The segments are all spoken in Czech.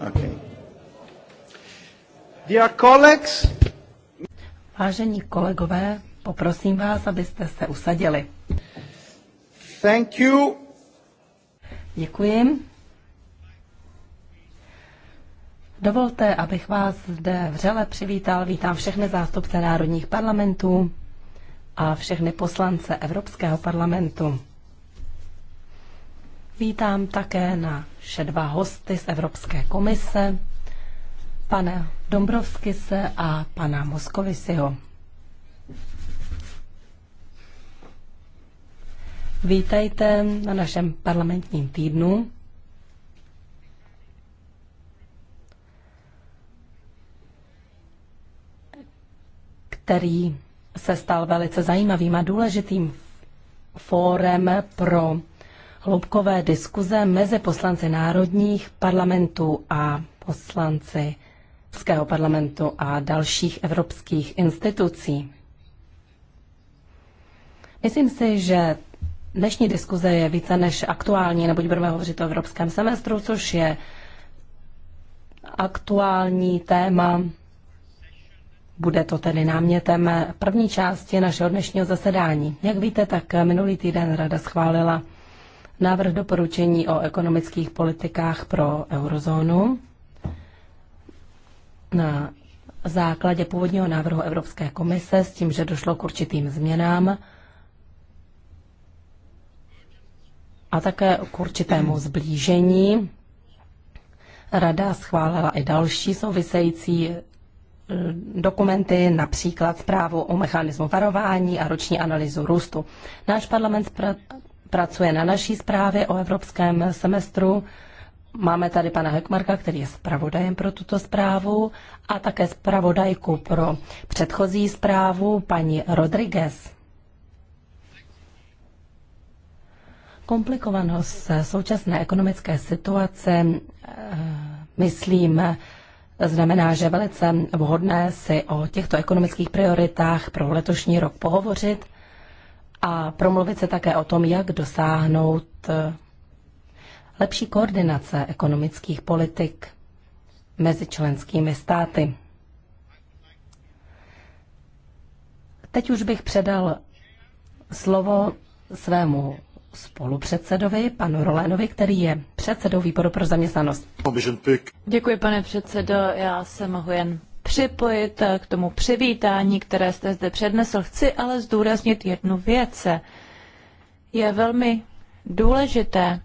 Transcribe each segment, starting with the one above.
Okay. Dear colleagues, Vážení kolegové, poprosím vás, abyste se usadili. Thank you. Děkuji. Dovolte, abych vás zde vřele přivítal. Vítám všechny zástupce národních parlamentů a všechny poslance Evropského parlamentu. Vítám také naše dva hosty z Evropské komise, pana Dombrovskise a pana Moskovisiho. Vítejte na našem parlamentním týdnu. který se stal velice zajímavým a důležitým fórem pro hloubkové diskuze mezi poslanci národních parlamentů a poslanci Evropského parlamentu a dalších evropských institucí. Myslím si, že dnešní diskuze je více než aktuální, neboť budeme hovořit o evropském semestru, což je aktuální téma. Bude to tedy námětem první části našeho dnešního zasedání. Jak víte, tak minulý týden Rada schválila návrh doporučení o ekonomických politikách pro eurozónu na základě původního návrhu Evropské komise s tím, že došlo k určitým změnám a také k určitému zblížení. Rada schválila i další související eh, dokumenty, například zprávu o mechanismu varování a roční analýzu růstu. Náš parlament pracuje na naší zprávě o evropském semestru. Máme tady pana Hekmarka, který je zpravodajem pro tuto zprávu a také zpravodajku pro předchozí zprávu paní Rodriguez. Komplikovanost současné ekonomické situace, eh, myslím, znamená, že je velice vhodné si o těchto ekonomických prioritách pro letošní rok pohovořit – a promluvit se také o tom, jak dosáhnout eh, lepší koordinace ekonomických politik mezi členskými státy. Teď už bych předal slovo svému spolupředsedovi, panu Rolénovi, který je předsedou výboru pro zaměstnanost. Děkuji, pane předsedo. Já jsem mohu jen připojit eh, k tomu přivítání, které jste zde přednesl. Chci ale zdůraznit jednu věc. Je velmi důležité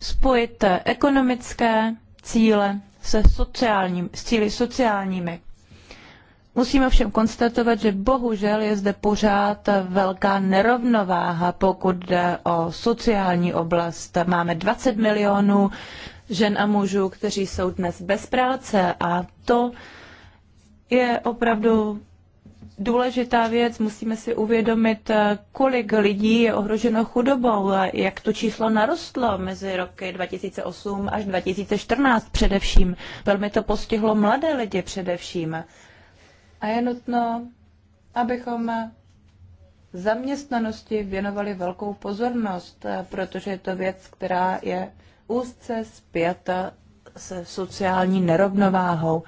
spojit eh, ekonomické cíle se sociálním, s cíly sociálními. Musíme všem konstatovat, že bohužel je zde pořád eh, velká nerovnováha, pokud jde o sociální oblast. Máme 20 milionů žen a mužů, kteří jsou dnes bez práce a to je opravdu důležitá věc. Musíme si uvědomit, kolik lidí je ohroženo chudobou, jak to číslo narostlo mezi roky 2008 až 2014 především. Velmi to postihlo mladé lidi především. A je nutno, abychom zaměstnanosti věnovali velkou pozornost, protože je to věc, která je úzce zpěta se sociální nerovnováhou.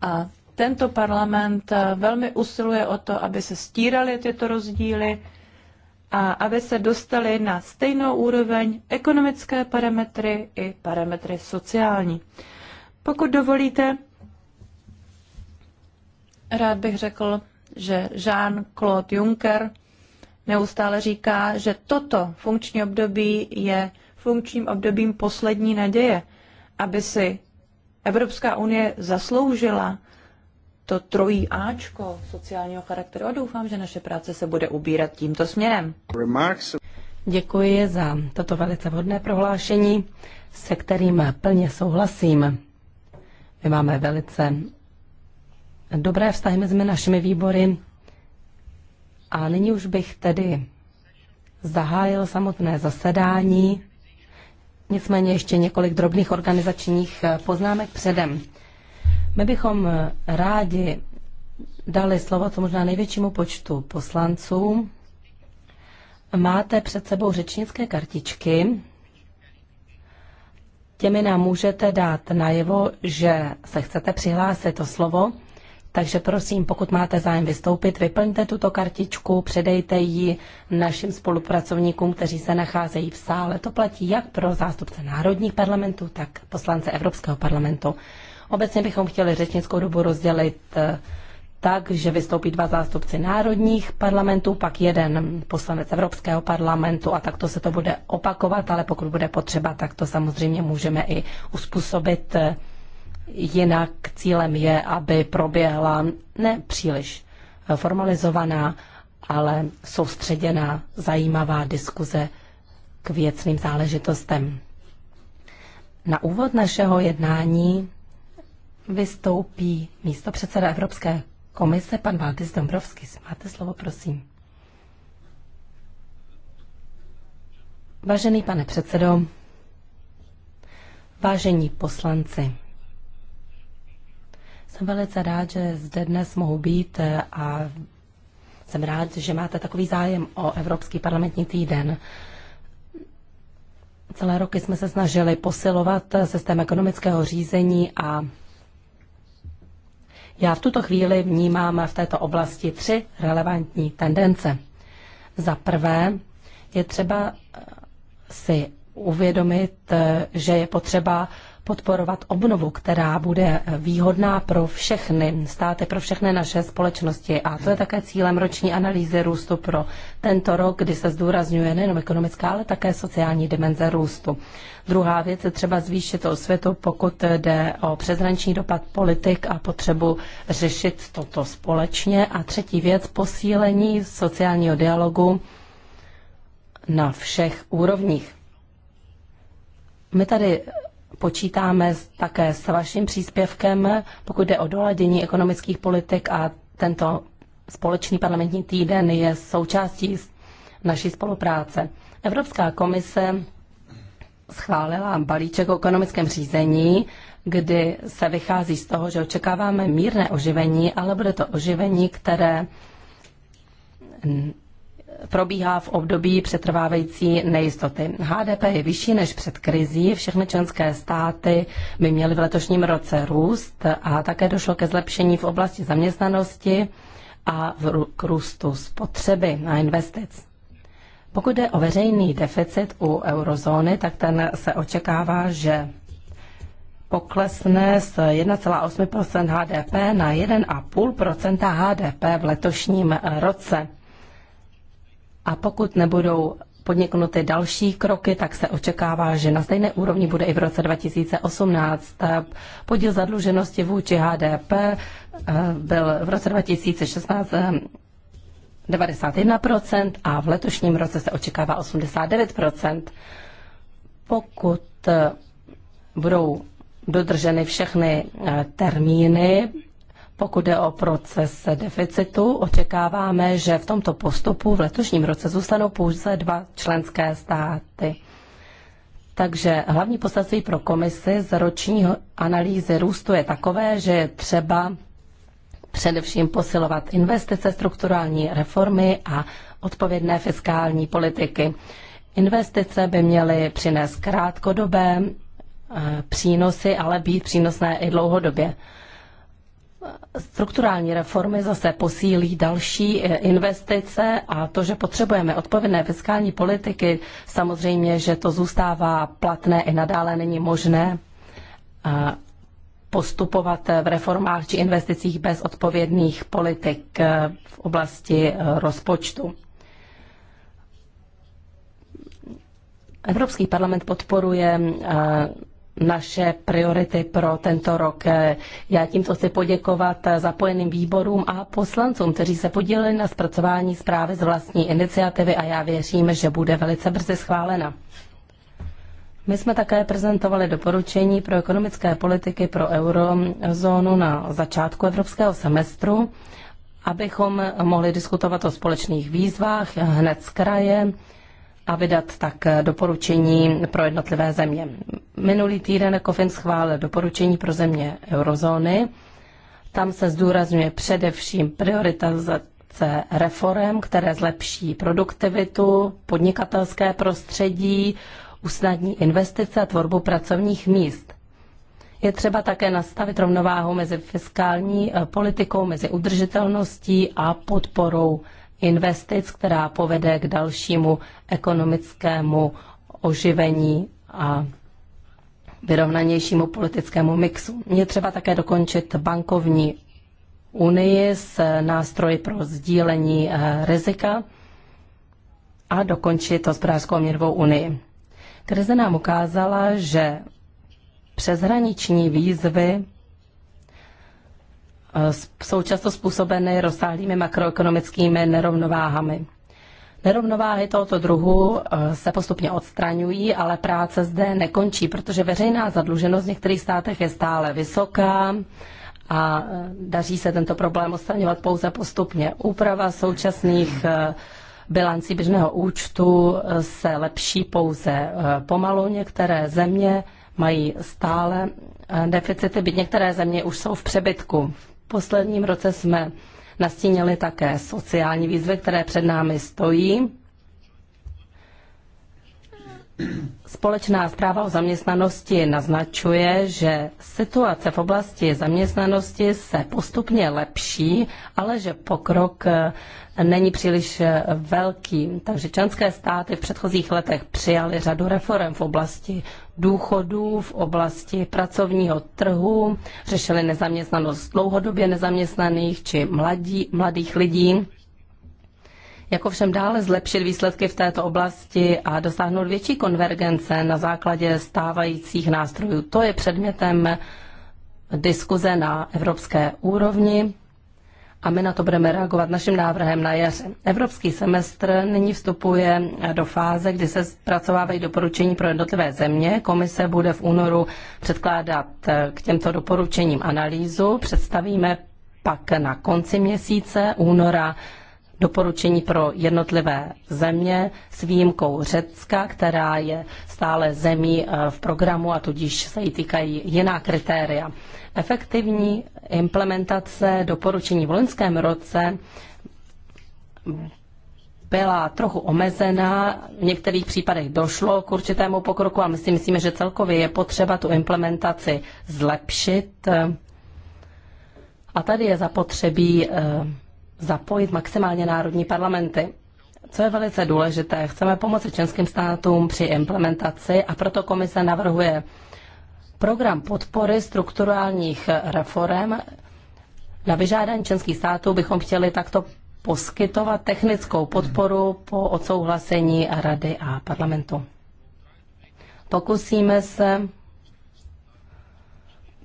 A tento parlament eh, velmi usiluje o to, aby se stíraly tyto rozdíly a aby se dostaly na stejnou úroveň ekonomické parametry i parametry sociální. Pokud dovolíte, rád bych řekl, že Jean-Claude Juncker neustále říká, že toto funkční období je funkčním obdobím poslední naděje, aby si Evropská unie zasloužila to trojí Ačko sociálního charakteru a doufám, že naše práce se bude ubírat tímto směrem. Děkuji za toto velice vhodné prohlášení, se kterým plně souhlasím. My máme velice dobré vztahy mezi našimi výbory a nyní už bych tedy zahájil samotné zasedání, nicméně ještě několik drobných organizačních poznámek předem. My bychom eh, rádi dali slovo co možná největšímu počtu poslanců. Máte před sebou řečnické kartičky. Těmi nám můžete dát najevo, že se chcete přihlásit o slovo. Takže prosím, pokud máte zájem vystoupit, vyplňte tuto kartičku, předejte ji našim spolupracovníkům, kteří se nacházejí v sále. To platí jak pro zástupce národních parlamentů, tak poslance Evropského parlamentu. Obecně bychom chtěli řečnickou dobu rozdělit eh, tak, že vystoupí dva zástupci národních parlamentů, pak jeden poslanec Evropského parlamentu a takto se to bude opakovat, ale pokud bude potřeba, tak to samozřejmě můžeme i uspůsobit eh, jinak. Cílem je, aby proběhla nepříliš formalizovaná, ale soustředěná, zajímavá diskuze k věcným záležitostem. Na úvod našeho jednání vystoupí místo předseda Evropské komise, pan Valdis Dombrovský. Máte slovo, prosím. Vážený pane předsedo, vážení poslanci, jsem velice rád, že zde dnes mohu být a jsem rád, že máte takový zájem o Evropský parlamentní týden. Celé roky jsme se snažili posilovat systém ekonomického řízení a já v tuto chvíli vnímám v této oblasti tři relevantní tendence. Za prvé je třeba eh, si uvědomit, eh, že je potřeba podporovat obnovu, která bude výhodná pro všechny státy, pro všechny naše společnosti. A to je také cílem roční analýzy růstu pro tento rok, kdy se zdůrazňuje nejenom ekonomická, ale také sociální dimenze růstu. Druhá věc je třeba zvýšit osvětu, pokud jde o přeshraniční dopad politik a potřebu řešit toto společně. A třetí věc, posílení sociálního dialogu na všech úrovních. My tady Počítáme také s vaším příspěvkem, pokud jde o doladění ekonomických politik a tento společný parlamentní týden je součástí naší spolupráce. Evropská komise schválila balíček o ekonomickém řízení, kdy se vychází z toho, že očekáváme mírné oživení, ale bude to oživení, které probíhá v období přetrvávající nejistoty. HDP je vyšší než před krizí, všechny členské státy by měly v letošním roce růst a také došlo ke zlepšení v oblasti zaměstnanosti a k růstu spotřeby a investic. Pokud jde o veřejný deficit u eurozóny, tak ten se očekává, že poklesne z 1,8 HDP na 1,5 HDP v letošním roce a pokud nebudou podniknuty další kroky, tak se očekává, že na stejné úrovni bude i v roce 2018. Podíl zadluženosti vůči HDP eh, byl v roce 2016 91% eh, a v letošním roce se očekává 89%. Pokud eh, budou dodrženy všechny termíny pokud jde o proces deficitu, očekáváme, že v tomto postupu v letošním roce zůstanou pouze dva členské státy. Takže hlavní poselství pro komisi z roční analýzy růstu je takové, že je třeba především posilovat investice, strukturální reformy a odpovědné fiskální politiky. Investice by měly přinést krátkodobé eh, přínosy, ale být přínosné i dlouhodobě strukturální reformy zase posílí další e, investice a to, že potřebujeme odpovědné fiskální politiky, samozřejmě, že to zůstává platné i nadále, není možné postupovat v reformách či investicích bez odpovědných politik e, v oblasti e, rozpočtu. Evropský parlament podporuje naše priority pro tento rok. Eh, já tímto chci poděkovat eh, zapojeným výborům a poslancům, kteří se podíleli na zpracování zprávy z vlastní iniciativy a já věřím, že bude velice brzy schválena. My jsme také prezentovali doporučení pro ekonomické politiky pro eurozónu na začátku evropského semestru, abychom mohli diskutovat o společných výzvách hned z kraje a vydat tak doporučení pro jednotlivé země. Minulý týden Kofin schválil doporučení pro země eurozóny. Tam se zdůrazňuje především prioritizace reform, které zlepší produktivitu, podnikatelské prostředí, usnadní investice a tvorbu pracovních míst. Je třeba také nastavit rovnováhu mezi fiskální eh, politikou, mezi udržitelností a podporou investic, která povede k dalšímu ekonomickému oživení a vyrovnanějšímu politickému mixu. Je třeba také dokončit bankovní unii s nástroji pro sdílení eh, rizika a dokončit hospodářskou měrovou unii. Krize nám ukázala, že přeshraniční výzvy jsou často způsobeny rozsáhlými makroekonomickými nerovnováhami. Nerovnováhy tohoto druhu eh, se postupně odstraňují, ale práce zde nekončí, protože veřejná zadluženost v některých státech je stále vysoká a eh, daří se tento problém odstraňovat pouze postupně. Úprava současných eh, bilancí běžného účtu se lepší pouze pomalu. Některé země mají stále deficity, byť některé země už jsou v přebytku posledním roce jsme nastínili také sociální výzvy, které před námi stojí. Společná zpráva o zaměstnanosti naznačuje, že situace v oblasti zaměstnanosti se postupně lepší, ale že pokrok eh, není příliš eh, velký. Takže členské státy v předchozích letech přijaly řadu reform v oblasti důchodů v oblasti pracovního trhu, řešili nezaměstnanost dlouhodobě nezaměstnaných či mladí, mladých lidí. Jako všem dále zlepšit výsledky v této oblasti a dosáhnout větší konvergence na základě stávajících nástrojů? To je předmětem diskuze na evropské úrovni a my na to budeme reagovat naším návrhem na jaře. Evropský semestr nyní vstupuje do fáze, kdy se zpracovávají doporučení pro jednotlivé země. Komise bude v únoru předkládat eh, k těmto doporučením analýzu. Představíme pak na konci měsíce února doporučení pro jednotlivé země s výjimkou Řecka, která je stále zemí eh, v programu a tudíž se jí týkají jiná kritéria. Efektivní implementace doporučení v loňském roce byla trochu omezená, v některých případech došlo k určitému pokroku a my si myslíme, že celkově je potřeba tu implementaci zlepšit. A tady je zapotřebí eh, zapojit maximálně národní parlamenty. Co je velice důležité, chceme pomoci členským státům při implementaci a proto komise navrhuje program podpory strukturálních reform. Na vyžádání členských států bychom chtěli takto poskytovat technickou podporu po odsouhlasení Rady a parlamentu. Pokusíme se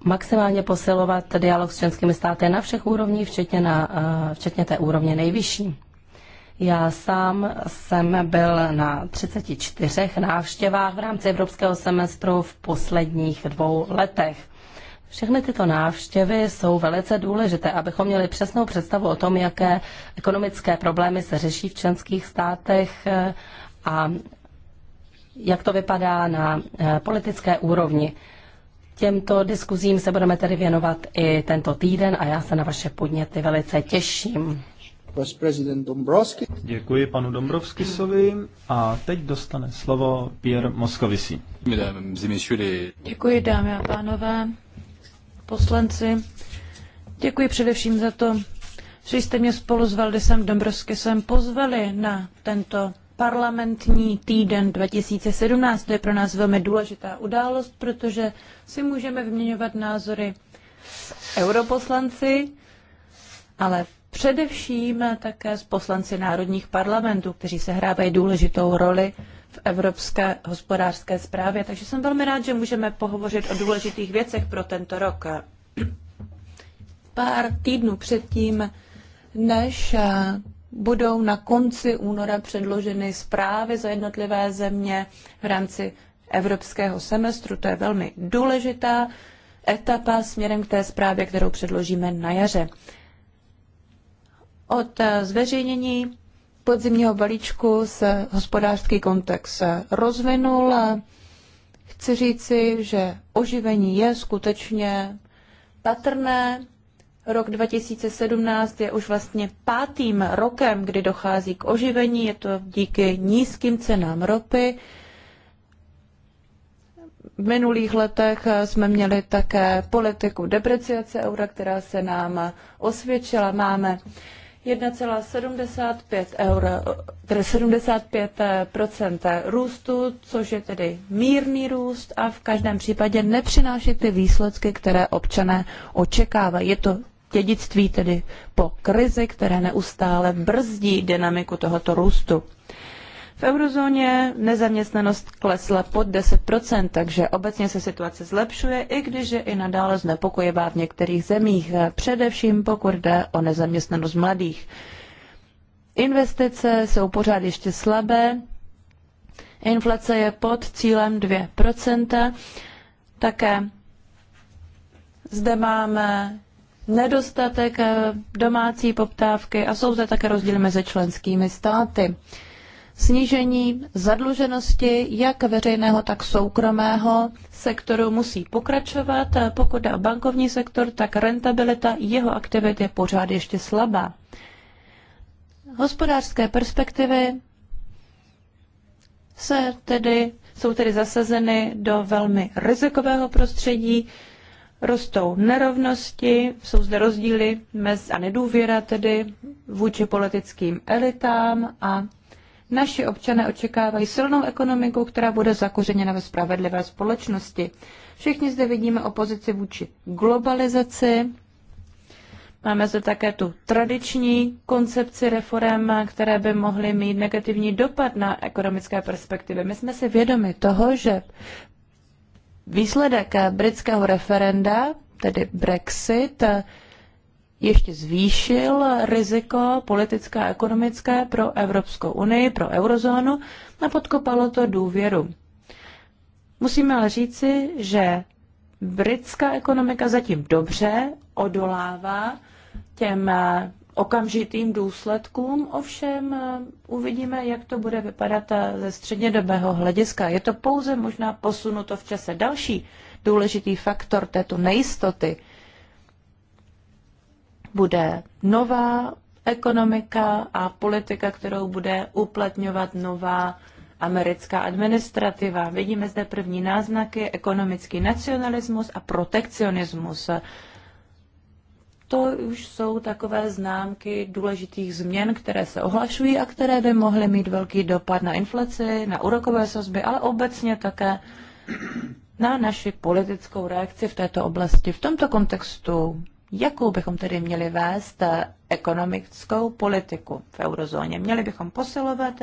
maximálně posilovat dialog s členskými státy na všech úrovních, včetně, na, eh, včetně té úrovně nejvyšší. Já sám jsem byl na 34 návštěvách v rámci evropského semestru v posledních dvou letech. Všechny tyto návštěvy jsou velice důležité, abychom měli přesnou představu o tom, jaké ekonomické problémy se řeší v členských státech eh, a jak to vypadá na eh, politické úrovni. Těmto diskuzím se budeme tedy věnovat i tento týden a já se na vaše podněty velice těším. Děkuji panu Dombrovskisovi a teď dostane slovo Pierre Moscovici. Děkuji dámy a pánové, poslanci. Děkuji především za to, že jste mě spolu s Valdisem Dombrovskisem pozvali na tento parlamentní týden 2017. To je pro nás velmi důležitá událost, protože si můžeme vyměňovat názory s europoslanci, ale především také s poslanci národních parlamentů, kteří se hrávají důležitou roli v evropské hospodářské správě. Takže jsem velmi rád, že můžeme pohovořit o důležitých věcech pro tento rok. Pár týdnů předtím, než budou na konci února předloženy zprávy za jednotlivé země v rámci evropského semestru. To je velmi důležitá etapa směrem k té zprávě, kterou předložíme na jaře. Od eh, zveřejnění podzimního balíčku se hospodářský kontext rozvinul. Chci říci, že oživení je skutečně patrné Rok 2017 je už vlastně pátým rokem, kdy dochází k oživení, je to díky nízkým cenám ropy. V minulých letech jsme měli také politiku depreciace eura, která se nám osvědčila. Máme 1,75 eur, tedy 75 růstu, což je tedy mírný růst a v každém případě nepřináší ty výsledky, které občané očekávají. Je to dědictví tedy po krizi, které neustále brzdí dynamiku tohoto růstu. V eurozóně nezaměstnanost klesla pod 10%, takže obecně se situace zlepšuje, i když je i nadále znepokojivá v některých zemích, především pokud jde o nezaměstnanost mladých. Investice jsou pořád ještě slabé, inflace je pod cílem 2%, také zde máme nedostatek eh, domácí poptávky a jsou zde také rozdíly mezi členskými státy. Snížení zadluženosti jak veřejného, tak soukromého sektoru musí pokračovat. Pokud jde o bankovní sektor, tak rentabilita jeho aktivit je pořád ještě slabá. Hospodářské perspektivy se tedy, jsou tedy zasazeny do velmi rizikového prostředí, Rostou nerovnosti, jsou zde rozdíly mez a nedůvěra tedy vůči politickým elitám a naši občané očekávají silnou ekonomiku, která bude zakořeněna ve spravedlivé společnosti. Všichni zde vidíme opozici vůči globalizaci, Máme zde také tu tradiční koncepci reform, které by mohly mít negativní dopad na ekonomické perspektivy. My jsme si vědomi toho, že Výsledek britského referenda, tedy Brexit, ještě zvýšil riziko politické a ekonomické pro Evropskou unii, pro eurozónu a podkopalo to důvěru. Musíme ale říci, že britská ekonomika zatím dobře odolává těm okamžitým důsledkům, ovšem eh, uvidíme, jak to bude vypadat eh, ze střednědobého hlediska. Je to pouze možná posunuto v čase. Další důležitý faktor této nejistoty bude nová ekonomika a politika, kterou bude uplatňovat nová americká administrativa. Vidíme zde první náznaky, ekonomický nacionalismus a protekcionismus. To už jsou takové známky důležitých změn, které se ohlašují a které by mohly mít velký dopad na inflaci, na úrokové sazby, ale obecně také na naši politickou reakci v této oblasti. V tomto kontextu, jakou bychom tedy měli vést ekonomickou politiku v eurozóně? Měli bychom posilovat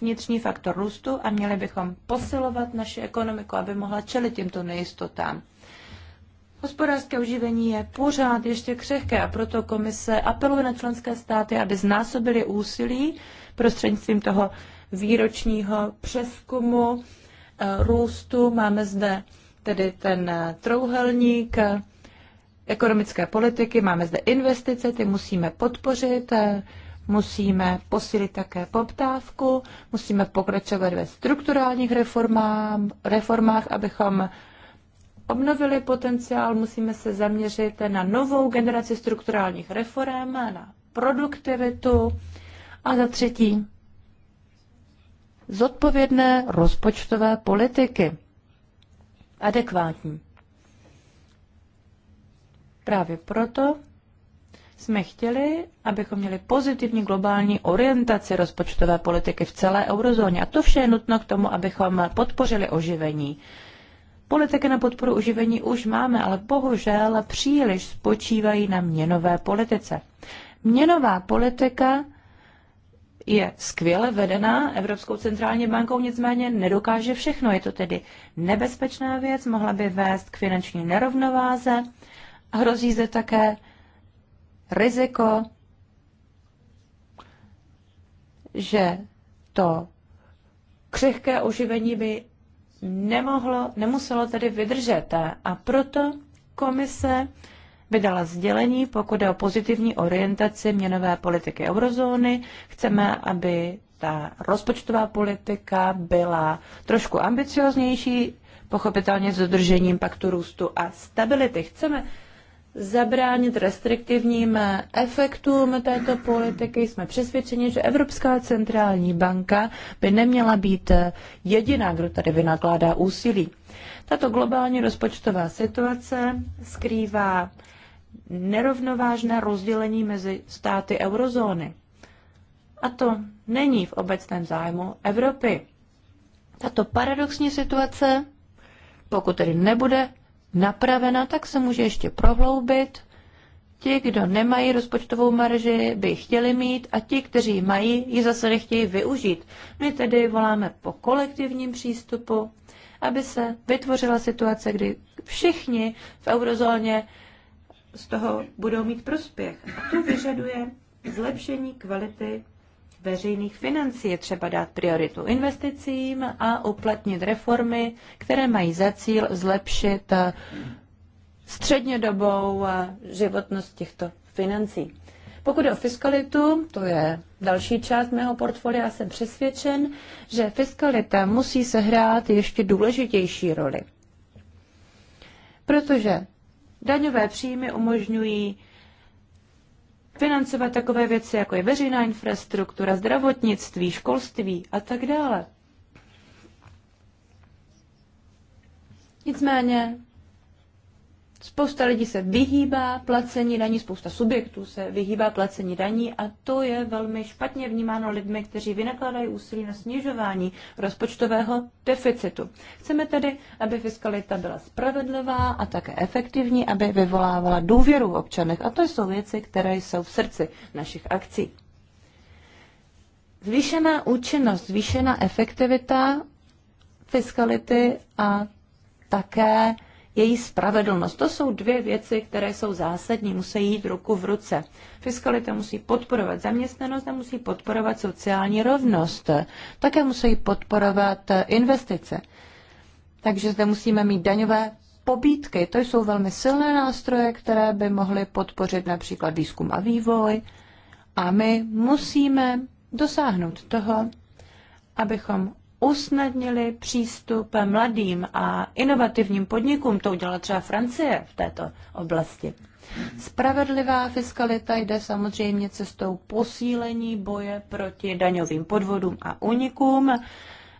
vnitřní faktor růstu a měli bychom posilovat naši ekonomiku, aby mohla čelit těmto nejistotám. Hospodářské oživení je pořád ještě křehké a proto komise apeluje na členské státy, aby znásobili úsilí prostřednictvím toho výročního přeskumu eh, růstu. Máme zde tedy ten eh, trouhelník eh, ekonomické politiky, máme zde investice, ty musíme podpořit, musíme posílit také poptávku, musíme pokračovat ve strukturálních reformách, reformách abychom obnovili potenciál, musíme se zaměřit na novou generaci strukturálních reform, na produktivitu a za třetí zodpovědné rozpočtové politiky. Adekvátní. Právě proto jsme chtěli, abychom měli pozitivní globální orientaci rozpočtové politiky v celé eurozóně. A to vše je nutno k tomu, abychom podpořili oživení Politiky na podporu uživení už máme, ale bohužel příliš spočívají na měnové politice. Měnová politika je skvěle vedená Evropskou centrální bankou, nicméně nedokáže všechno. Je to tedy nebezpečná věc, mohla by vést k finanční nerovnováze. Hrozí zde také riziko, že to křehké oživení by nemohlo, nemuselo tedy vydržet a proto komise vydala sdělení, pokud je o pozitivní orientaci měnové politiky eurozóny. Chceme, aby ta rozpočtová politika byla trošku ambicioznější, pochopitelně s dodržením paktu růstu a stability. Chceme zabránit restriktivním efektům této politiky. Jsme přesvědčeni, že Evropská centrální banka by neměla být jediná, kdo tady vynakládá úsilí. Tato globální rozpočtová situace skrývá nerovnovážné rozdělení mezi státy eurozóny. A to není v obecném zájmu Evropy. Tato paradoxní situace, pokud tedy nebude napravena, tak se může ještě prohloubit. Ti, kdo nemají rozpočtovou marži, by chtěli mít a ti, kteří mají, ji zase nechtějí využít. My tedy voláme po kolektivním přístupu, aby se vytvořila situace, kdy všichni v eurozóně z toho budou mít prospěch. A to vyžaduje zlepšení kvality veřejných financí. Je třeba dát prioritu investicím a uplatnit reformy, které mají za cíl zlepšit eh, střednědobou eh, životnost těchto financí. Pokud o fiskalitu, to je další část mého portfolia, jsem přesvědčen, že fiskalita musí sehrát ještě důležitější roli. Protože daňové příjmy umožňují financovat takové věci, jako je veřejná infrastruktura, zdravotnictví, školství a tak dále. Nicméně Spousta lidí se vyhýbá placení daní, spousta subjektů se vyhýbá placení daní a to je velmi špatně vnímáno lidmi, kteří vynakládají úsilí na snižování rozpočtového deficitu. Chceme tedy, aby fiskalita byla spravedlivá a také efektivní, aby vyvolávala důvěru v občanech a to jsou věci, které jsou v srdci našich akcí. Zvýšená účinnost, zvýšená efektivita fiskality a také její spravedlnost. To jsou dvě věci, které jsou zásadní, musí jít ruku v ruce. Fiskalita musí podporovat zaměstnanost a musí podporovat sociální rovnost. Také musí podporovat investice. Takže zde musíme mít daňové pobídky. To jsou velmi silné nástroje, které by mohly podpořit například výzkum a vývoj. A my musíme dosáhnout toho, abychom usnadnili přístup mladým a inovativním podnikům. To udělala třeba Francie v této oblasti. Spravedlivá fiskalita jde samozřejmě cestou posílení boje proti daňovým podvodům a unikům.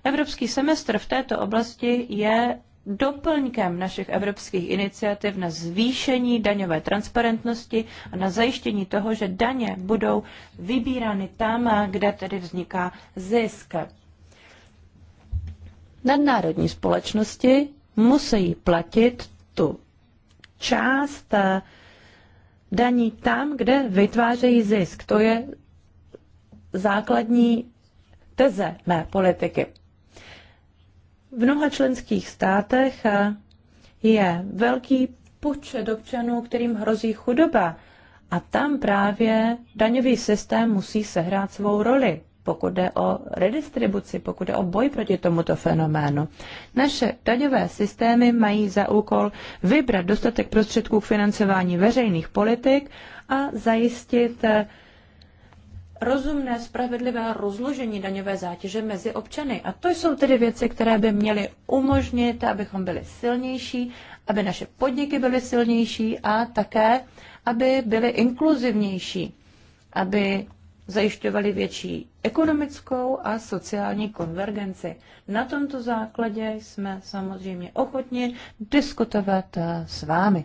Evropský semestr v této oblasti je doplňkem našich evropských iniciativ na zvýšení daňové transparentnosti a na zajištění toho, že daně budou vybírány tam, kde tedy vzniká zisk nadnárodní společnosti musí platit tu část eh, daní tam, kde vytvářejí zisk. To je základní teze mé politiky. V mnoha členských státech eh, je velký počet občanů, kterým hrozí chudoba. A tam právě daňový systém musí sehrát svou roli pokud jde o redistribuci, pokud jde o boj proti tomuto fenoménu. Naše daňové systémy mají za úkol vybrat dostatek prostředků k financování veřejných politik a zajistit eh, rozumné, spravedlivé rozložení daňové zátěže mezi občany. A to jsou tedy věci, které by měly umožnit, abychom byli silnější, aby naše podniky byly silnější a také, aby byly inkluzivnější, aby zajišťovali větší ekonomickou a sociální konvergenci. Na tomto základě jsme samozřejmě ochotni diskutovat eh, s vámi.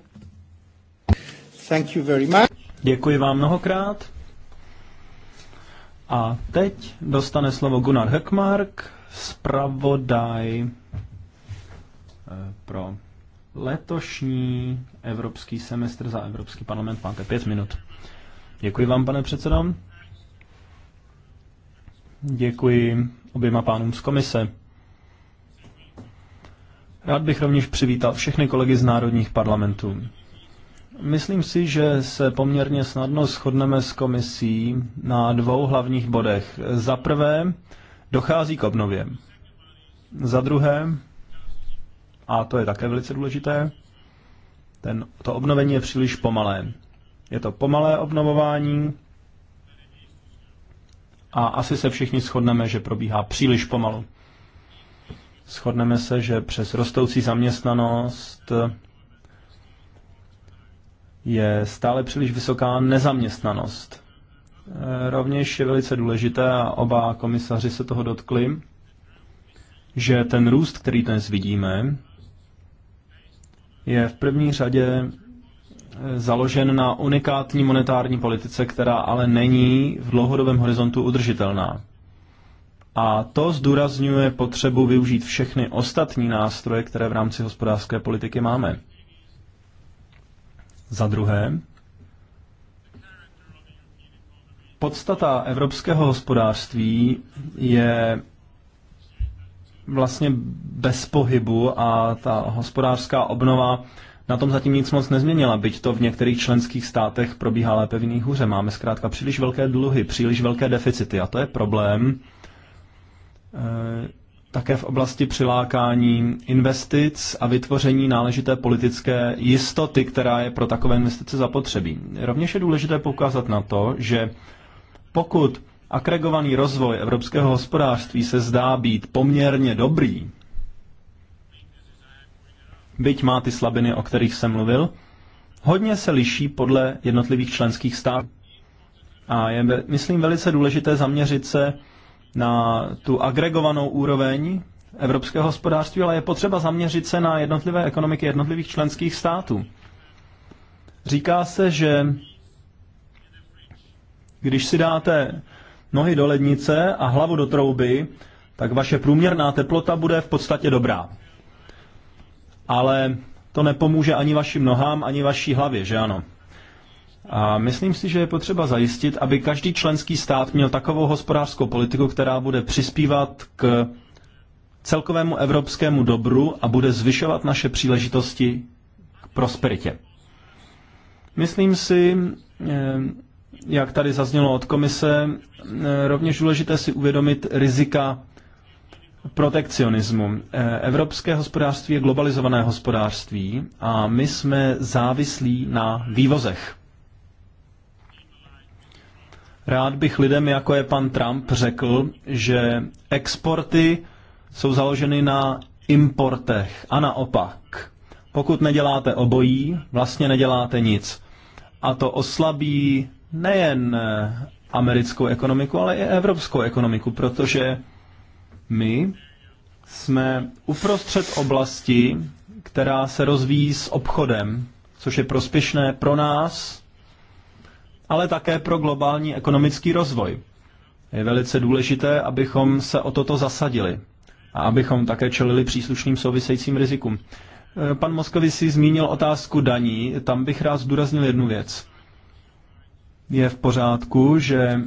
Thank you very much. Děkuji vám mnohokrát. A teď dostane slovo Gunnar Höckmark, zpravodaj eh, pro letošní evropský semestr za Evropský parlament. Máte pět minut. Děkuji vám, pane předsedo. Děkuji oběma pánům z komise. Rád bych rovněž přivítal všechny kolegy z národních parlamentů. Myslím si, že se poměrně snadno shodneme s komisí na dvou hlavních bodech. Za prvé, dochází k obnově. Za druhé, a to je také velice důležité, ten, to obnovení je příliš pomalé. Je to pomalé obnovování, a asi se všichni shodneme, že probíhá příliš pomalu. Shodneme se, že přes rostoucí zaměstnanost je stále příliš vysoká nezaměstnanost. Rovněž je velice důležité, a oba komisaři se toho dotkli, že ten růst, který dnes vidíme, je v první řadě založen na unikátní monetární politice, která ale není v dlouhodobém horizontu udržitelná. A to zdůrazňuje potřebu využít všechny ostatní nástroje, které v rámci hospodářské politiky máme. Za druhé, podstata evropského hospodářství je vlastně bez pohybu a ta hospodářská obnova na tom zatím nic moc nezměnila, byť to v některých členských státech probíhá lépe v jiných hůře. Máme zkrátka příliš velké dluhy, příliš velké deficity a to je problém e, také v oblasti přilákání investic a vytvoření náležité politické jistoty, která je pro takové investice zapotřebí. Rovněž je důležité poukázat na to, že pokud agregovaný rozvoj evropského hospodářství se zdá být poměrně dobrý, byť má ty slabiny, o kterých jsem mluvil, hodně se liší podle jednotlivých členských států. A je, myslím, velice důležité zaměřit se na tu agregovanou úroveň evropského hospodářství, ale je potřeba zaměřit se na jednotlivé ekonomiky jednotlivých členských států. Říká se, že když si dáte nohy do lednice a hlavu do trouby, tak vaše průměrná teplota bude v podstatě dobrá ale to nepomůže ani vašim nohám, ani vaší hlavě, že ano? A myslím si, že je potřeba zajistit, aby každý členský stát měl takovou hospodářskou politiku, která bude přispívat k celkovému evropskému dobru a bude zvyšovat naše příležitosti k prosperitě. Myslím si, eh, jak tady zaznělo od komise, eh, rovněž důležité si uvědomit rizika protekcionismu. Eh, evropské hospodářství je globalizované hospodářství a my jsme závislí na vývozech. Rád bych lidem, jako je pan Trump, řekl, že exporty jsou založeny na importech a naopak. Pokud neděláte obojí, vlastně neděláte nic. A to oslabí nejen americkou ekonomiku, ale i evropskou ekonomiku, protože my jsme uprostřed oblasti, která se rozvíjí s obchodem, což je prospěšné pro nás, ale také pro globální ekonomický rozvoj. Je velice důležité, abychom se o toto zasadili a abychom také čelili příslušným souvisejícím rizikům. Eh, pan Moskovi si zmínil otázku daní. Tam bych rád zdůraznil jednu věc. Je v pořádku, že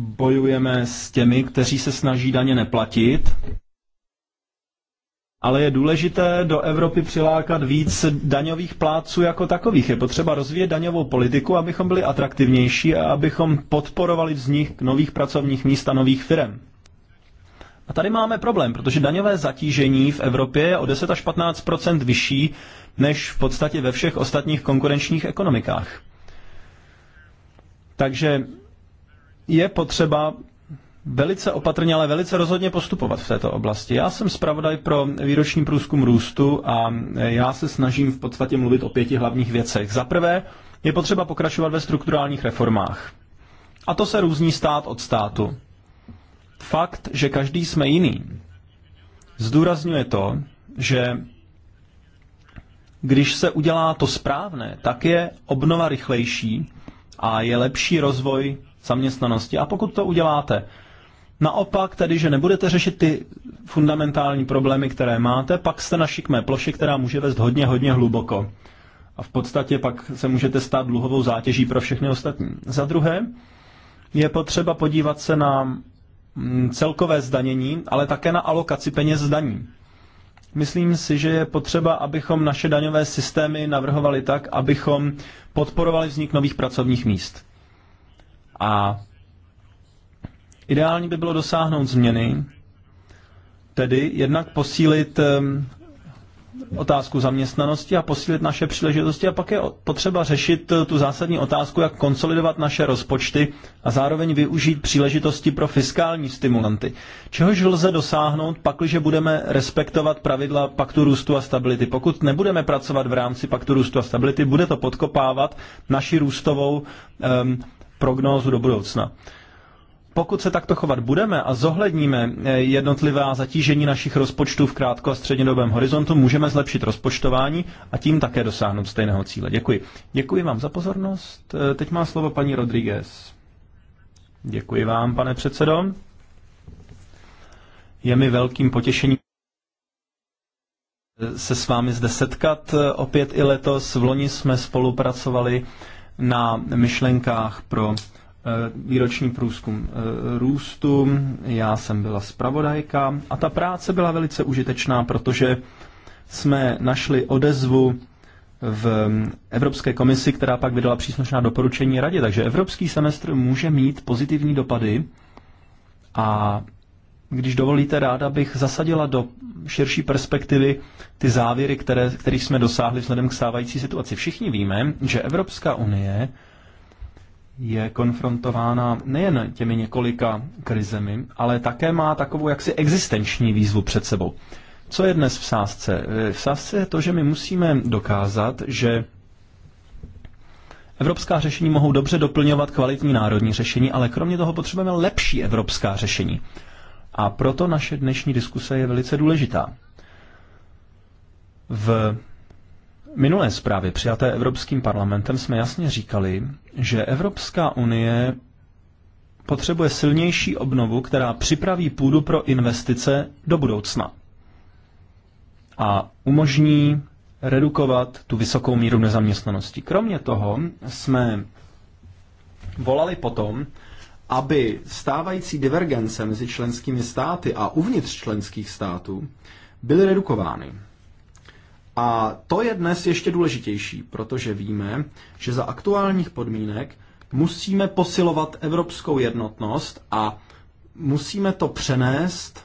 bojujeme s těmi, kteří se snaží daně neplatit, ale je důležité do Evropy přilákat víc daňových plátců jako takových. Je potřeba rozvíjet daňovou politiku, abychom byli atraktivnější a abychom podporovali vznik nových pracovních míst a nových firm. A tady máme problém, protože daňové zatížení v Evropě je o 10 až 15 vyšší než v podstatě ve všech ostatních konkurenčních ekonomikách. Takže je potřeba velice opatrně, ale velice rozhodně postupovat v této oblasti. Já jsem zpravodaj pro výroční průzkum růstu a já se snažím v podstatě mluvit o pěti hlavních věcech. Za prvé, je potřeba pokračovat ve strukturálních reformách. A to se různí stát od státu. Fakt, že každý jsme jiný, zdůrazňuje to, že když se udělá to správné, tak je obnova rychlejší a je lepší rozvoj zaměstnanosti. A pokud to uděláte, naopak tedy, že nebudete řešit ty fundamentální problémy, které máte, pak jste na šikmé ploše, která může vést hodně, hodně hluboko. A v podstatě pak se můžete stát dluhovou zátěží pro všechny ostatní. Za druhé, je potřeba podívat se na mm, celkové zdanění, ale také na alokaci peněz zdaní. Myslím si, že je potřeba, abychom naše daňové systémy navrhovali tak, abychom podporovali vznik nových pracovních míst. A ideální by bylo dosáhnout změny, tedy jednak posílit otázku zaměstnanosti a posílit naše příležitosti a pak je potřeba řešit eh, tu zásadní otázku, jak konsolidovat naše rozpočty a zároveň využít příležitosti pro fiskální stimulanty. Čehož lze dosáhnout, pakliže budeme respektovat pravidla paktu růstu a stability. Pokud nebudeme pracovat v rámci paktu růstu a stability, bude to podkopávat naši růstovou um, prognózu do budoucna. Pokud se takto chovat budeme a zohledníme eh, jednotlivá zatížení našich rozpočtů v krátko a střednědobém horizontu, můžeme zlepšit rozpočtování a tím také dosáhnout stejného cíle. Děkuji. Děkuji vám za pozornost. Eh, teď má slovo paní Rodriguez. Děkuji vám, pane předsedo. Je mi velkým potěšením se s vámi zde setkat. Eh, opět i letos v loni jsme spolupracovali na myšlenkách pro eh, výroční průzkum eh, růstu. Já jsem byla zpravodajka a ta práce byla velice užitečná, protože jsme našli odezvu v Evropské komisi, která pak vydala příslušná doporučení radě. Takže evropský semestr může mít pozitivní dopady a když dovolíte, ráda bych zasadila do širší perspektivy ty závěry, které, kterých jsme dosáhli vzhledem k stávající situaci. Všichni víme, že Evropská unie je konfrontována nejen těmi několika krizemi, ale také má takovou jaksi existenční výzvu před sebou. Co je dnes v sázce? V sázce je to, že my musíme dokázat, že Evropská řešení mohou dobře doplňovat kvalitní národní řešení, ale kromě toho potřebujeme lepší evropská řešení. A proto naše dnešní diskuse je velice důležitá. V minulé zprávě přijaté Evropským parlamentem jsme jasně říkali, že Evropská unie potřebuje silnější obnovu, která připraví půdu pro investice do budoucna a umožní redukovat tu vysokou míru nezaměstnanosti. Kromě toho jsme volali potom, aby stávající divergence mezi členskými státy a uvnitř členských států byly redukovány. A to je dnes ještě důležitější, protože víme, že za aktuálních podmínek musíme posilovat evropskou jednotnost a musíme to přenést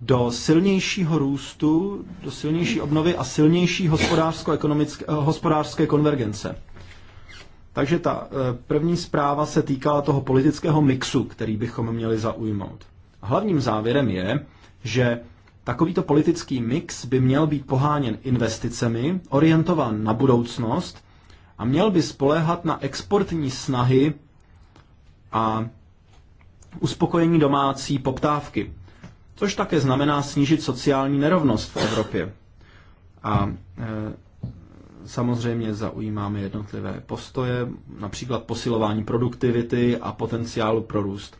do silnějšího růstu, do silnější obnovy a silnější hospodářsko-ekonomické, hospodářské konvergence. Takže ta eh, první zpráva se týkala toho politického mixu, který bychom měli zaujmout. Hlavním závěrem je, že takovýto politický mix by měl být poháněn investicemi, orientován na budoucnost a měl by spoléhat na exportní snahy a uspokojení domácí poptávky, což také znamená snížit sociální nerovnost v Evropě. A eh, Samozřejmě zaujímáme jednotlivé postoje, například posilování produktivity a potenciálu pro růst.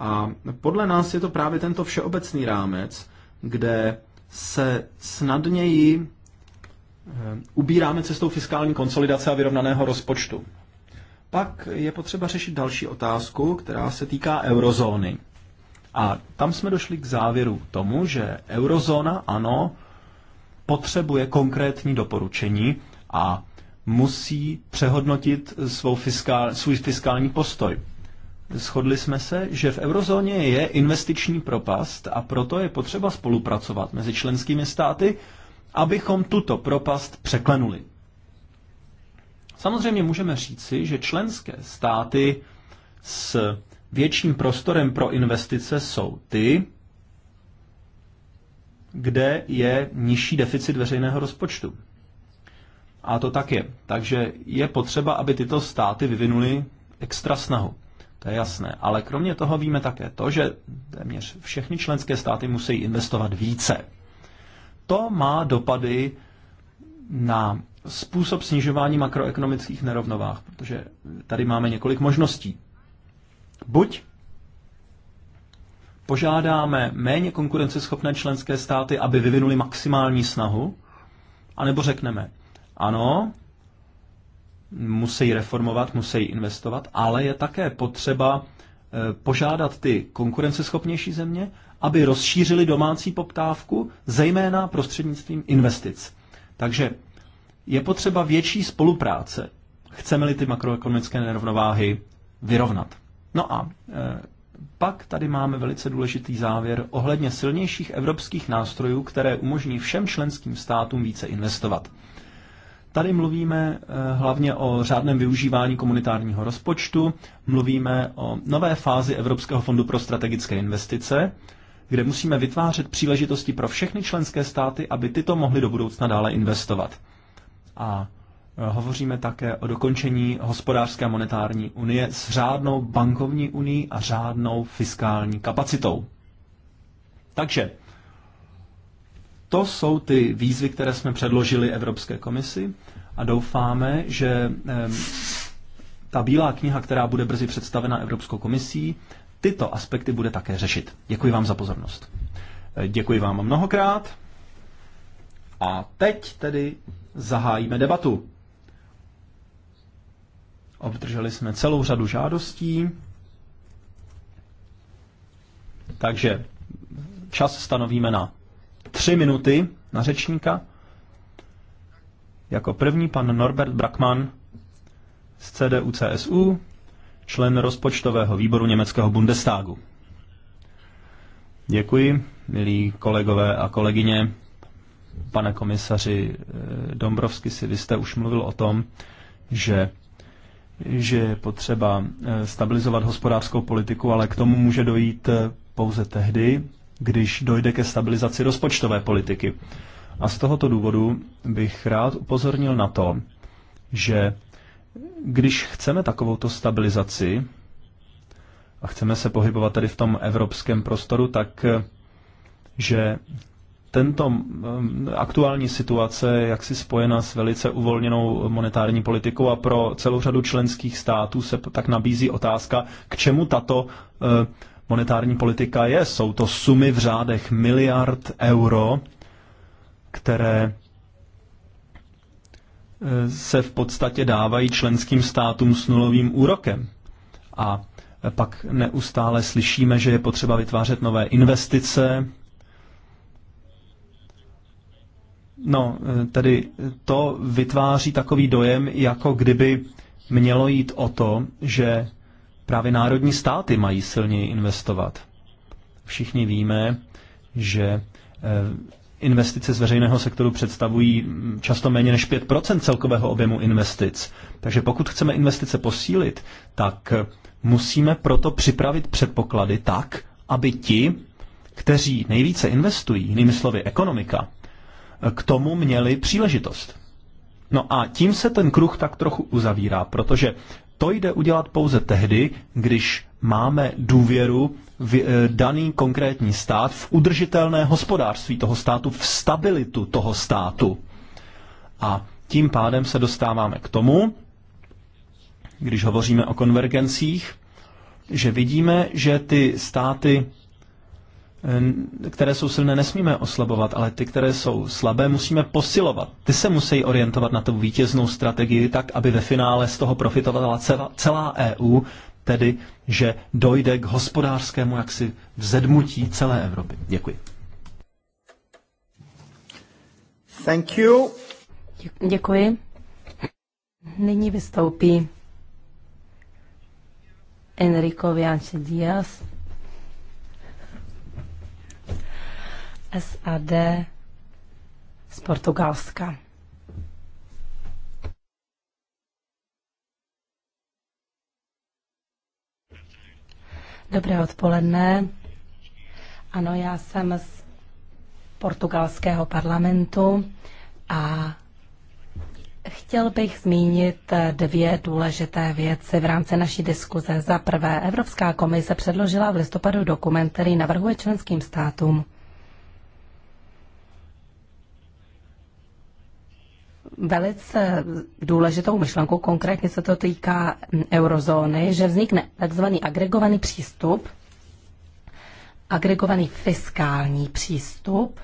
A podle nás je to právě tento všeobecný rámec, kde se snadněji eh, ubíráme cestou fiskální konsolidace a vyrovnaného rozpočtu. Pak je potřeba řešit další otázku, která se týká eurozóny. A tam jsme došli k závěru k tomu, že eurozóna, ano, potřebuje konkrétní doporučení, a musí přehodnotit svou fiskál, svůj fiskální postoj. Shodli jsme se, že v eurozóně je investiční propast a proto je potřeba spolupracovat mezi členskými státy, abychom tuto propast překlenuli. Samozřejmě můžeme říci, že členské státy s větším prostorem pro investice jsou ty, kde je nižší deficit veřejného rozpočtu. A to tak je. Takže je potřeba, aby tyto státy vyvinuly extra snahu. To je jasné. Ale kromě toho víme také to, že téměř všechny členské státy musí investovat více. To má dopady na způsob snižování makroekonomických nerovnovách, protože tady máme několik možností. Buď požádáme méně konkurenceschopné členské státy, aby vyvinuli maximální snahu, anebo řekneme, ano, musí reformovat, musí investovat, ale je také potřeba eh, požádat ty konkurenceschopnější země, aby rozšířili domácí poptávku, zejména prostřednictvím investic. Takže je potřeba větší spolupráce, chceme-li ty makroekonomické nerovnováhy vyrovnat. No a eh, pak tady máme velice důležitý závěr ohledně silnějších evropských nástrojů, které umožní všem členským státům více investovat. Tady mluvíme eh, hlavně o řádném využívání komunitárního rozpočtu, mluvíme o nové fázi Evropského fondu pro strategické investice, kde musíme vytvářet příležitosti pro všechny členské státy, aby tyto mohly do budoucna dále investovat. A eh, hovoříme také o dokončení hospodářské monetární unie s řádnou bankovní unii a řádnou fiskální kapacitou. Takže to jsou ty výzvy, které jsme předložili Evropské komisi a doufáme, že ta bílá kniha, která bude brzy představena Evropskou komisí, tyto aspekty bude také řešit. Děkuji vám za pozornost. E, děkuji vám mnohokrát. A teď tedy zahájíme debatu. Obdrželi jsme celou řadu žádostí. Takže čas stanovíme na tři minuty na řečníka. Jako první pan Norbert Brackmann z CDU-CSU, člen rozpočtového výboru německého Bundestagu. Děkuji, milí kolegové a kolegyně. Pane komisaři eh, Dombrovsky, si vy jste už mluvil o tom, že že je potřeba eh, stabilizovat hospodářskou politiku, ale k tomu může dojít eh, pouze tehdy, když dojde ke stabilizaci rozpočtové politiky. A z tohoto důvodu bych rád upozornil na to, že když chceme takovouto stabilizaci a chceme se pohybovat tady v tom evropském prostoru, tak že tento eh, aktuální situace je jaksi spojena s velice uvolněnou monetární politikou a pro celou řadu členských států se tak nabízí otázka, k čemu tato eh, monetární politika je. Jsou to sumy v řádech miliard euro, které eh, se v podstatě dávají členským státům s nulovým úrokem. A eh, pak neustále slyšíme, že je potřeba vytvářet nové investice. No, eh, tedy to vytváří takový dojem, jako kdyby mělo jít o to, že Právě národní státy mají silněji investovat. Všichni víme, že eh, investice z veřejného sektoru představují mm, často méně než 5 celkového objemu investic. Takže pokud chceme investice posílit, tak eh, musíme proto připravit předpoklady tak, aby ti, kteří nejvíce investují, jinými slovy ekonomika, eh, k tomu měli příležitost. No a tím se ten kruh tak trochu uzavírá, protože to jde udělat pouze tehdy, když máme důvěru v eh, daný konkrétní stát, v udržitelné hospodářství toho státu, v stabilitu toho státu. A tím pádem se dostáváme k tomu, když hovoříme o konvergencích, že vidíme, že ty státy které jsou silné, nesmíme oslabovat, ale ty, které jsou slabé, musíme posilovat. Ty se musí orientovat na tu vítěznou strategii tak, aby ve finále z toho profitovala celá EU, tedy, že dojde k hospodářskému jaksi vzedmutí celé Evropy. Děkuji. Thank you. Děkuji. Nyní vystoupí Enrico Vianci Díaz SAD z Portugalska. Dobré odpoledne. Ano, já jsem z portugalského parlamentu a Chtěl bych zmínit dvě důležité věci v rámci naší diskuze. Za prvé, Evropská komise předložila v listopadu dokument, který navrhuje členským státům velice důležitou myšlenku, konkrétně se to týká eurozóny, že vznikne takzvaný agregovaný přístup, agregovaný fiskální přístup.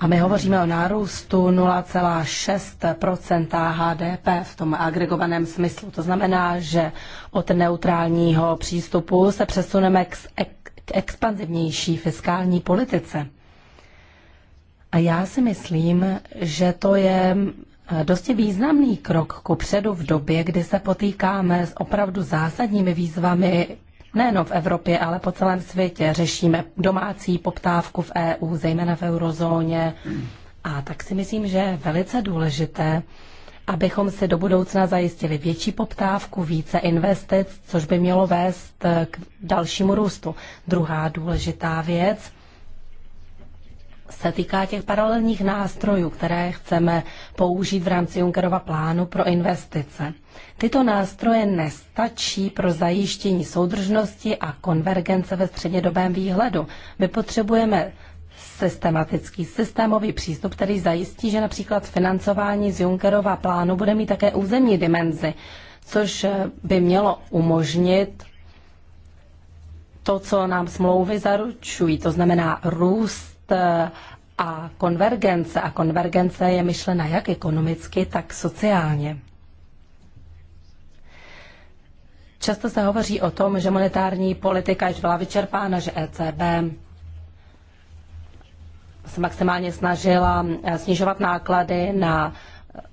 A my hovoříme o nárůstu 0,6 HDP v tom agregovaném smyslu. To znamená, že od neutrálního přístupu se přesuneme k, k expanzivnější fiskální politice. A já si myslím, že to je eh, dosti významný krok ku předu v době, kdy se potýkáme s opravdu zásadními výzvami nejenom v Evropě, ale po celém světě. Řešíme domácí poptávku v EU, zejména v eurozóně. A tak si myslím, že je velice důležité, abychom si do budoucna zajistili větší poptávku, více investic, což by mělo vést eh, k dalšímu růstu. Druhá důležitá věc – se týká těch paralelních nástrojů, které chceme použít v rámci Junckerova plánu pro investice. Tyto nástroje nestačí pro zajištění soudržnosti a konvergence ve střednědobém výhledu. My potřebujeme systematický, systémový přístup, který zajistí, že například financování z Junckerova plánu bude mít také územní dimenzi, což by mělo umožnit to, co nám smlouvy zaručují, to znamená růst Eh, a konvergence. A konvergence je myšlena jak ekonomicky, tak sociálně. Často se hovoří o tom, že monetární politika již byla vyčerpána, že ECB se maximálně snažila eh, snižovat náklady na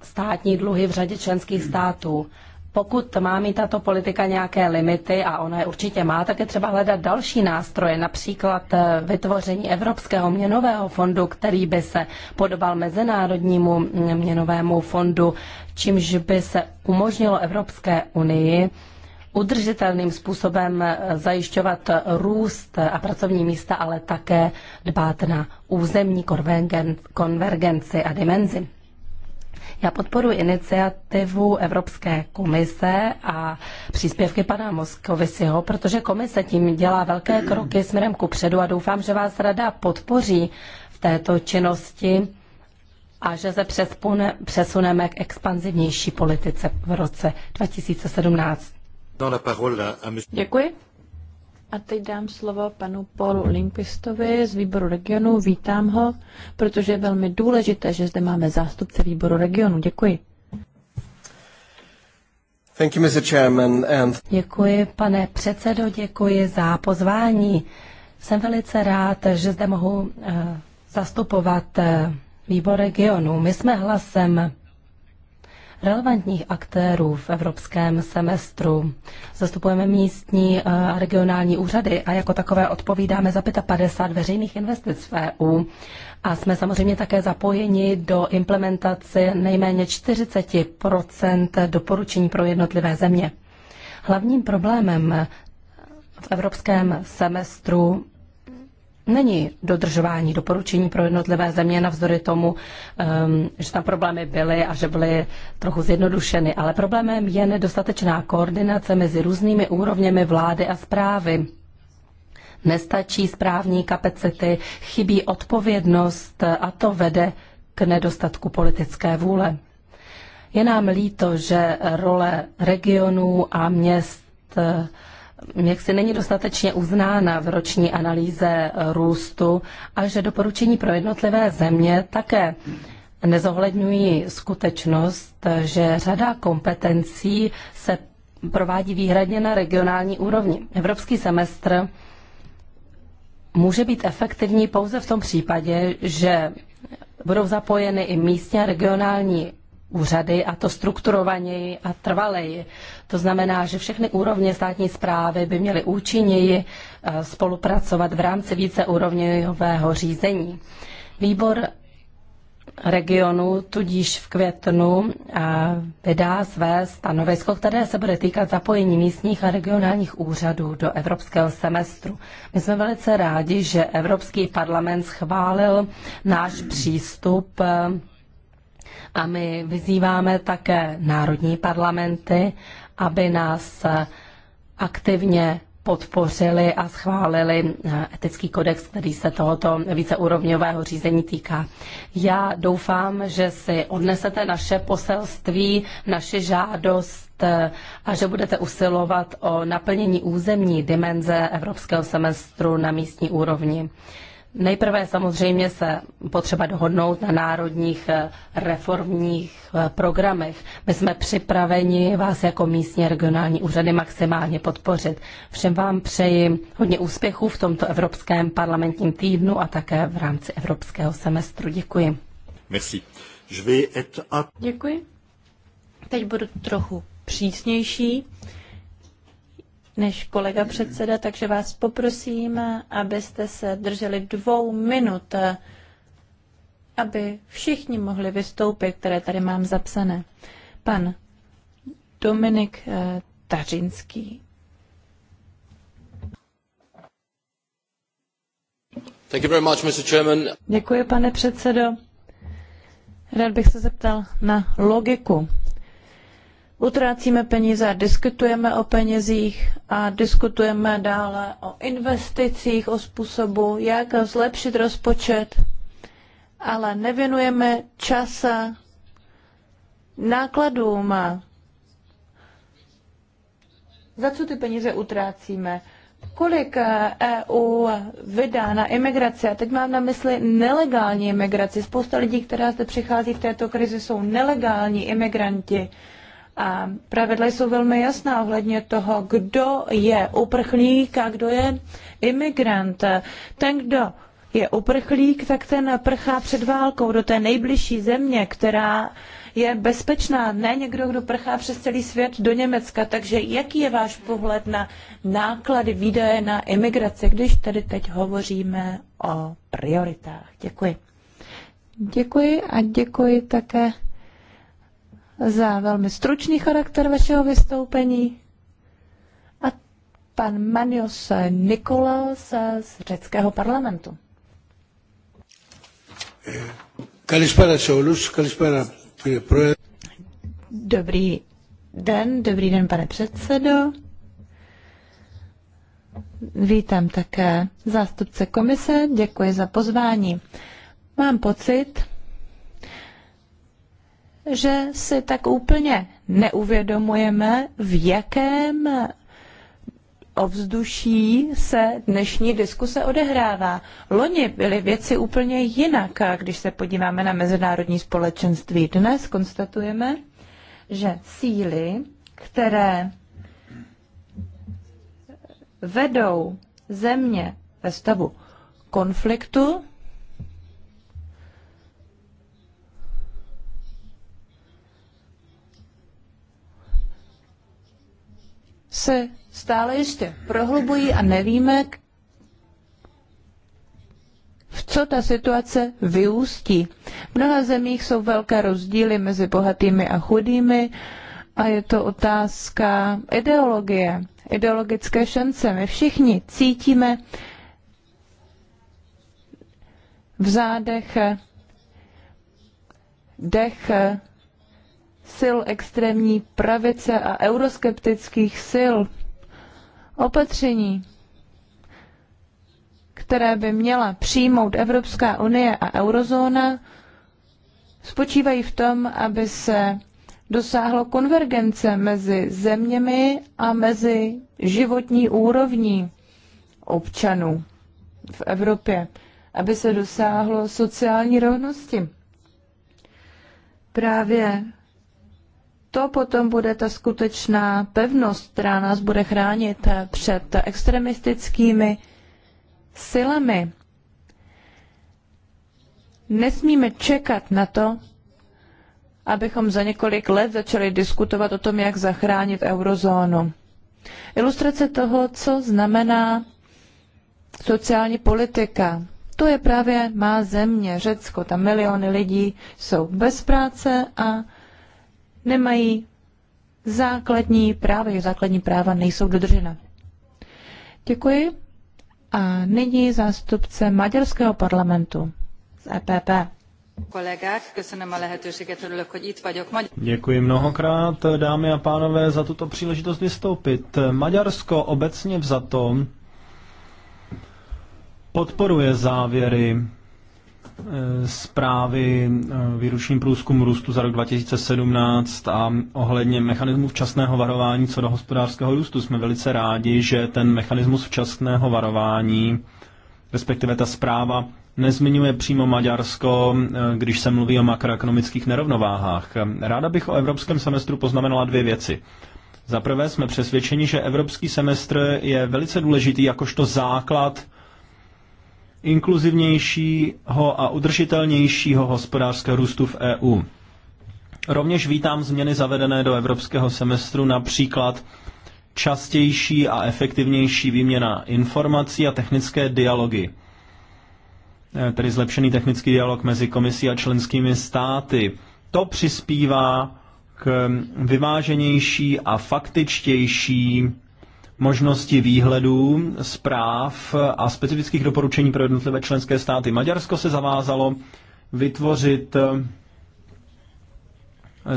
státní dluhy v řadě členských států pokud má mít tato politika nějaké limity, a ona je určitě má, tak je třeba hledat další nástroje, například eh, vytvoření Evropského měnového fondu, který by se podobal Mezinárodnímu mm, měnovému fondu, čímž by se umožnilo Evropské unii udržitelným způsobem eh, zajišťovat růst a pracovní místa, ale také dbát na územní konvergenci a dimenzi. Já podporuji iniciativu Evropské komise a příspěvky pana Moskovisiho, protože komise tím dělá velké kroky směrem ku předu a doufám, že vás rada podpoří v této činnosti a že se přesuneme k expanzivnější politice v roce 2017. Děkuji. A teď dám slovo panu Paulu Limpistovi z výboru regionu. Vítám ho, protože je velmi důležité, že zde máme zástupce výboru regionu. Děkuji. Thank you, Mr. Chairman, and... Děkuji, pane předsedo, děkuji za pozvání. Jsem velice rád, že zde mohu eh, zastupovat eh, výbor regionu. My jsme hlasem relevantních aktérů v evropském semestru. Zastupujeme místní eh, a regionální úřady a jako takové odpovídáme za 55 veřejných investic v EU. A jsme samozřejmě také zapojeni do implementace nejméně 40 doporučení pro jednotlivé země. Hlavním problémem v evropském semestru není dodržování doporučení pro jednotlivé země, navzory tomu, ehm, že tam problémy byly a že byly trochu zjednodušeny. Ale problémem je nedostatečná koordinace mezi různými úrovněmi vlády a zprávy. Nestačí správní kapacity, chybí odpovědnost a to vede k nedostatku politické vůle. Je nám líto, že role regionů a měst jak se není dostatečně uznána v roční analýze růstu a že doporučení pro jednotlivé země také nezohledňují skutečnost, že řada kompetencí se provádí výhradně na regionální úrovni. Evropský semestr může být efektivní pouze v tom případě, že budou zapojeny i místně regionální úřady a to strukturovaněji a trvaleji. To znamená, že všechny úrovně státní zprávy by měly účinněji eh, spolupracovat v rámci víceúrovňového řízení. Výbor regionu tudíž v květnu eh, vydá své stanovisko, které se bude týkat zapojení místních a regionálních úřadů do evropského semestru. My jsme velice rádi, že Evropský parlament schválil náš přístup eh, a my vyzýváme také národní parlamenty, aby nás aktivně podpořili a schválili eh, etický kodex, který se tohoto víceúrovňového řízení týká. Já doufám, že si odnesete naše poselství, naše žádost eh, a že budete usilovat o naplnění územní dimenze evropského semestru na místní úrovni. Nejprve samozřejmě se potřeba dohodnout na národních eh, reformních eh, programech. My jsme připraveni vás jako místní regionální úřady maximálně podpořit. Všem vám přeji hodně úspěchů v tomto Evropském parlamentním týdnu a také v rámci Evropského semestru. Děkuji. Merci. Je vais être... Děkuji. Teď budu trochu přísnější než kolega předseda, takže vás poprosím, abyste se drželi dvou minut, aby všichni mohli vystoupit, které tady mám zapsané. Pan Dominik eh, Tařinský. Thank you very much, Mr. Chairman. Děkuji, pane předsedo. Rád bych se zeptal na logiku utrácíme peníze a diskutujeme o penězích a diskutujeme dále o investicích, o způsobu, jak zlepšit rozpočet, ale nevěnujeme časa nákladům. Za co ty peníze utrácíme? Kolik EU eh, e vydá na imigraci, a teď mám na mysli nelegální imigraci, spousta lidí, která zde přichází v této krizi, jsou nelegální imigranti, a pravidla jsou velmi jasná ohledně toho, kdo je uprchlík a kdo je imigrant. Ten, kdo je uprchlík, tak ten prchá před válkou do té nejbližší země, která je bezpečná, ne někdo, kdo prchá přes celý svět do Německa. Takže jaký je váš pohled na náklady výdaje na imigraci, když tady teď hovoříme o prioritách? Děkuji. Děkuji a děkuji také za velmi stručný charakter vašeho vystoupení. A pan Manios Nikolaos z řeckého parlamentu. Eh, eh, dobrý den, dobrý den, pane předsedo. Vítám také zástupce komise, děkuji za pozvání. Mám pocit, že si tak úplně neuvědomujeme, v jakém ovzduší se dnešní diskuse odehrává. Loni byly věci úplně jinak, když se podíváme na mezinárodní společenství. Dnes konstatujeme, že síly, které vedou země ve stavu konfliktu, se stále ještě prohlubují a nevíme, v co ta situace vyústí. V mnoha zemích jsou velké rozdíly mezi bohatými a chudými a je to otázka ideologie, ideologické šance. My všichni cítíme v zádech dech sil extrémní pravice a euroskeptických sil opatření, které by měla přijmout Evropská unie a eurozóna, spočívají v tom, aby se dosáhlo konvergence mezi zeměmi a mezi životní úrovní občanů v Evropě, aby se dosáhlo sociální rovnosti. Právě to potom bude ta skutečná pevnost, která nás bude chránit před extremistickými silami. Nesmíme čekat na to, abychom za několik let začali diskutovat o tom, jak zachránit eurozónu. Ilustrace toho, co znamená sociální politika. To je právě má země, Řecko. Tam miliony lidí jsou bez práce a nemají základní práva, jejich základní práva nejsou dodržena. Děkuji. A nyní zástupce maďarského parlamentu z EPP. Děkuji mnohokrát, dámy a pánové, za tuto příležitost vystoupit. Maďarsko obecně vzato podporuje závěry Eh, zprávy eh, výročním průzkum růstu za rok 2017 a ohledně mechanismu včasného varování co do hospodářského růstu. Jsme velice rádi, že ten mechanismus včasného varování, respektive ta zpráva, nezmiňuje přímo Maďarsko, eh, když se mluví o makroekonomických nerovnováhách. Ráda bych o evropském semestru poznamenala dvě věci. Za prvé jsme přesvědčeni, že evropský semestr je velice důležitý jakožto základ inkluzivnějšího a udržitelnějšího hospodářského růstu v EU. Rovněž vítám změny zavedené do evropského semestru, například častější a efektivnější výměna informací a technické dialogy, e, tedy zlepšený technický dialog mezi komisí a členskými státy. To přispívá k vyváženější a faktičtější možnosti výhledů, zpráv a specifických doporučení pro jednotlivé členské státy. Maďarsko se zavázalo vytvořit eh,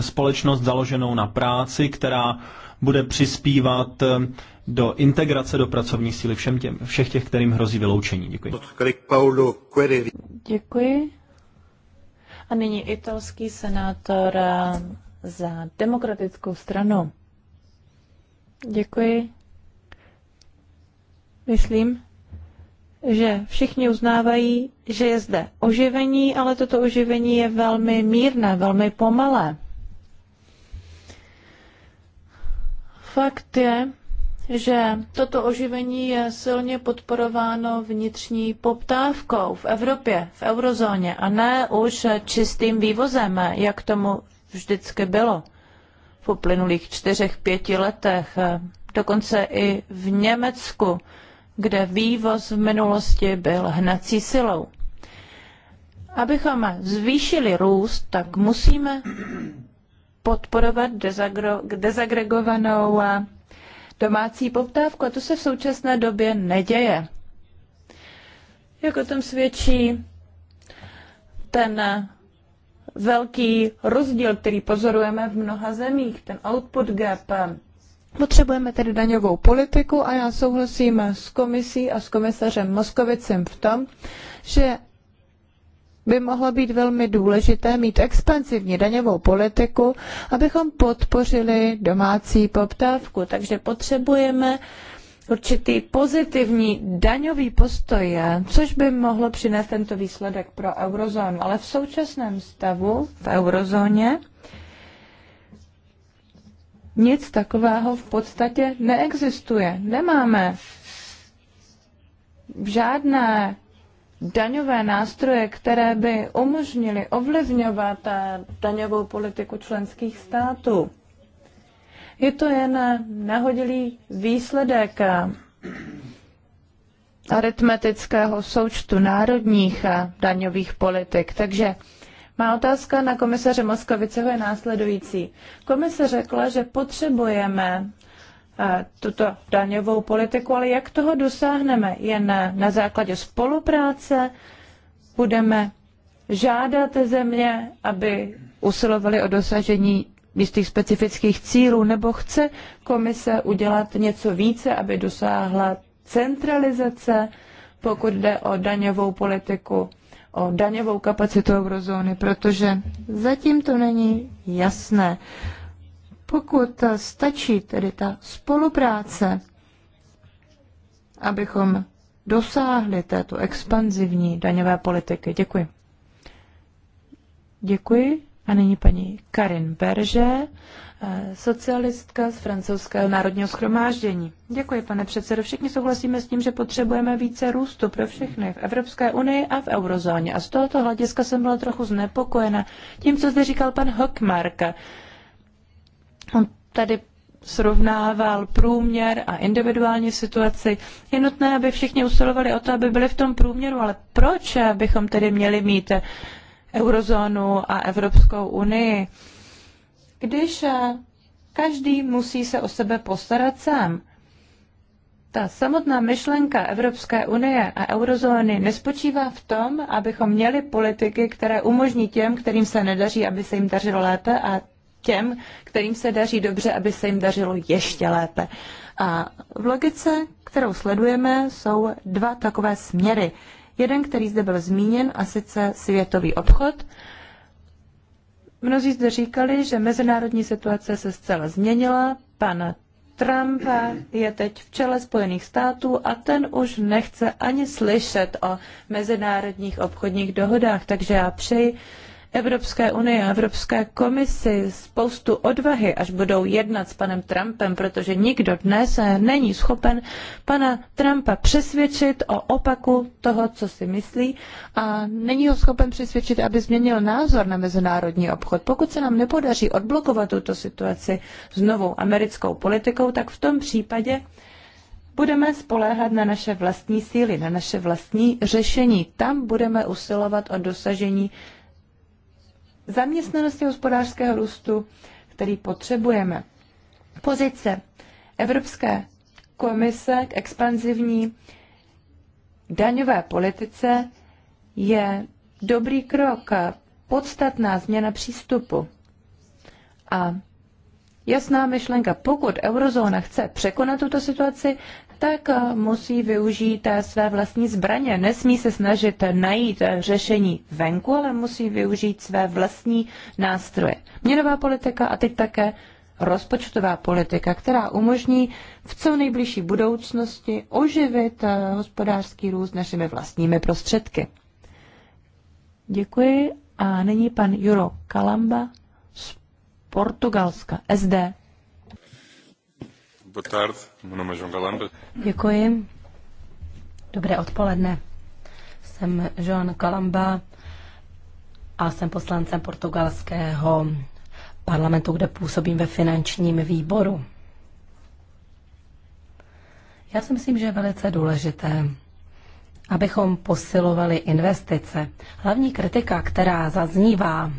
společnost založenou na práci, která bude přispívat eh, do integrace do pracovní síly všem těm, všech těch, kterým hrozí vyloučení. Děkuji. Děkuji. A nyní italský senátor eh, za demokratickou stranu. Děkuji. Myslím, že všichni uznávají, že je zde oživení, ale toto oživení je velmi mírné, velmi pomalé. Fakt je, že toto oživení je silně podporováno vnitřní poptávkou v Evropě, v eurozóně a ne už čistým vývozem, jak tomu vždycky bylo v uplynulých čtyřech, pěti letech, dokonce i v Německu kde vývoz v minulosti byl hnací silou. Abychom zvýšili růst, tak musíme podporovat dezagregovanou eh, domácí poptávku a to se v současné době neděje. Jak o tom svědčí ten eh, velký rozdíl, který pozorujeme v mnoha zemích, ten output gap, eh, Potřebujeme tedy daňovou politiku a já souhlasím s komisí a s komisařem Moskovicem v tom, že by mohlo být velmi důležité mít expansivní daňovou politiku, abychom podpořili domácí poptávku. Takže potřebujeme určitý pozitivní daňový postoj, což by mohlo přinést tento výsledek pro eurozónu. Ale v současném stavu v eurozóně nic takového v podstatě neexistuje. Nemáme žádné daňové nástroje, které by umožnily ovlivňovat daňovou politiku členských států. Je to jen nahodilý výsledek aritmetického součtu národních daňových politik. Takže má otázka na komisaře Moskoviceho je následující. Komise řekla, že potřebujeme eh, tuto daňovou politiku, ale jak toho dosáhneme? Jen na základě spolupráce budeme žádat země, aby usilovali o dosažení jistých specifických cílů, nebo chce komise udělat něco více, aby dosáhla centralizace, pokud jde o daňovou politiku o daňovou kapacitu eurozóny, protože zatím to není jasné. Pokud stačí tedy ta spolupráce, abychom dosáhli této expanzivní daňové politiky. Děkuji. Děkuji. A nyní paní Karin Berže socialistka z francouzského národního schromáždění. Děkuji, pane předsedo. Všichni souhlasíme s tím, že potřebujeme více růstu pro všechny v Evropské unii a v eurozóně. A z tohoto hlediska jsem byla trochu znepokojena tím, co zde říkal pan Hockmark. On tady srovnával průměr a individuální situaci. Je nutné, aby všichni usilovali o to, aby byli v tom průměru, ale proč bychom tedy měli mít eurozónu a Evropskou unii? když eh, každý musí se o sebe postarat sám. Ta samotná myšlenka Evropské unie a eurozóny nespočívá v tom, abychom měli politiky, které umožní těm, kterým se nedaří, aby se jim dařilo lépe a těm, kterým se daří dobře, aby se jim dařilo ještě lépe. A v logice, kterou sledujeme, jsou dva takové směry. Jeden, který zde byl zmíněn, a sice světový obchod Mnozí zde říkali, že mezinárodní situace se zcela změnila. Pan Trump je teď v čele Spojených států a ten už nechce ani slyšet o mezinárodních obchodních dohodách, takže já přeji Evropské unii a Evropské komisi spoustu odvahy, až budou jednat s panem Trumpem, protože nikdo dnes není schopen pana Trumpa přesvědčit o opaku toho, co si myslí a není ho schopen přesvědčit, aby změnil názor na mezinárodní obchod. Pokud se nám nepodaří odblokovat tuto situaci s novou americkou politikou, tak v tom případě budeme spoléhat na naše vlastní síly, na naše vlastní řešení. Tam budeme usilovat o dosažení zaměstnanosti hospodářského růstu, který potřebujeme. Pozice Evropské komise k expanzivní daňové politice je dobrý krok, podstatná změna přístupu. A jasná myšlenka. Pokud eurozóna chce překonat tuto situaci, tak eh, musí využít eh, své vlastní zbraně. Nesmí se snažit eh, najít řešení venku, ale musí využít své vlastní nástroje. Měnová politika a teď také rozpočtová politika, která umožní v co nejbližší budoucnosti oživit hospodářský růst našimi vlastními prostředky. Děkuji a nyní pan Juro Kalamba Portugalska. SD. Děkuji. Dobré odpoledne. Jsem Joan Kalamba a jsem poslancem portugalského parlamentu, kde působím ve finančním výboru. Já si myslím, že je velice důležité, abychom posilovali investice. Hlavní kritika, která zaznívá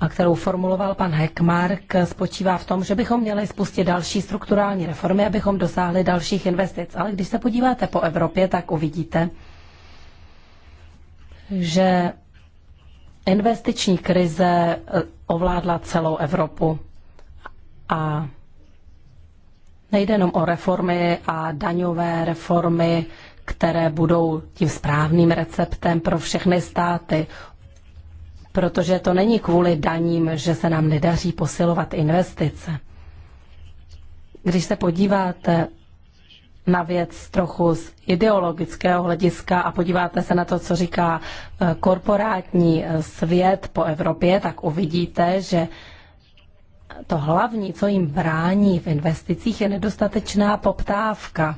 a kterou formuloval pan Heckmark, spočívá v tom, že bychom měli spustit další strukturální reformy, abychom dosáhli dalších investic. Ale když se podíváte po Evropě, tak uvidíte, že investiční krize eh, ovládla celou Evropu a nejde jenom o reformy a daňové reformy, které budou tím správným receptem pro všechny státy protože to není kvůli daním, že se nám nedaří posilovat investice. Když se podíváte na věc trochu z ideologického hlediska a podíváte se na to, co říká e, korporátní e, svět po Evropě, tak uvidíte, že to hlavní, co jim brání v investicích, je nedostatečná poptávka.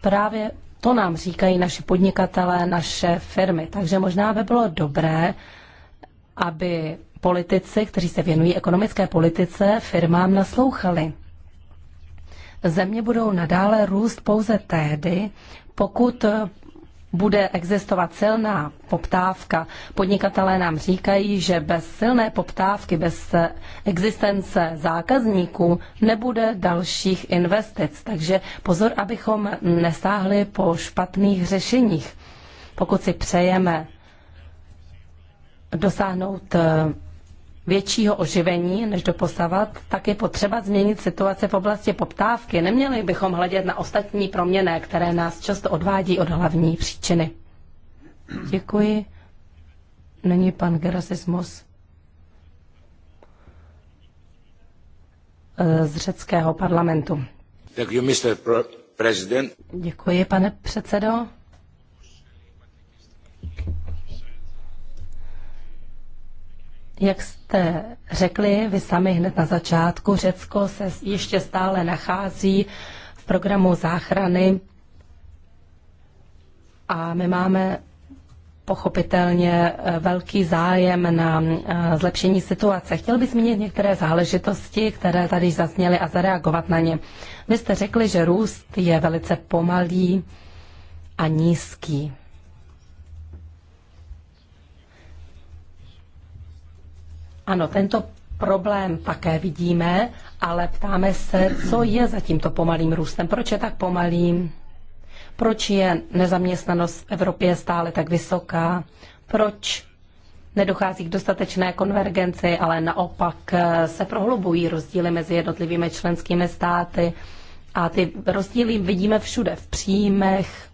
Právě to nám říkají naši podnikatelé, naše firmy. Takže možná by bylo dobré aby politici, kteří se věnují ekonomické politice, firmám naslouchali. Země budou nadále růst pouze tehdy, pokud bude existovat silná poptávka. Podnikatelé nám říkají, že bez silné poptávky, bez existence zákazníků nebude dalších investic. Takže pozor, abychom nestáhli po špatných řešeních. Pokud si přejeme dosáhnout eh, většího oživení než doposavat, tak je potřeba změnit situace v oblasti poptávky. Neměli bychom hledět na ostatní proměny, které nás často odvádí od hlavní příčiny. Děkuji. Není pan Gerasismus eh, z řeckého parlamentu. Děkuji, pane předsedo. Jak jste řekli vy sami hned na začátku, Řecko se ještě stále nachází v programu záchrany a my máme pochopitelně eh, velký zájem na eh, zlepšení situace. Chtěl bych zmínit některé záležitosti, které tady zazněly a zareagovat na ně. Vy jste řekli, že růst je velice pomalý a nízký. Ano, tento problém také vidíme, ale ptáme se, co je za tímto pomalým růstem, proč je tak pomalý, proč je nezaměstnanost v Evropě stále tak vysoká, proč nedochází k dostatečné konvergenci, ale naopak eh, se prohlubují rozdíly mezi jednotlivými členskými státy a ty rozdíly vidíme všude, v příjmech,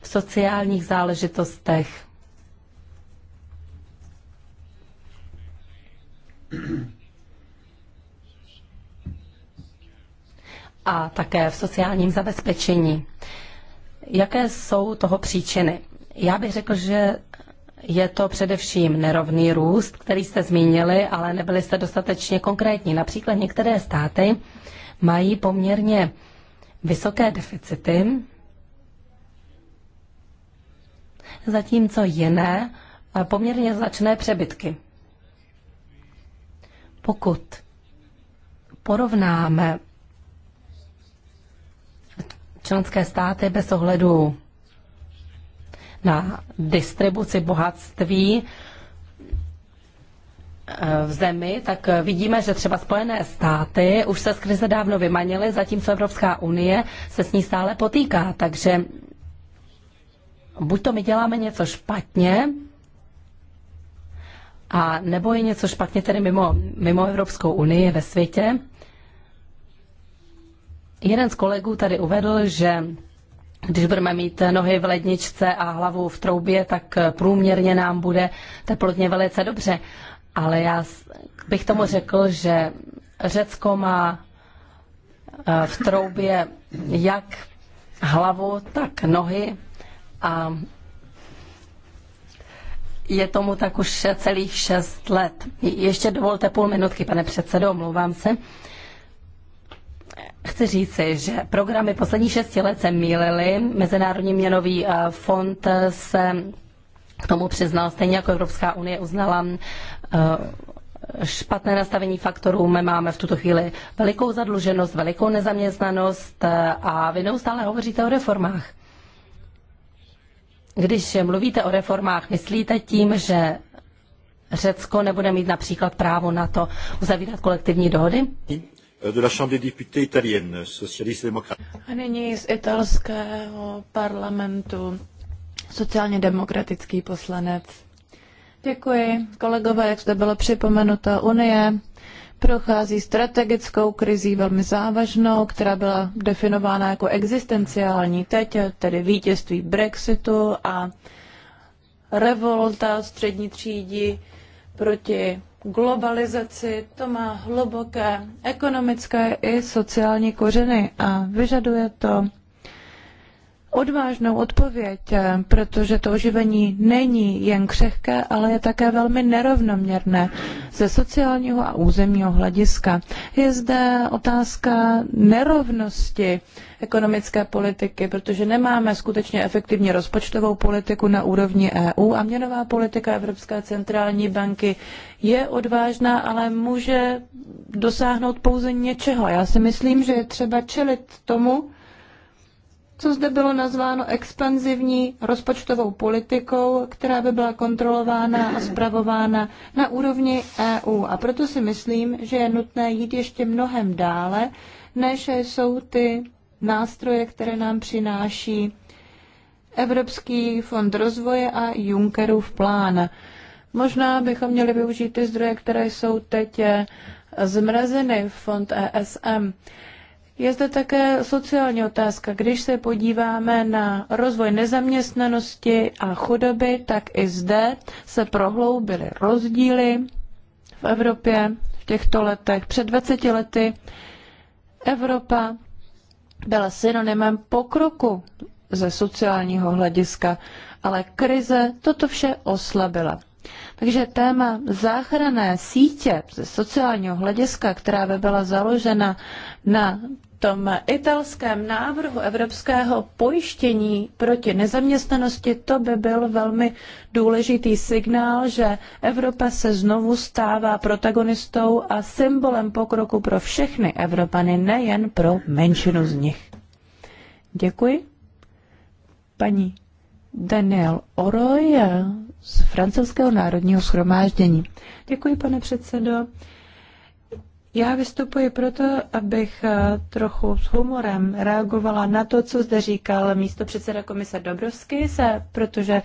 v sociálních záležitostech. a také v sociálním zabezpečení. Jaké jsou toho příčiny? Já bych řekl, že je to především nerovný růst, který jste zmínili, ale nebyli jste dostatečně konkrétní. Například některé státy mají poměrně vysoké deficity, zatímco jiné poměrně značné přebytky. Pokud porovnáme členské státy bez ohledu na distribuci bohatství eh, v zemi, tak vidíme, že třeba Spojené státy už se z krize dávno vymanily, zatímco Evropská unie se s ní stále potýká. Takže buď to my děláme něco špatně, a nebo je něco špatně tedy mimo, mimo Evropskou unii ve světě? Jeden z kolegů tady uvedl, že když budeme mít nohy v ledničce a hlavu v troubě, tak průměrně nám bude teplotně velice dobře. Ale já bych tomu řekl, že Řecko má eh, v troubě jak hlavu, tak nohy a je tomu tak už celých šest let. Ještě dovolte půl minutky, pane předsedo, omlouvám se. Chci říci, že programy posledních šesti let se mílily. Mezinárodní měnový eh, fond se k tomu přiznal, stejně jako Evropská unie uznala eh, špatné nastavení faktorů. My máme v tuto chvíli velikou zadluženost, velikou nezaměstnanost eh, a vy neustále hovoříte o reformách. Když mluvíte o reformách, myslíte tím, že Řecko nebude mít například právo na to uzavírat kolektivní dohody? de la Chambre des députés italienne, socialiste démocrate. A nyní z italského parlamentu sociálně demokratický poslanec. Děkuji. Kolegové, jak zde bylo připomenuto, Unie prochází strategickou krizí velmi závažnou, která byla definována jako existenciální teď, eh, tedy vítězství Brexitu a revolta střední třídy proti globalizaci. To má hluboké ekonomické i sociální kořeny a vyžaduje to odvážnou odpověď, eh, protože to oživení není jen křehké, ale je také velmi nerovnoměrné ze sociálního a územního hlediska. Je zde otázka nerovnosti ekonomické politiky, protože nemáme skutečně efektivní rozpočtovou politiku na úrovni EU a měnová politika Evropské centrální banky je odvážná, ale může dosáhnout pouze něčeho. Já si myslím, že je třeba čelit tomu, co zde bylo nazváno expanzivní rozpočtovou politikou, která by byla kontrolována a zpravována na úrovni EU. A proto si myslím, že je nutné jít ještě mnohem dále, než jsou ty nástroje, které nám přináší Evropský fond rozvoje a Junckerův plán. Možná bychom měli využít ty zdroje, které jsou teď eh, zmrazeny, fond ESM. Je zde také sociální otázka. Když se podíváme na rozvoj nezaměstnanosti a chudoby, tak i zde se prohloubily rozdíly v Evropě v těchto letech. Před 20 lety Evropa byla synonymem pokroku ze sociálního hlediska, ale krize toto vše oslabila. Takže téma záchranné sítě ze sociálního hlediska, která by byla založena na tom italském návrhu evropského pojištění proti nezaměstnanosti, to by byl velmi důležitý signál, že Evropa se znovu stává protagonistou a symbolem pokroku pro všechny Evropany, nejen pro menšinu z nich. Děkuji. Paní Daniel Oroy z francouzského národního schromáždění. Děkuji, pane předsedo. Já vystupuji proto, abych eh, trochu s humorem reagovala na to, co zde říkal místo předseda komise Dobrovsky, se, eh, protože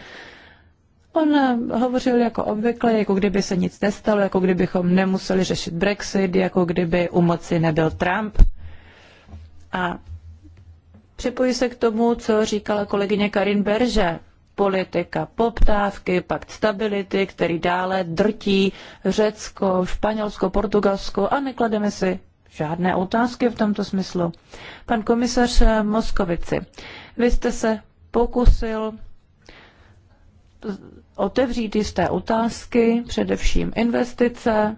on eh, hovořil jako obvykle, jako kdyby se nic nestalo, jako kdybychom nemuseli řešit Brexit, jako kdyby u moci nebyl Trump. A připoji se k tomu, co říkala kolegyně Karin Berže politika poptávky, pakt stability, který dále drtí Řecko, Španělsko, Portugalsko a neklademe si žádné otázky v tomto smyslu. Pan komisař Moskovici, vy jste se pokusil otevřít jisté otázky, především investice,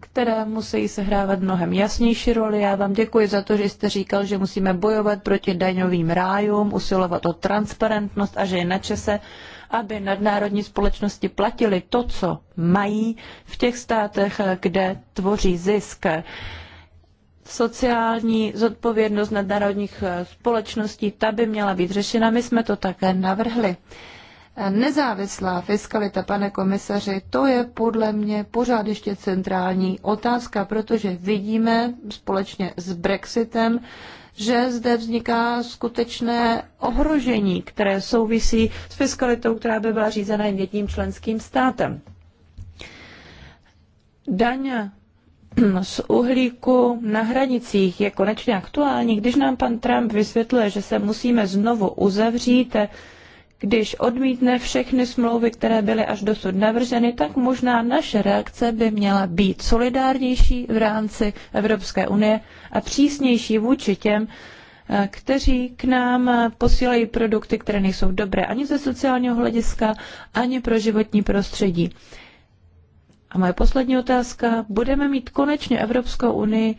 které musí sehrávat mnohem jasnější roli. Já vám děkuji za to, že jste říkal, že musíme bojovat proti daňovým rájům, usilovat o transparentnost a že je na čase, aby nadnárodní společnosti platili to, co mají v těch státech, kde tvoří zisk. Sociální zodpovědnost nadnárodních společností, ta by měla být řešena. My jsme to také navrhli. Nezávislá fiskalita, pane komisaři, to je podle mě pořád ještě centrální otázka, protože vidíme společně s Brexitem, že zde vzniká skutečné ohrožení, které souvisí s fiskalitou, která by byla řízena jedním členským státem. Daň z uhlíku na hranicích je konečně aktuální, když nám pan Trump vysvětluje, že se musíme znovu uzavřít když odmítne všechny smlouvy, které byly až dosud navrženy, tak možná naše reakce by měla být solidárnější v rámci Evropské unie a přísnější vůči těm, eh, kteří k nám posílají produkty, které nejsou dobré ani ze sociálního hlediska, ani pro životní prostředí. A moje poslední otázka. Budeme mít konečně Evropskou unii,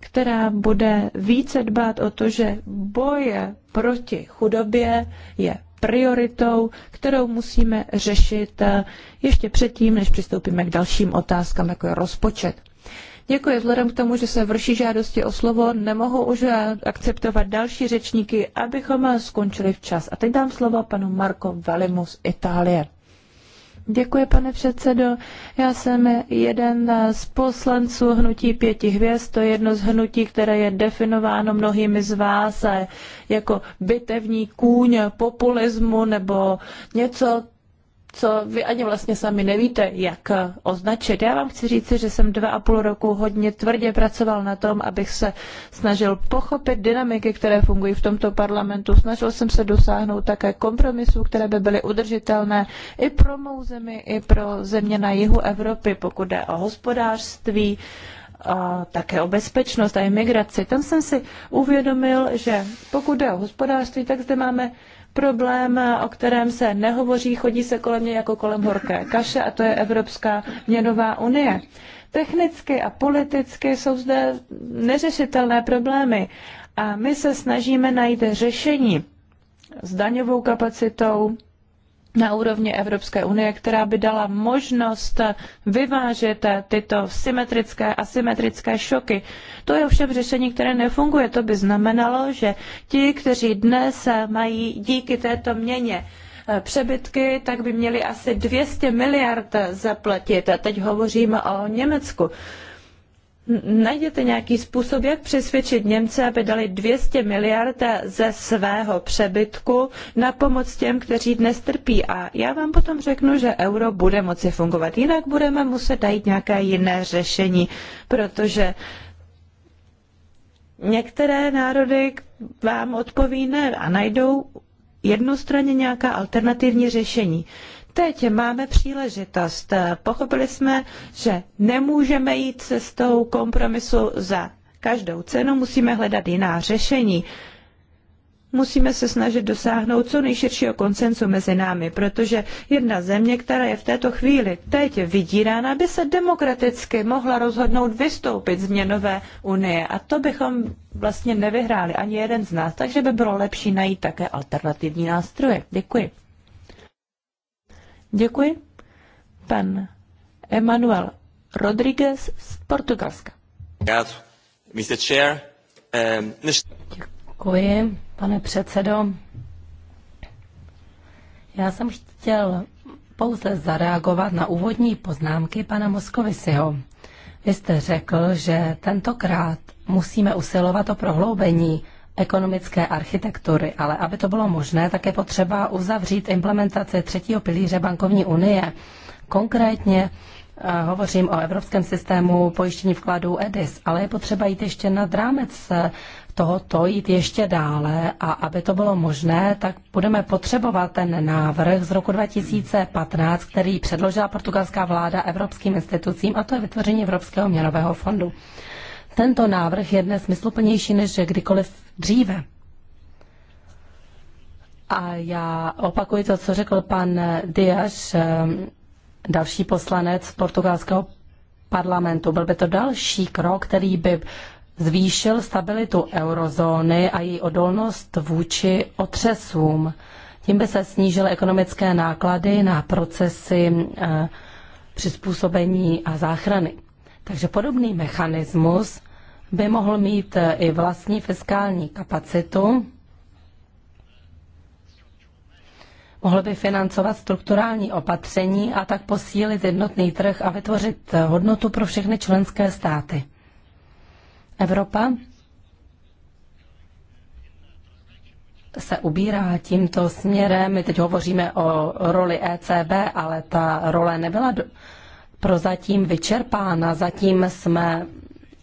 která bude více dbát o to, že boje proti chudobě je prioritou, kterou musíme řešit eh, ještě předtím, než přistoupíme k dalším otázkám, jako je rozpočet. Děkuji. Vzhledem k tomu, že se vrší žádosti o slovo, nemohu už eh, akceptovat další řečníky, abychom eh, skončili včas. A teď dám slovo panu Marko Valimu z Itálie. Děkuji, pane předsedo. Já jsem jeden z poslanců Hnutí pěti hvězd. To je jedno z hnutí, které je definováno mnohými z vás jako bitevní kůň populismu nebo něco, co vy ani vlastně sami nevíte, jak označit. Já vám chci říci, že jsem dva a půl roku hodně tvrdě pracoval na tom, abych se snažil pochopit dynamiky, které fungují v tomto parlamentu. Snažil jsem se dosáhnout také kompromisů, které by byly udržitelné i pro mou zemi, i pro země na jihu Evropy, pokud jde o hospodářství, a také o bezpečnost a imigraci. Tam jsem si uvědomil, že pokud jde o hospodářství, tak zde máme problém, o kterém se nehovoří, chodí se kolem něj jako kolem horké kaše a to je Evropská měnová unie. Technicky a politicky jsou zde neřešitelné problémy a my se snažíme najít řešení s daňovou kapacitou, na úrovni Evropské unie, která by dala možnost vyvážet tyto symetrické a symetrické šoky. To je ovšem řešení, které nefunguje. To by znamenalo, že ti, kteří dnes mají díky této měně eh, přebytky, tak by měli asi 200 miliard zaplatit. A teď hovoříme o Německu. Najděte nějaký způsob, jak přesvědčit Němce, aby dali 200 miliard ze svého přebytku na pomoc těm, kteří dnes trpí. A já vám potom řeknu, že euro bude moci fungovat. Jinak budeme muset najít nějaké jiné řešení, protože některé národy vám odpoví ne a najdou jednostranně nějaká alternativní řešení. Teď máme příležitost. Pochopili jsme, že nemůžeme jít cestou kompromisu za každou cenu, musíme hledat jiná řešení. Musíme se snažit dosáhnout co nejširšího koncensu mezi námi, protože jedna země, která je v této chvíli teď vydírána, by se demokraticky mohla rozhodnout vystoupit z měnové unie. A to bychom vlastně nevyhráli ani jeden z nás, takže by bylo lepší najít také alternativní nástroje. Děkuji. Děkuji. Pan Emanuel Rodriguez z Portugalska. Mr. Chair, ehm, Děkuji, pane předsedo. Já jsem chtěl pouze zareagovat na úvodní poznámky pana Moskovisiho. Vy jste řekl, že tentokrát musíme usilovat o prohloubení ekonomické architektury, ale aby to bylo možné, tak je potřeba uzavřít implementaci třetího pilíře bankovní unie. Konkrétně eh, hovořím o evropském systému pojištění vkladů EDIS, ale je potřeba jít ještě nad rámec eh, tohoto jít ještě dále a aby to bylo možné, tak budeme potřebovat ten návrh z roku 2015, který předložila portugalská vláda evropským institucím a to je vytvoření Evropského měnového fondu. Tento návrh je dnes smysluplnější než kdykoliv dříve. A já opakuji to, co řekl pan Diaz, ehm, další poslanec portugalského parlamentu. Byl by to další krok, který by zvýšil stabilitu eurozóny a její odolnost vůči otřesům. Tím by se snížily ekonomické náklady na procesy eh, přizpůsobení a záchrany. Takže podobný mechanismus by mohl mít eh, i vlastní fiskální kapacitu, mohl by financovat strukturální opatření a tak posílit jednotný trh a vytvořit eh, hodnotu pro všechny členské státy. Evropa se ubírá tímto směrem. My teď hovoříme o roli ECB, ale ta role nebyla prozatím vyčerpána. Zatím jsme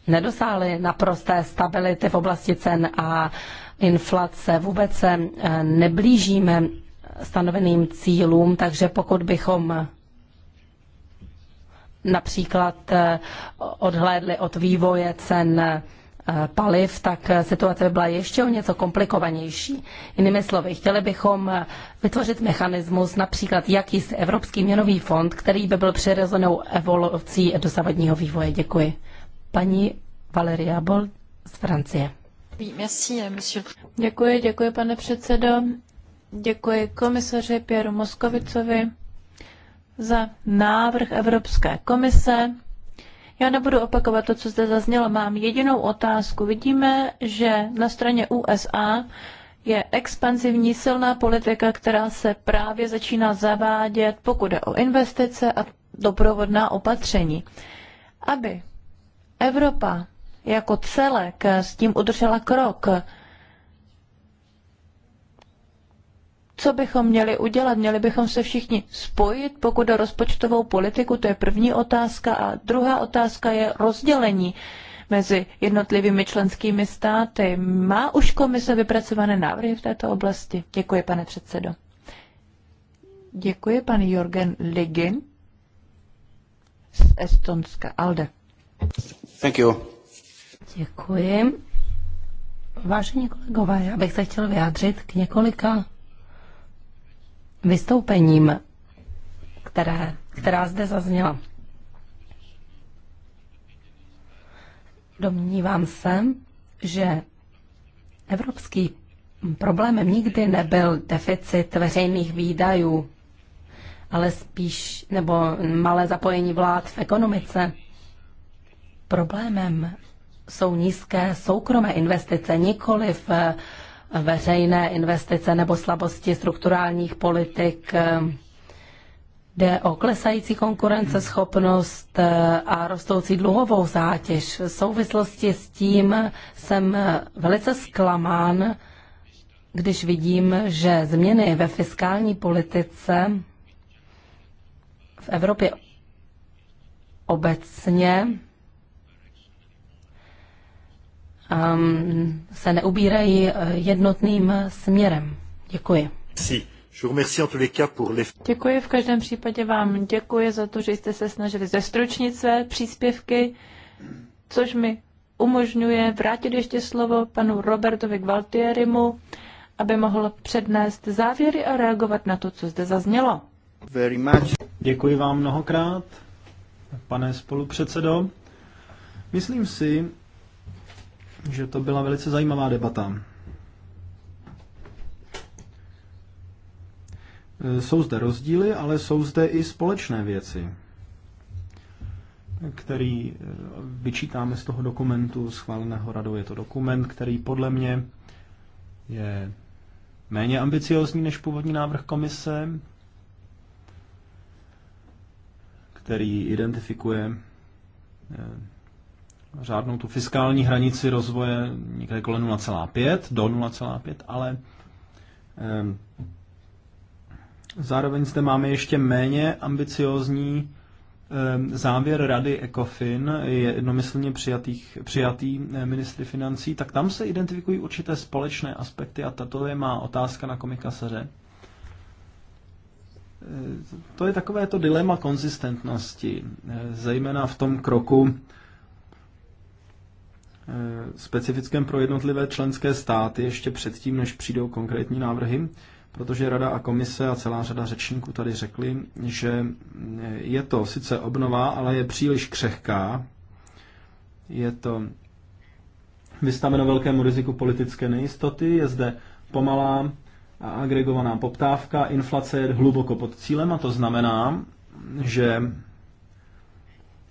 nedosáhli naprosté stability v oblasti cen a inflace. Vůbec se eh, neblížíme stanoveným cílům, takže pokud bychom například eh, odhlédli od vývoje cen Eh, paliv, tak eh, situace by byla ještě o něco komplikovanější. Jinými slovy, chtěli bychom eh, vytvořit mechanismus, například jakýsi Evropský měnový fond, který by byl přirozenou evolucí dosavadního vývoje. Děkuji. Paní Valeria Bol z Francie. Děkuji, děkuji pane předsedo. Děkuji komisaři Pěru Moskovicovi za návrh Evropské komise já nebudu opakovat to, co zde zaznělo. Mám jedinou otázku. Vidíme, že na straně USA je expanzivní silná politika, která se právě začíná zavádět, pokud je o investice a doprovodná opatření. Aby Evropa jako celek s tím udržela krok, co bychom měli udělat? Měli bychom se všichni spojit, pokud o rozpočtovou politiku, to je první otázka. A druhá otázka je rozdělení mezi jednotlivými členskými státy. Má už komise vypracované návrhy v této oblasti? Děkuji, pane předsedo. Děkuji, pan Jorgen Ligin z Estonska. Alde. Thank you. Děkuji. Vážení kolegové, já bych se chtěl vyjádřit k několika vystoupením, které, která zde zazněla. Domnívám se, že evropský problémem nikdy nebyl deficit veřejných výdajů, ale spíš nebo malé zapojení vlád v ekonomice. Problémem jsou nízké soukromé investice, nikoliv eh, veřejné investice nebo slabosti strukturálních politik. Jde o klesající konkurenceschopnost a rostoucí dluhovou zátěž. V souvislosti s tím jsem velice zklamán, když vidím, že změny ve fiskální politice v Evropě obecně Um, se neubírají eh, jednotným směrem. Děkuji. Si. Děkuji v každém případě vám. Děkuji za to, že jste se snažili zestručnit své příspěvky, což mi umožňuje vrátit ještě slovo panu Robertovi Gvaltierimu, aby mohl přednést závěry a reagovat na to, co zde zaznělo. Very much. Děkuji vám mnohokrát, pane spolupředsedo. Myslím si, že to byla velice zajímavá debata. E, jsou zde rozdíly, ale jsou zde i společné věci, který e, vyčítáme z toho dokumentu schváleného radou. Je to dokument, který podle mě je méně ambiciozní než původní návrh komise, který identifikuje e, řádnou tu fiskální hranici rozvoje někde kolem 0,5 do 0,5, ale ehm, zároveň zde máme ještě méně ambiciózní ehm, závěr rady ECOFIN je jednomyslně přijatých, přijatý eh, ministry financí, tak tam se identifikují určité společné aspekty a tato je má otázka na komikaseře. Eh, to je takové to dilema konzistentnosti, eh, zejména v tom kroku Eh, specifickém pro jednotlivé členské státy ještě předtím, než přijdou konkrétní návrhy, protože Rada a Komise a celá řada řečníků tady řekli, že eh, je to sice obnova, ale je příliš křehká, je to vystaveno velkému riziku politické nejistoty, je zde pomalá a agregovaná poptávka, inflace je hluboko pod cílem a to znamená, že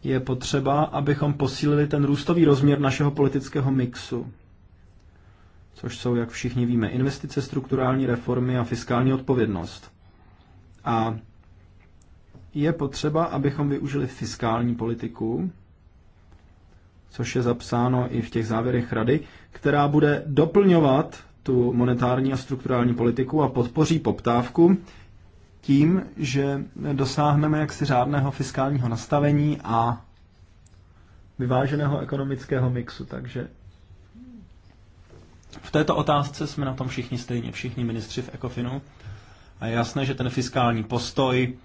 je potřeba, abychom posílili ten růstový rozměr našeho politického mixu, což jsou, jak všichni víme, investice, strukturální reformy a fiskální odpovědnost. A je potřeba, abychom využili fiskální politiku, což je zapsáno i v těch závěrech rady, která bude doplňovat tu monetární a strukturální politiku a podpoří poptávku tím, že dosáhneme jaksi řádného fiskálního nastavení a vyváženého ekonomického mixu. Takže v této otázce jsme na tom všichni stejně, všichni ministři v Ekofinu. A je jasné, že ten fiskální postoj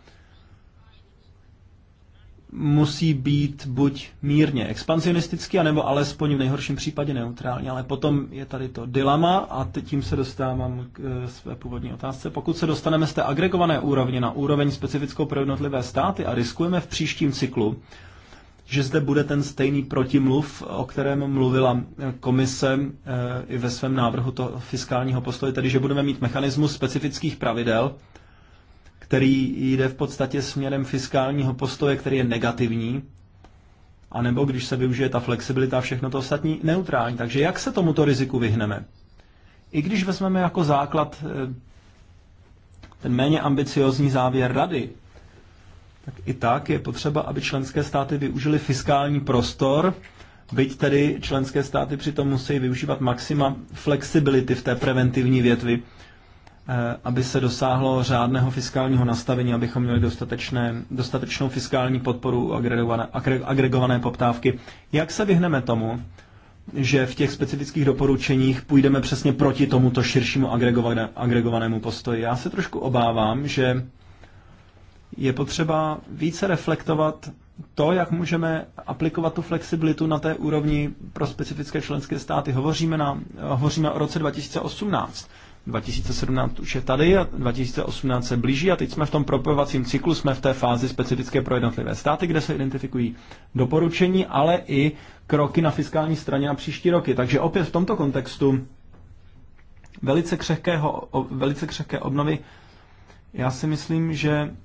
musí být buď mírně expansionistický, anebo alespoň v nejhorším případě neutrální. Ale potom je tady to dilema a tím se dostávám k eh, své původní otázce. Pokud se dostaneme z té agregované úrovně na úroveň specifickou pro jednotlivé státy a riskujeme v příštím cyklu, že zde bude ten stejný protimluv, o kterém mluvila eh, komise eh, i ve svém návrhu to fiskálního postoje, tedy že budeme mít mechanismus specifických pravidel, který jde v podstatě směrem fiskálního postoje, který je negativní, anebo když se využije ta flexibilita, všechno to ostatní neutrální. Takže jak se tomuto riziku vyhneme? I když vezmeme jako základ eh, ten méně ambiciozní závěr rady, tak i tak je potřeba, aby členské státy využili fiskální prostor, byť tedy členské státy přitom musí využívat maxima flexibility v té preventivní větvi, Eh, aby se dosáhlo řádného fiskálního nastavení, abychom měli dostatečné, dostatečnou fiskální podporu agregované, agregované poptávky. Jak se vyhneme tomu, že v těch specifických doporučeních půjdeme přesně proti tomuto širšímu agregované, agregovanému postoji? Já se trošku obávám, že je potřeba více reflektovat to, jak můžeme aplikovat tu flexibilitu na té úrovni pro specifické členské státy. Hovoříme, na, hovoříme o roce 2018 2017 už je tady a 2018 se blíží a teď jsme v tom propojovacím cyklu, jsme v té fázi specifické pro jednotlivé státy, kde se identifikují doporučení, ale i kroky na fiskální straně na příští roky. Takže opět v tomto kontextu velice, křehkého, velice křehké obnovy já si myslím, že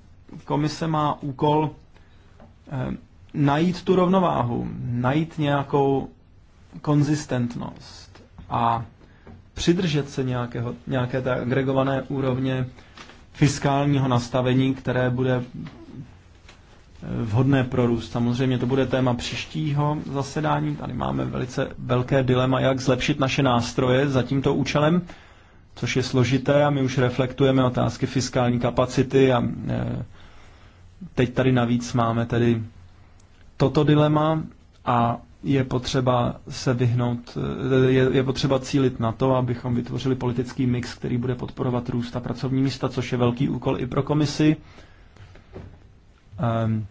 komise má úkol eh, najít tu rovnováhu, najít nějakou konzistentnost a přidržet se nějakého, nějaké té agregované úrovně fiskálního nastavení, které bude eh, vhodné pro růst. Samozřejmě to bude téma příštího zasedání. Tady máme velice velké dilema, jak zlepšit naše nástroje za tímto účelem, což je složité a my už reflektujeme otázky fiskální kapacity a eh, teď tady navíc máme tedy toto dilema a je potřeba se vyhnout, eh, je, je potřeba cílit na to, abychom vytvořili politický mix, který bude podporovat růst a pracovní místa, což je velký úkol i pro komisi. Ehm,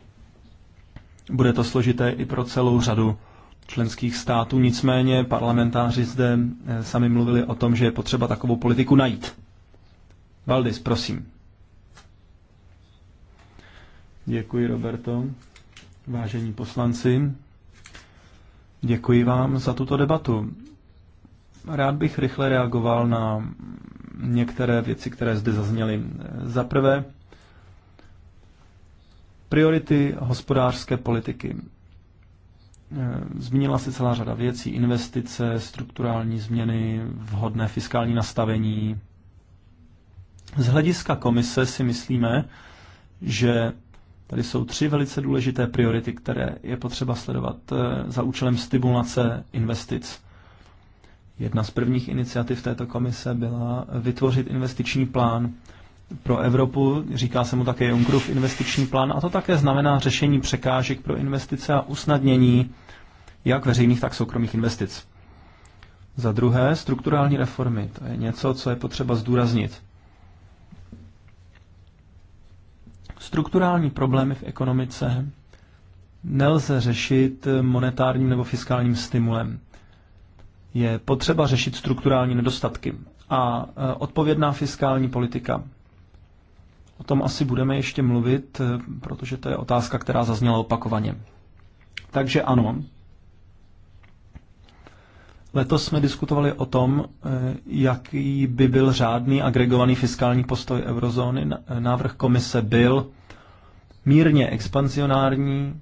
bude to složité i pro celou řadu členských států, nicméně parlamentáři zde eh, sami mluvili o tom, že je potřeba takovou politiku najít. Valdis, prosím. Děkuji, Roberto. Vážení poslanci, Děkuji vám za tuto debatu. Rád bych rychle reagoval na některé věci, které zde zazněly. Za prvé, priority hospodářské politiky. Zmínila se celá řada věcí, investice, strukturální změny, vhodné fiskální nastavení. Z hlediska komise si myslíme, že Tady jsou tři velice důležité priority, které je potřeba sledovat eh, za účelem stimulace investic. Jedna z prvních iniciativ této komise byla vytvořit investiční plán pro Evropu, říká se mu také Junckerův investiční plán, a to také znamená řešení překážek pro investice a usnadnění jak veřejných, tak soukromých investic. Za druhé, strukturální reformy. To je něco, co je potřeba zdůraznit. Strukturální problémy v ekonomice nelze řešit monetárním nebo fiskálním stimulem. Je potřeba řešit strukturální nedostatky a e, odpovědná fiskální politika. O tom asi budeme ještě mluvit, e, protože to je otázka, která zazněla opakovaně. Takže ano, Letos jsme diskutovali o tom, eh, jaký by byl řádný agregovaný fiskální postoj eurozóny. Návrh komise byl mírně expansionární.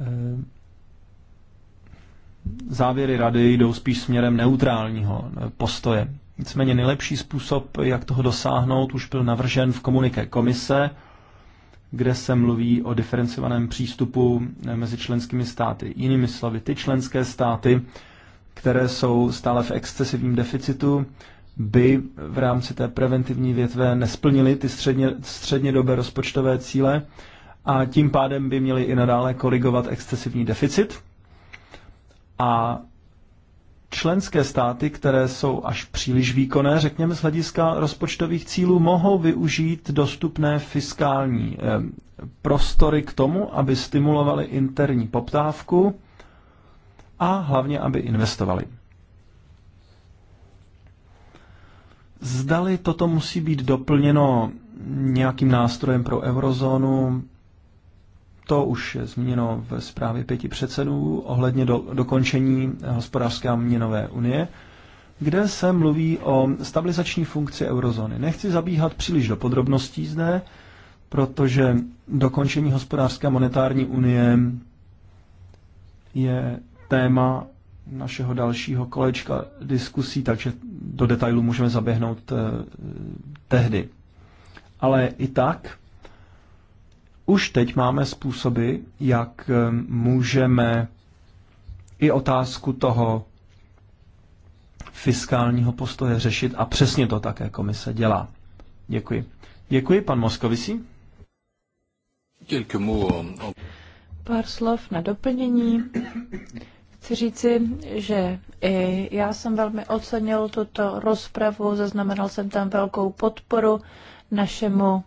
Eh, závěry rady jdou spíš směrem neutrálního eh, postoje. Nicméně nejlepší způsob, jak toho dosáhnout, už byl navržen v komuniké komise, kde se mluví o diferencovaném přístupu mezi členskými státy. Jinými slovy, ty členské státy, které jsou stále v excesivním deficitu, by v rámci té preventivní větve nesplnili ty středně, střednědobé rozpočtové cíle a tím pádem by měli i nadále korigovat excesivní deficit. A členské státy, které jsou až příliš výkonné, řekněme z hlediska rozpočtových cílů, mohou využít dostupné fiskální eh, prostory k tomu, aby stimulovali interní poptávku a hlavně, aby investovali. Zdali toto musí být doplněno nějakým nástrojem pro eurozónu, to už je zmíněno v zprávě pěti předsedů ohledně do, dokončení hospodářské a měnové unie, kde se mluví o stabilizační funkci eurozóny. Nechci zabíhat příliš do podrobností zde, protože dokončení hospodářské a monetární unie je téma našeho dalšího kolečka diskusí, takže do detailu můžeme zaběhnout eh, tehdy. Ale i tak, už teď máme způsoby, jak eh, můžeme i otázku toho fiskálního postoje řešit a přesně to také komise dělá. Děkuji. Děkuji, pan Moskovisí. Um, Pár slov na doplnění. Chci říci, že i já jsem velmi ocenil tuto rozpravu, zaznamenal jsem tam velkou podporu našemu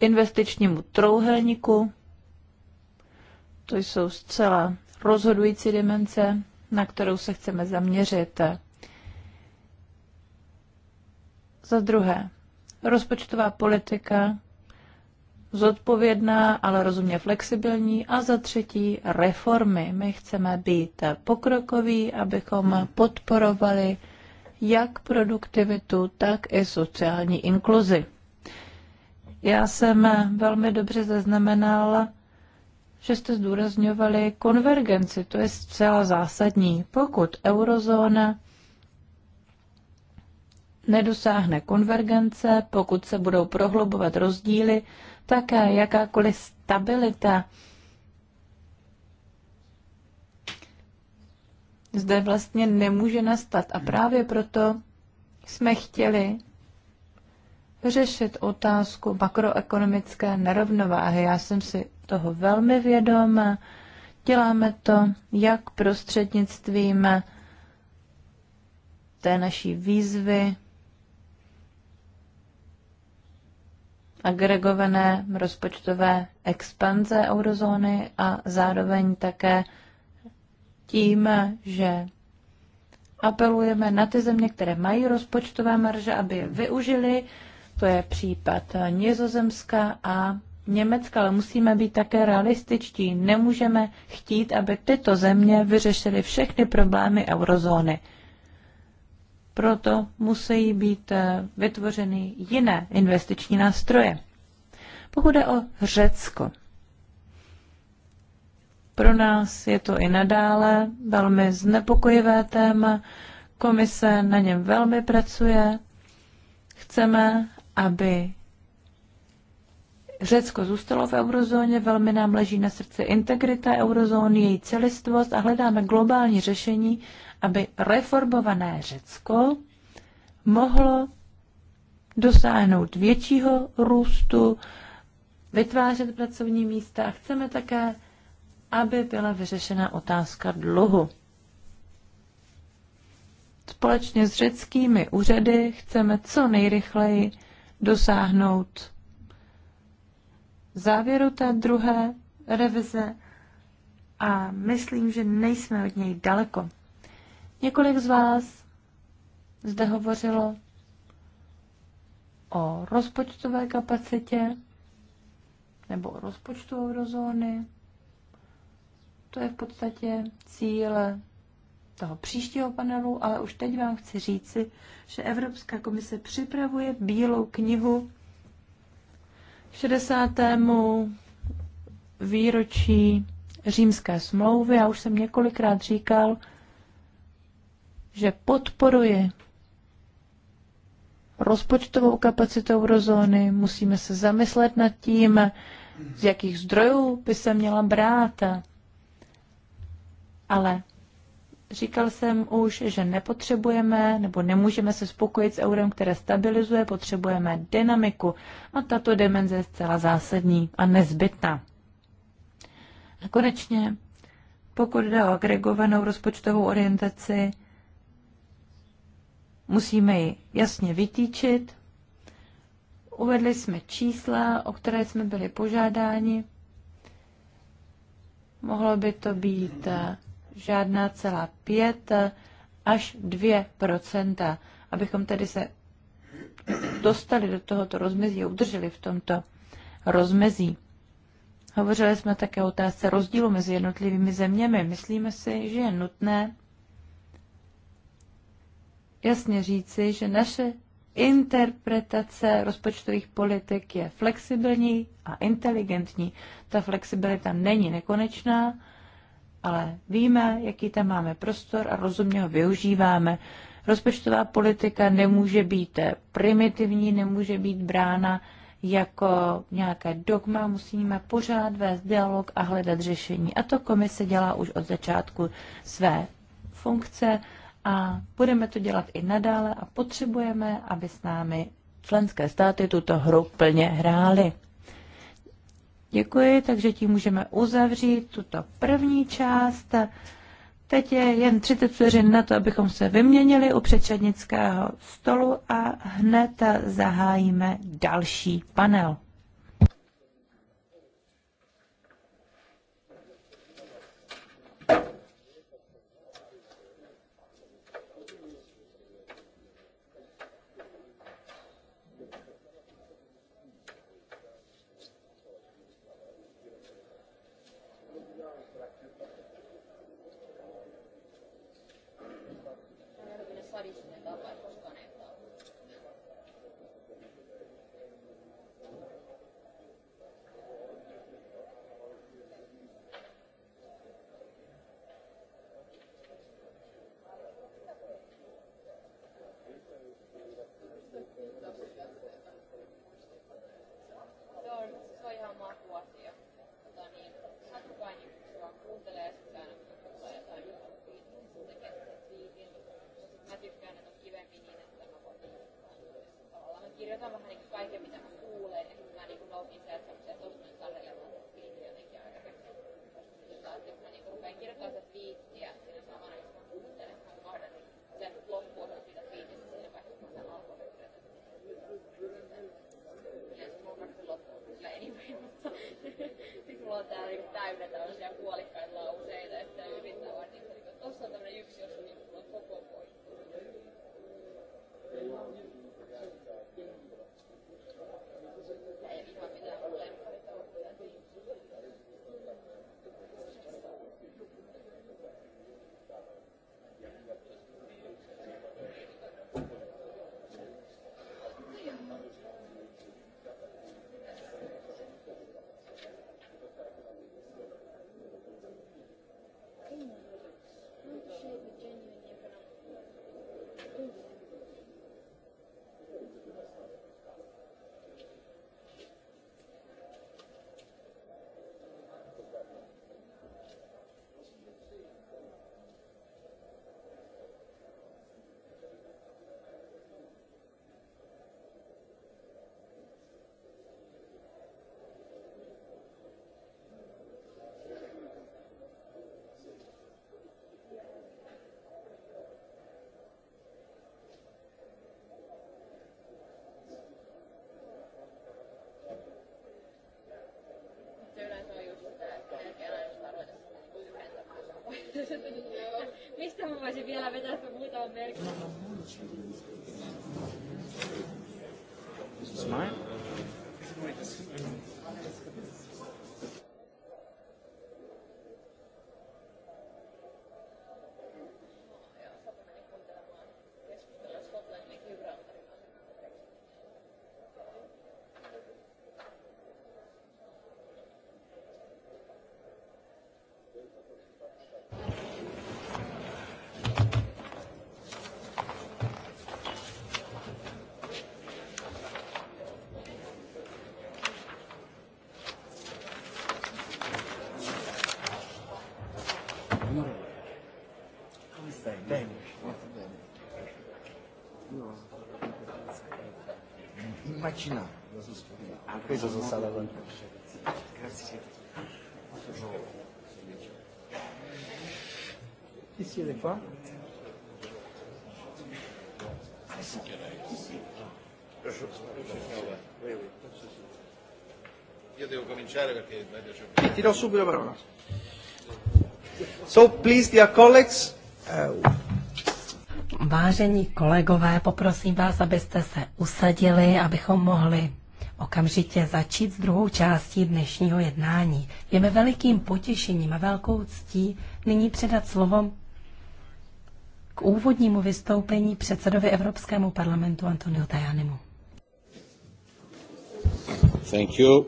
investičnímu trouhelníku. To jsou zcela rozhodující dimenze, na kterou se chceme zaměřit. Za druhé, rozpočtová politika zodpovědná, ale rozumně flexibilní. A za třetí, reformy. My chceme být pokrokoví, abychom hmm. podporovali jak produktivitu, tak i sociální inkluzi. Já jsem velmi dobře zaznamenala, že jste zdůrazňovali konvergenci, to je zcela zásadní. Pokud eurozóna nedosáhne konvergence, pokud se budou prohlubovat rozdíly, také jakákoliv stabilita zde vlastně nemůže nastat. A právě proto jsme chtěli řešit otázku makroekonomické nerovnováhy. Já jsem si toho velmi vědoma. Děláme to jak prostřednictvím té naší výzvy agregované rozpočtové expanze eurozóny a zároveň také tím, že apelujeme na ty země, které mají rozpočtové marže, aby je využili. To je případ Nizozemska a Německa, ale musíme být také realističtí. Nemůžeme chtít, aby tyto země vyřešily všechny problémy eurozóny. Proto musí být eh, vytvořeny jiné investiční nástroje. Pokud jde o Řecko, pro nás je to i nadále velmi znepokojivé téma. Komise na něm velmi pracuje. Chceme, aby Řecko zůstalo v eurozóně, velmi nám leží na srdci integrita eurozóny, její celistvost a hledáme globální řešení, aby reformované Řecko mohlo dosáhnout většího růstu, vytvářet pracovní místa a chceme také, aby byla vyřešena otázka dluhu. Společně s řeckými úřady chceme co nejrychleji dosáhnout závěru té druhé revize a myslím, že nejsme od něj daleko. Několik z vás zde hovořilo o rozpočtové kapacitě nebo o rozpočtu eurozóny. To je v podstatě cíl toho příštího panelu, ale už teď vám chci říci, že Evropská komise připravuje bílou knihu k 60. výročí římské smlouvy. Já už jsem několikrát říkal, že podporuji rozpočtovou kapacitu eurozóny, musíme se zamyslet nad tím, z jakých zdrojů by se měla brát. Ale říkal jsem už, že nepotřebujeme nebo nemůžeme se spokojit s eurem, které stabilizuje, potřebujeme dynamiku a tato dimenze je zcela zásadní a nezbytná. A konečně, pokud jde o agregovanou rozpočtovou orientaci, Musíme ji jasně vytýčit. Uvedli jsme čísla, o které jsme byli požádáni. Mohlo by to být eh, žádná celá pět eh, až 2 abychom tedy se dostali do tohoto rozmezí a udrželi v tomto rozmezí. Hovořili jsme také o otázce rozdílu mezi jednotlivými zeměmi. Myslíme si, že je nutné jasně říci, že naše interpretace rozpočtových politik je flexibilní a inteligentní. Ta flexibilita není nekonečná, ale víme, jaký tam máme prostor a rozumně ho využíváme. Rozpočtová politika nemůže být primitivní, nemůže být brána jako nějaké dogma, musíme pořád vést dialog a hledat řešení. A to komise dělá už od začátku své funkce a budeme to dělat i nadále a potřebujeme, aby s námi členské státy tuto hru plně hrály. Děkuji, takže tím můžeme uzavřít tuto první část. Teď je jen 30 vteřin na to, abychom se vyměnili u předšednického stolu a hned zahájíme další panel. Mis tomuvoisin vielä vetää muutaman merkin? This Danish. Immagina. Questa sono stata la Grazie. Chi siete qua? Io devo cominciare perché Ti do subito la parola. So please dear colleagues E, Vážení kolegové, poprosím vás, abyste se usadili, abychom mohli okamžitě začít s druhou částí dnešního jednání. Je mi velikým potěšením a velkou ctí nyní předat slovo k úvodnímu vystoupení předsedovi Evropskému parlamentu Antonio Tajanimu. Thank you.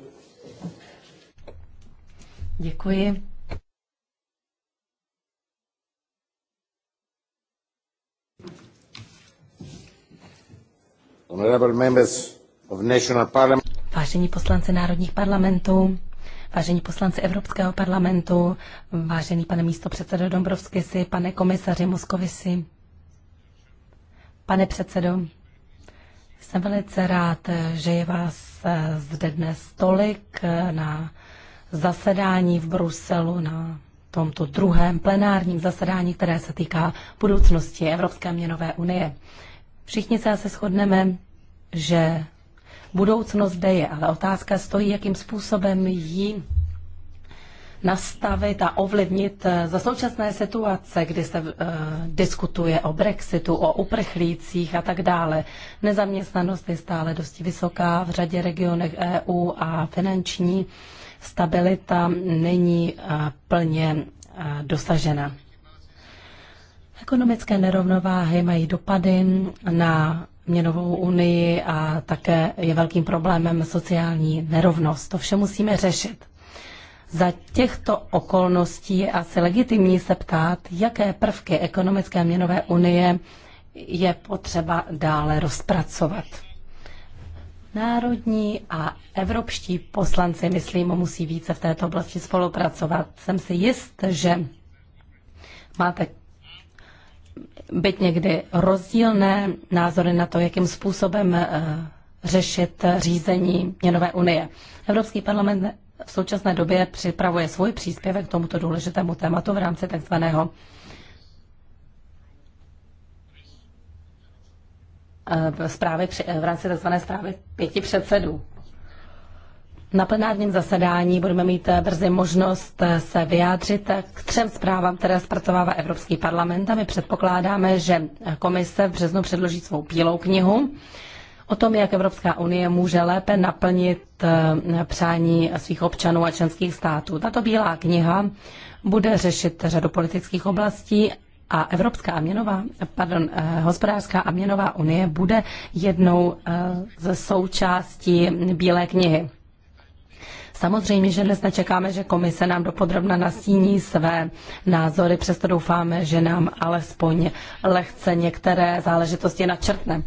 Děkuji. Vážení poslanci národních parlamentů, vážení poslanci Evropského parlamentu, vážený pane místo předsedo Dombrovskisi, pane komisaři Moskovisi, pane předsedo, jsem velice rád, že je vás eh, zde dnes tolik eh, na zasedání v Bruselu, na tomto druhém plenárním zasedání, které se týká budoucnosti Evropské měnové unie. Všichni se asi shodneme, že budoucnost zde je, ale otázka stojí, jakým způsobem ji nastavit a ovlivnit eh, za současné situace, kdy se uh, diskutuje o Brexitu, o uprchlících a tak dále. Nezaměstnanost je stále dosti vysoká v řadě regionech EU a finanční stabilita není uh, plně uh, dosažena. Ekonomické nerovnováhy mají dopady na měnovou unii a také je velkým problémem sociální nerovnost. To vše musíme řešit. Za těchto okolností je asi legitimní se ptát, jaké prvky ekonomické měnové unie je potřeba dále rozpracovat. Národní a evropští poslanci, myslím, musí více v této oblasti spolupracovat. Jsem si jist, že máte byť někdy rozdílné názory na to, jakým způsobem eh, řešit řízení měnové unie. Evropský parlament v současné době připravuje svůj příspěvek k tomuto důležitému tématu v rámci takzvaného eh, zprávy, v rámci tzv. zprávy pěti předsedů. Na plenárním zasedání budeme mít eh, brzy možnost eh, se vyjádřit eh, k třem zprávám, které zpracovává Evropský parlament a my předpokládáme, že komise v březnu předloží svou bílou knihu o tom, jak Evropská unie může lépe naplnit přání svých občanů a členských států. Tato bílá kniha bude řešit řadu politických oblastí a Evropská a měnová, pardon, hospodářská a měnová unie bude jednou ze součástí Bílé knihy. Samozřejmě, že dnes nečekáme, že komise nám dopodrobna nastíní své názory, přesto doufáme, že nám alespoň lehce některé záležitosti načrtne.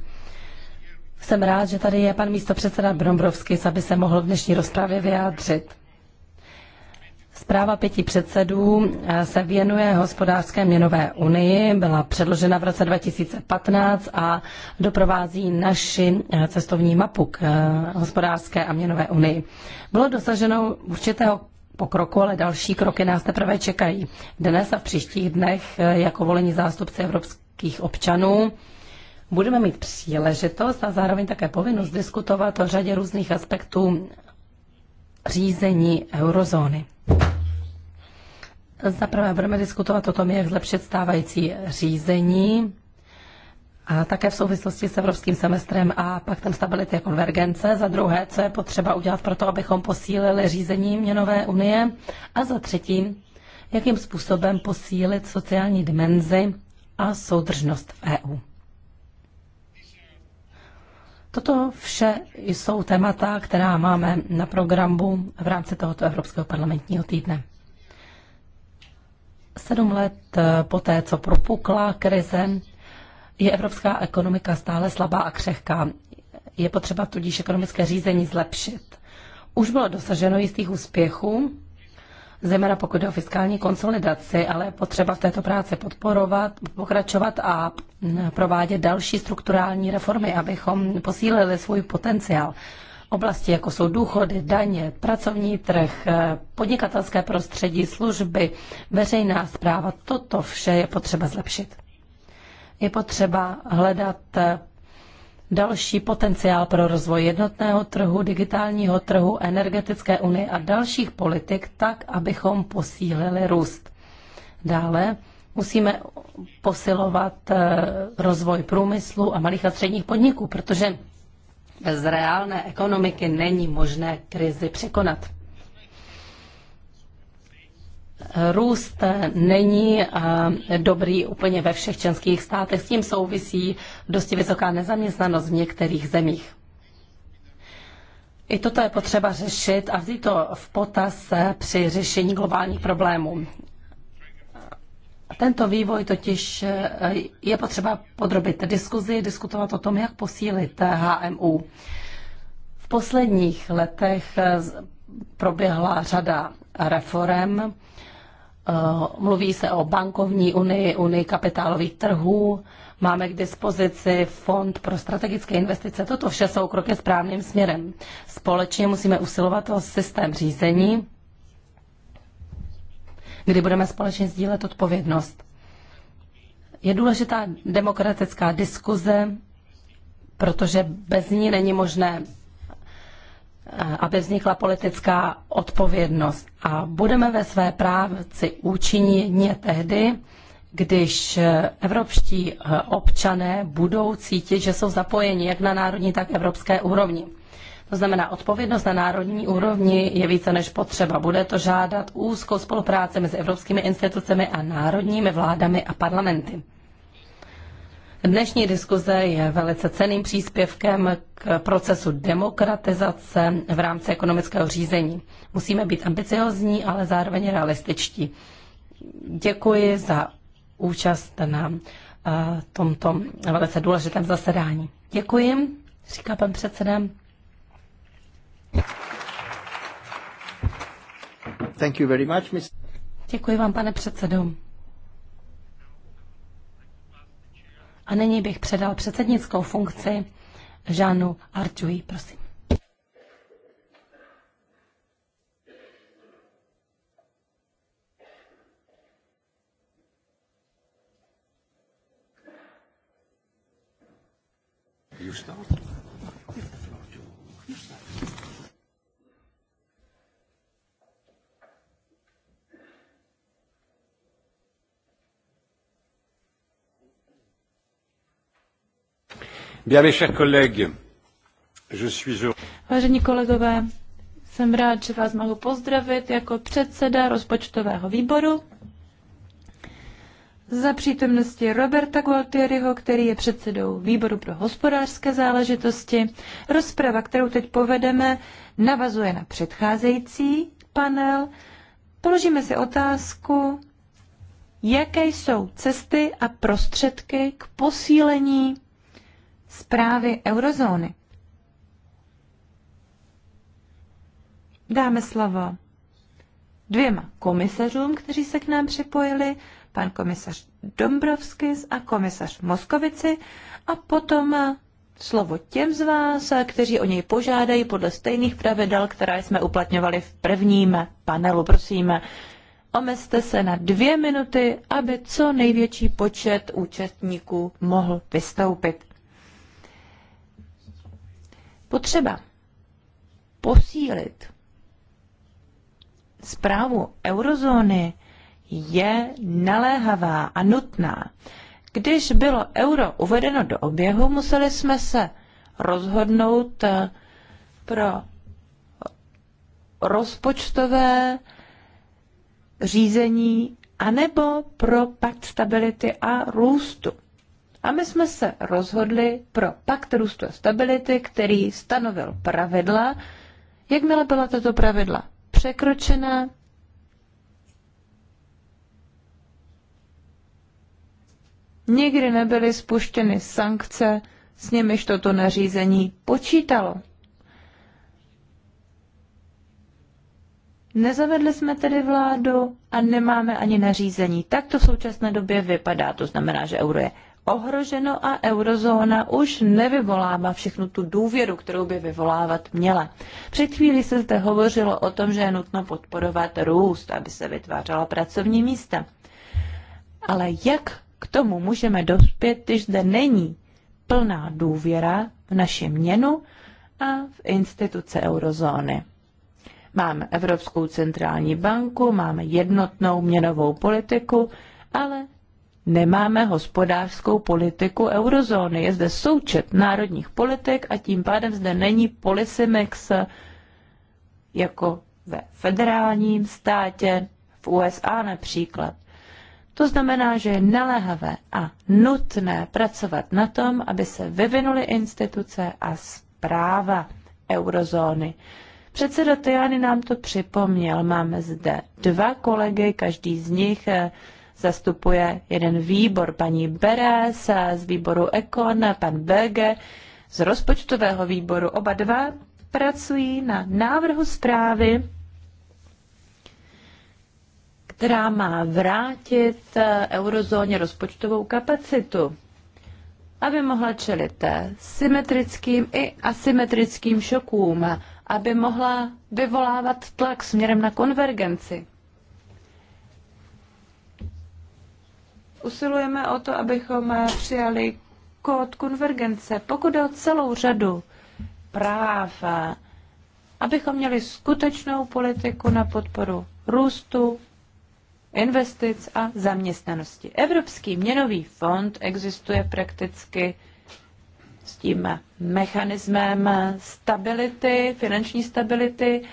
Jsem rád, že tady je pan místopředseda Brombrovský, aby se mohl v dnešní rozpravě vyjádřit. Zpráva pěti předsedů eh, se věnuje hospodářské měnové unii, byla předložena v roce 2015 a doprovází naši eh, cestovní mapu k eh, hospodářské a měnové unii. Bylo dosaženo určitého pokroku, ale další kroky nás teprve čekají. Dnes a v příštích dnech jako volení zástupci evropských občanů budeme mít příležitost a zároveň také povinnost diskutovat o řadě různých aspektů řízení eurozóny. Za prvé budeme diskutovat o tom, jak zlepšit stávající řízení a také v souvislosti s evropským semestrem a paktem stability a konvergence. Za druhé, co je potřeba udělat pro to, abychom posílili řízení měnové unie. A za třetí, jakým způsobem posílit sociální dimenzi a soudržnost v EU. Toto vše jsou témata, která máme na programu v rámci tohoto Evropského parlamentního týdne. Sedm let eh, poté, co propukla krize, je evropská ekonomika stále slabá a křehká. Je potřeba tudíž ekonomické řízení zlepšit. Už bylo dosaženo jistých úspěchů, zejména pokud jde o fiskální konsolidaci, ale je potřeba v této práci podporovat, pokračovat a mm, provádět další strukturální reformy, abychom posílili svůj potenciál oblasti, jako jsou důchody, daně, pracovní trh, eh, podnikatelské prostředí, služby, veřejná zpráva, toto vše je potřeba zlepšit. Je potřeba hledat eh, další potenciál pro rozvoj jednotného trhu, digitálního trhu, energetické unie a dalších politik tak, abychom posílili růst. Dále musíme posilovat eh, rozvoj průmyslu a malých a středních podniků, protože bez reálné ekonomiky není možné krizi překonat. Růst není dobrý úplně ve všech členských státech, s tím souvisí dosti vysoká nezaměstnanost v některých zemích. I toto je potřeba řešit a vzít to v potaz při řešení globálních problémů. Tento vývoj totiž eh, je potřeba podrobit diskuzi, diskutovat o tom, jak posílit HMU. V posledních letech eh, proběhla řada reform. Eh, mluví se o bankovní unii, unii kapitálových trhů, máme k dispozici fond pro strategické investice. Toto vše jsou kroky správným směrem. Společně musíme usilovat o systém řízení, kdy budeme společně sdílet odpovědnost. Je důležitá demokratická diskuze, protože bez ní není možné, eh, aby vznikla politická odpovědnost. A budeme ve své práci účinně tehdy, když eh, evropští eh, občané budou cítit, že jsou zapojeni jak na národní, tak evropské úrovni. To znamená, odpovědnost na národní úrovni je více než potřeba. Bude to žádat úzkou spolupráci mezi evropskými institucemi a národními vládami a parlamenty. Dnešní diskuze je velice ceným příspěvkem k procesu demokratizace v rámci ekonomického řízení. Musíme být ambiciozní, ale zároveň realističtí. Děkuji za účast na eh, tomto velice důležitém zasedání. Děkuji, říká pan předseda. Thank you very much, Ms. Děkuji vám, pane předsedo. A nyní bych předal předsednickou funkci Žánu Arčuji, prosím. Vážení kolegové, jsem rád, že vás mohu pozdravit jako předseda rozpočtového výboru za přítomnosti Roberta Gualtieriho, který je předsedou výboru pro hospodářské záležitosti. Rozprava, kterou teď povedeme, navazuje na předcházející panel. Položíme si otázku, jaké jsou cesty a prostředky k posílení zprávy eurozóny. Dáme slovo dvěma komisařům, kteří se k nám připojili, pan komisař Dombrovskis a komisař Moskovici, a potom slovo těm z vás, kteří o něj požádají podle stejných pravidel, která jsme uplatňovali v prvním panelu. Prosím, omezte se na dvě minuty, aby co největší počet účastníků mohl vystoupit potřeba posílit zprávu eurozóny je naléhavá a nutná. Když bylo euro uvedeno do oběhu, museli jsme se rozhodnout eh, pro rozpočtové řízení anebo pro pakt stability a růstu. A my jsme se rozhodli pro pakt růstu a stability, který stanovil pravidla. Jakmile byla tato pravidla překročena, nikdy nebyly spuštěny sankce, s nimiž toto nařízení počítalo. Nezavedli jsme tedy vládu a nemáme ani nařízení. Tak to v současné době vypadá. To znamená, že euro je ohroženo a eurozóna už nevyvolává všechnu tu důvěru, kterou by vyvolávat měla. Před chvíli se zde hovořilo o tom, že je nutno podporovat růst, aby se vytvářela pracovní místa. Ale jak k tomu můžeme dospět, když zde není plná důvěra v naši měnu a v instituce eurozóny? Máme Evropskou centrální banku, máme jednotnou měnovou politiku, ale nemáme hospodářskou politiku eurozóny. Je zde součet národních politik a tím pádem zde není policy mix jako ve federálním státě, v USA například. To znamená, že je naléhavé a nutné pracovat na tom, aby se vyvinuly instituce a zpráva eurozóny. Předseda Tajany nám to připomněl. Máme zde dva kolegy, každý z nich eh, zastupuje jeden výbor, paní Beres z výboru Ekon, pan Berge z rozpočtového výboru. Oba dva pracují na návrhu zprávy, která má vrátit eh, eurozóně rozpočtovou kapacitu, aby mohla čelit eh, symetrickým i asymetrickým šokům, aby mohla vyvolávat tlak směrem na konvergenci. usilujeme o to, abychom přijali kód konvergence, pokud jde o celou řadu práv, abychom měli skutečnou politiku na podporu růstu, investic a zaměstnanosti. Evropský měnový fond existuje prakticky s tím mechanismem stability, finanční stability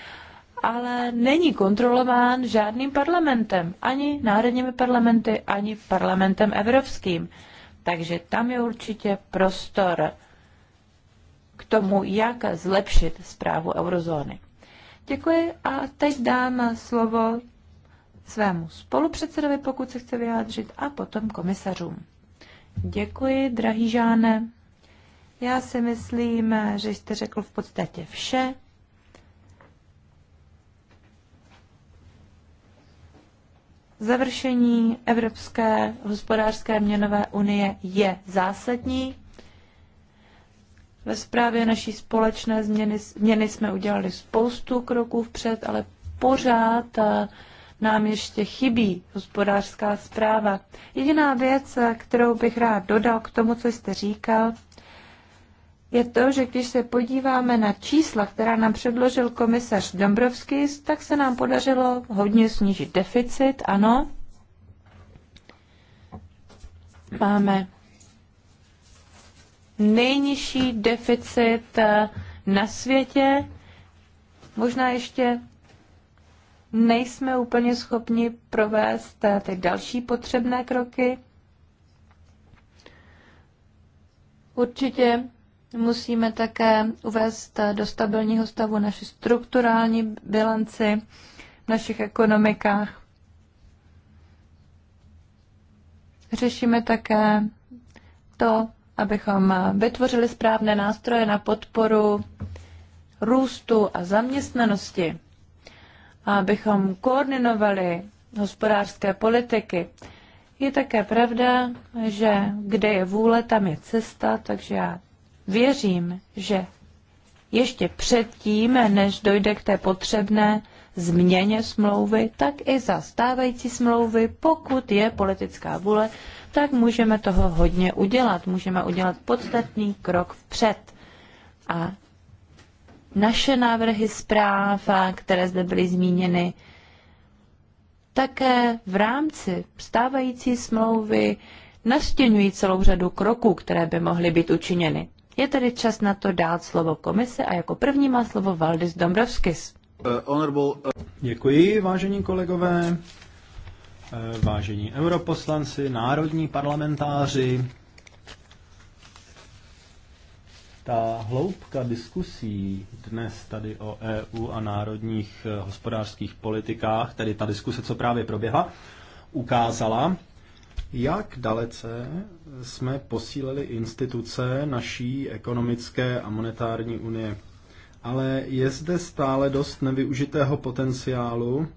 ale není kontrolován žádným parlamentem, ani národními parlamenty, ani parlamentem evropským. Takže tam je určitě prostor k tomu, jak zlepšit zprávu eurozóny. Děkuji a teď dám slovo svému spolupředsedovi, pokud se chce vyjádřit, a potom komisařům. Děkuji, drahý Žáne. Já si myslím, že jste řekl v podstatě vše, Završení Evropské hospodářské měnové unie je zásadní. Ve zprávě naší společné změny, změny jsme udělali spoustu kroků vpřed, ale pořád eh, nám ještě chybí hospodářská zpráva. Jediná věc, eh, kterou bych rád dodal k tomu, co jste říkal, je to, že když se podíváme na čísla, která nám předložil komisař Dombrovský, tak se nám podařilo hodně snížit deficit, ano. Máme nejnižší deficit eh, na světě. Možná ještě nejsme úplně schopni provést eh, ty další potřebné kroky. Určitě Musíme také uvést do stabilního stavu naši strukturální bilanci v našich ekonomikách. Řešíme také to, abychom vytvořili správné nástroje na podporu růstu a zaměstnanosti, a abychom koordinovali hospodářské politiky. Je také pravda, že kde je vůle, tam je cesta, takže já Věřím, že ještě předtím, než dojde k té potřebné změně smlouvy, tak i za stávající smlouvy, pokud je politická vůle, tak můžeme toho hodně udělat. Můžeme udělat podstatný krok vpřed. A naše návrhy zpráv, které zde byly zmíněny, také v rámci stávající smlouvy nastěňují celou řadu kroků, které by mohly být učiněny. Je tedy čas na to dát slovo komise a jako první má slovo Valdis Dombrovskis. Eh, eh, Děkuji, vážení kolegové, eh, vážení europoslanci, národní parlamentáři. Ta hloubka diskusí dnes tady o EU a národních hospodářských politikách, tedy ta diskuse, co právě proběhla, ukázala, jak dalece jsme posílili instituce naší ekonomické a monetární unie. Ale je zde stále dost nevyužitého potenciálu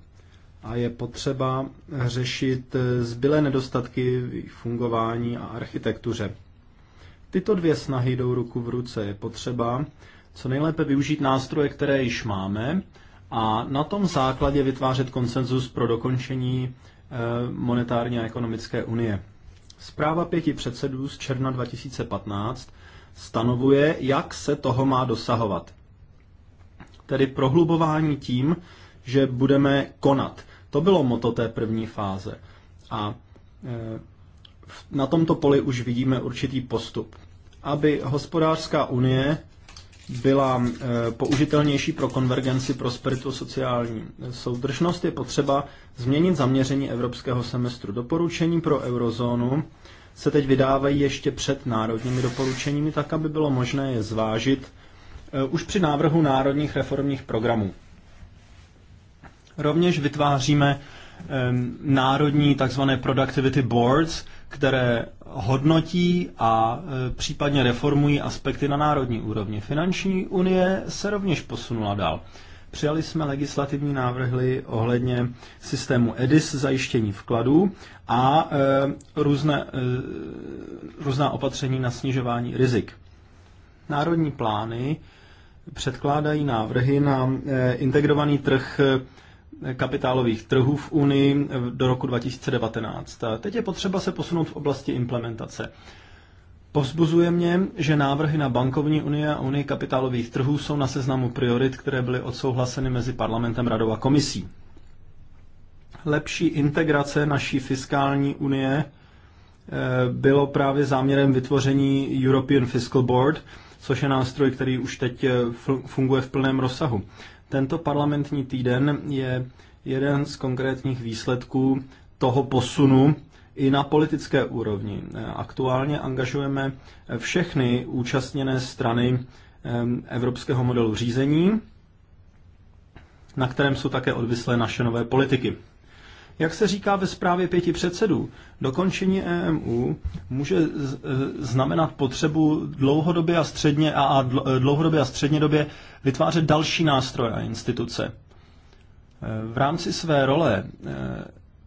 a je potřeba řešit zbylé nedostatky v fungování a architektuře. Tyto dvě snahy jdou ruku v ruce. Je potřeba co nejlépe využít nástroje, které již máme, a na tom základě vytvářet konsenzus pro dokončení Eh, monetární a ekonomické unie. Zpráva pěti předsedů z června 2015 stanovuje, jak se toho má dosahovat. Tedy prohlubování tím, že budeme konat. To bylo moto té první fáze. A eh, na tomto poli už vidíme určitý postup. Aby hospodářská unie byla eh, použitelnější pro konvergenci prosperitu sociální eh, soudržnost, je potřeba změnit zaměření evropského semestru. Doporučení pro eurozónu se teď vydávají ještě před národními doporučeními, tak aby bylo možné je zvážit eh, už při návrhu národních reformních programů. Rovněž vytváříme národní tzv. productivity boards, které hodnotí a e, případně reformují aspekty na národní úrovni. Finanční unie se rovněž posunula dál. Přijali jsme legislativní návrhy ohledně systému EDIS zajištění vkladů a e, různé, e, různá opatření na snižování rizik. Národní plány předkládají návrhy na e, integrovaný trh kapitálových trhů v Unii do roku 2019. Teď je potřeba se posunout v oblasti implementace. Povzbuzuje mě, že návrhy na bankovní unie a unii kapitálových trhů jsou na seznamu priorit, které byly odsouhlaseny mezi parlamentem, radou a komisí. Lepší integrace naší fiskální unie eh, bylo právě záměrem vytvoření European Fiscal Board, což je nástroj, který už teď eh, funguje v plném rozsahu. Tento parlamentní týden je jeden z konkrétních výsledků toho posunu i na politické úrovni. Aktuálně angažujeme všechny účastněné strany evropského modelu řízení, na kterém jsou také odvislé naše nové politiky. Jak se říká ve zprávě pěti předsedů, dokončení EMU může e, znamenat potřebu dlouhodobě a středně a e, dlouhodobě a době vytvářet další nástroje a instituce. E, v rámci své role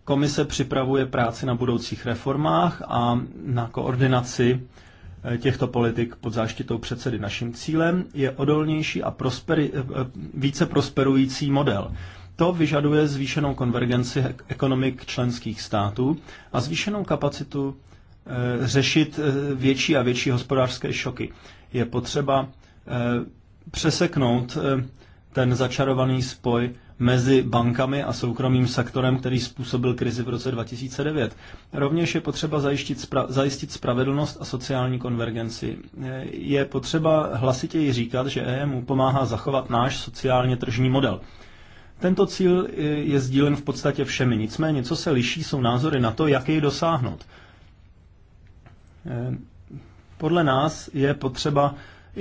komise připravuje práci na budoucích reformách a na koordinaci těchto politik pod záštitou předsedy. Naším cílem je odolnější a prosperi, více prosperující model. To vyžaduje zvýšenou konvergenci ekonomik členských států a zvýšenou kapacitu eh, řešit eh, větší a větší hospodářské šoky. Je potřeba eh, přeseknout ten začarovaný spoj mezi bankami a soukromým sektorem, který způsobil krizi v roce 2009. Rovněž je potřeba zajistit, spra- zajistit spravedlnost a sociální konvergenci. Je potřeba hlasitěji říkat, že EMU pomáhá zachovat náš sociálně tržní model. Tento cíl eh, je sdílen v podstatě všemi, nicméně co se liší, jsou názory na to, jak jej dosáhnout. Eh, podle nás je potřeba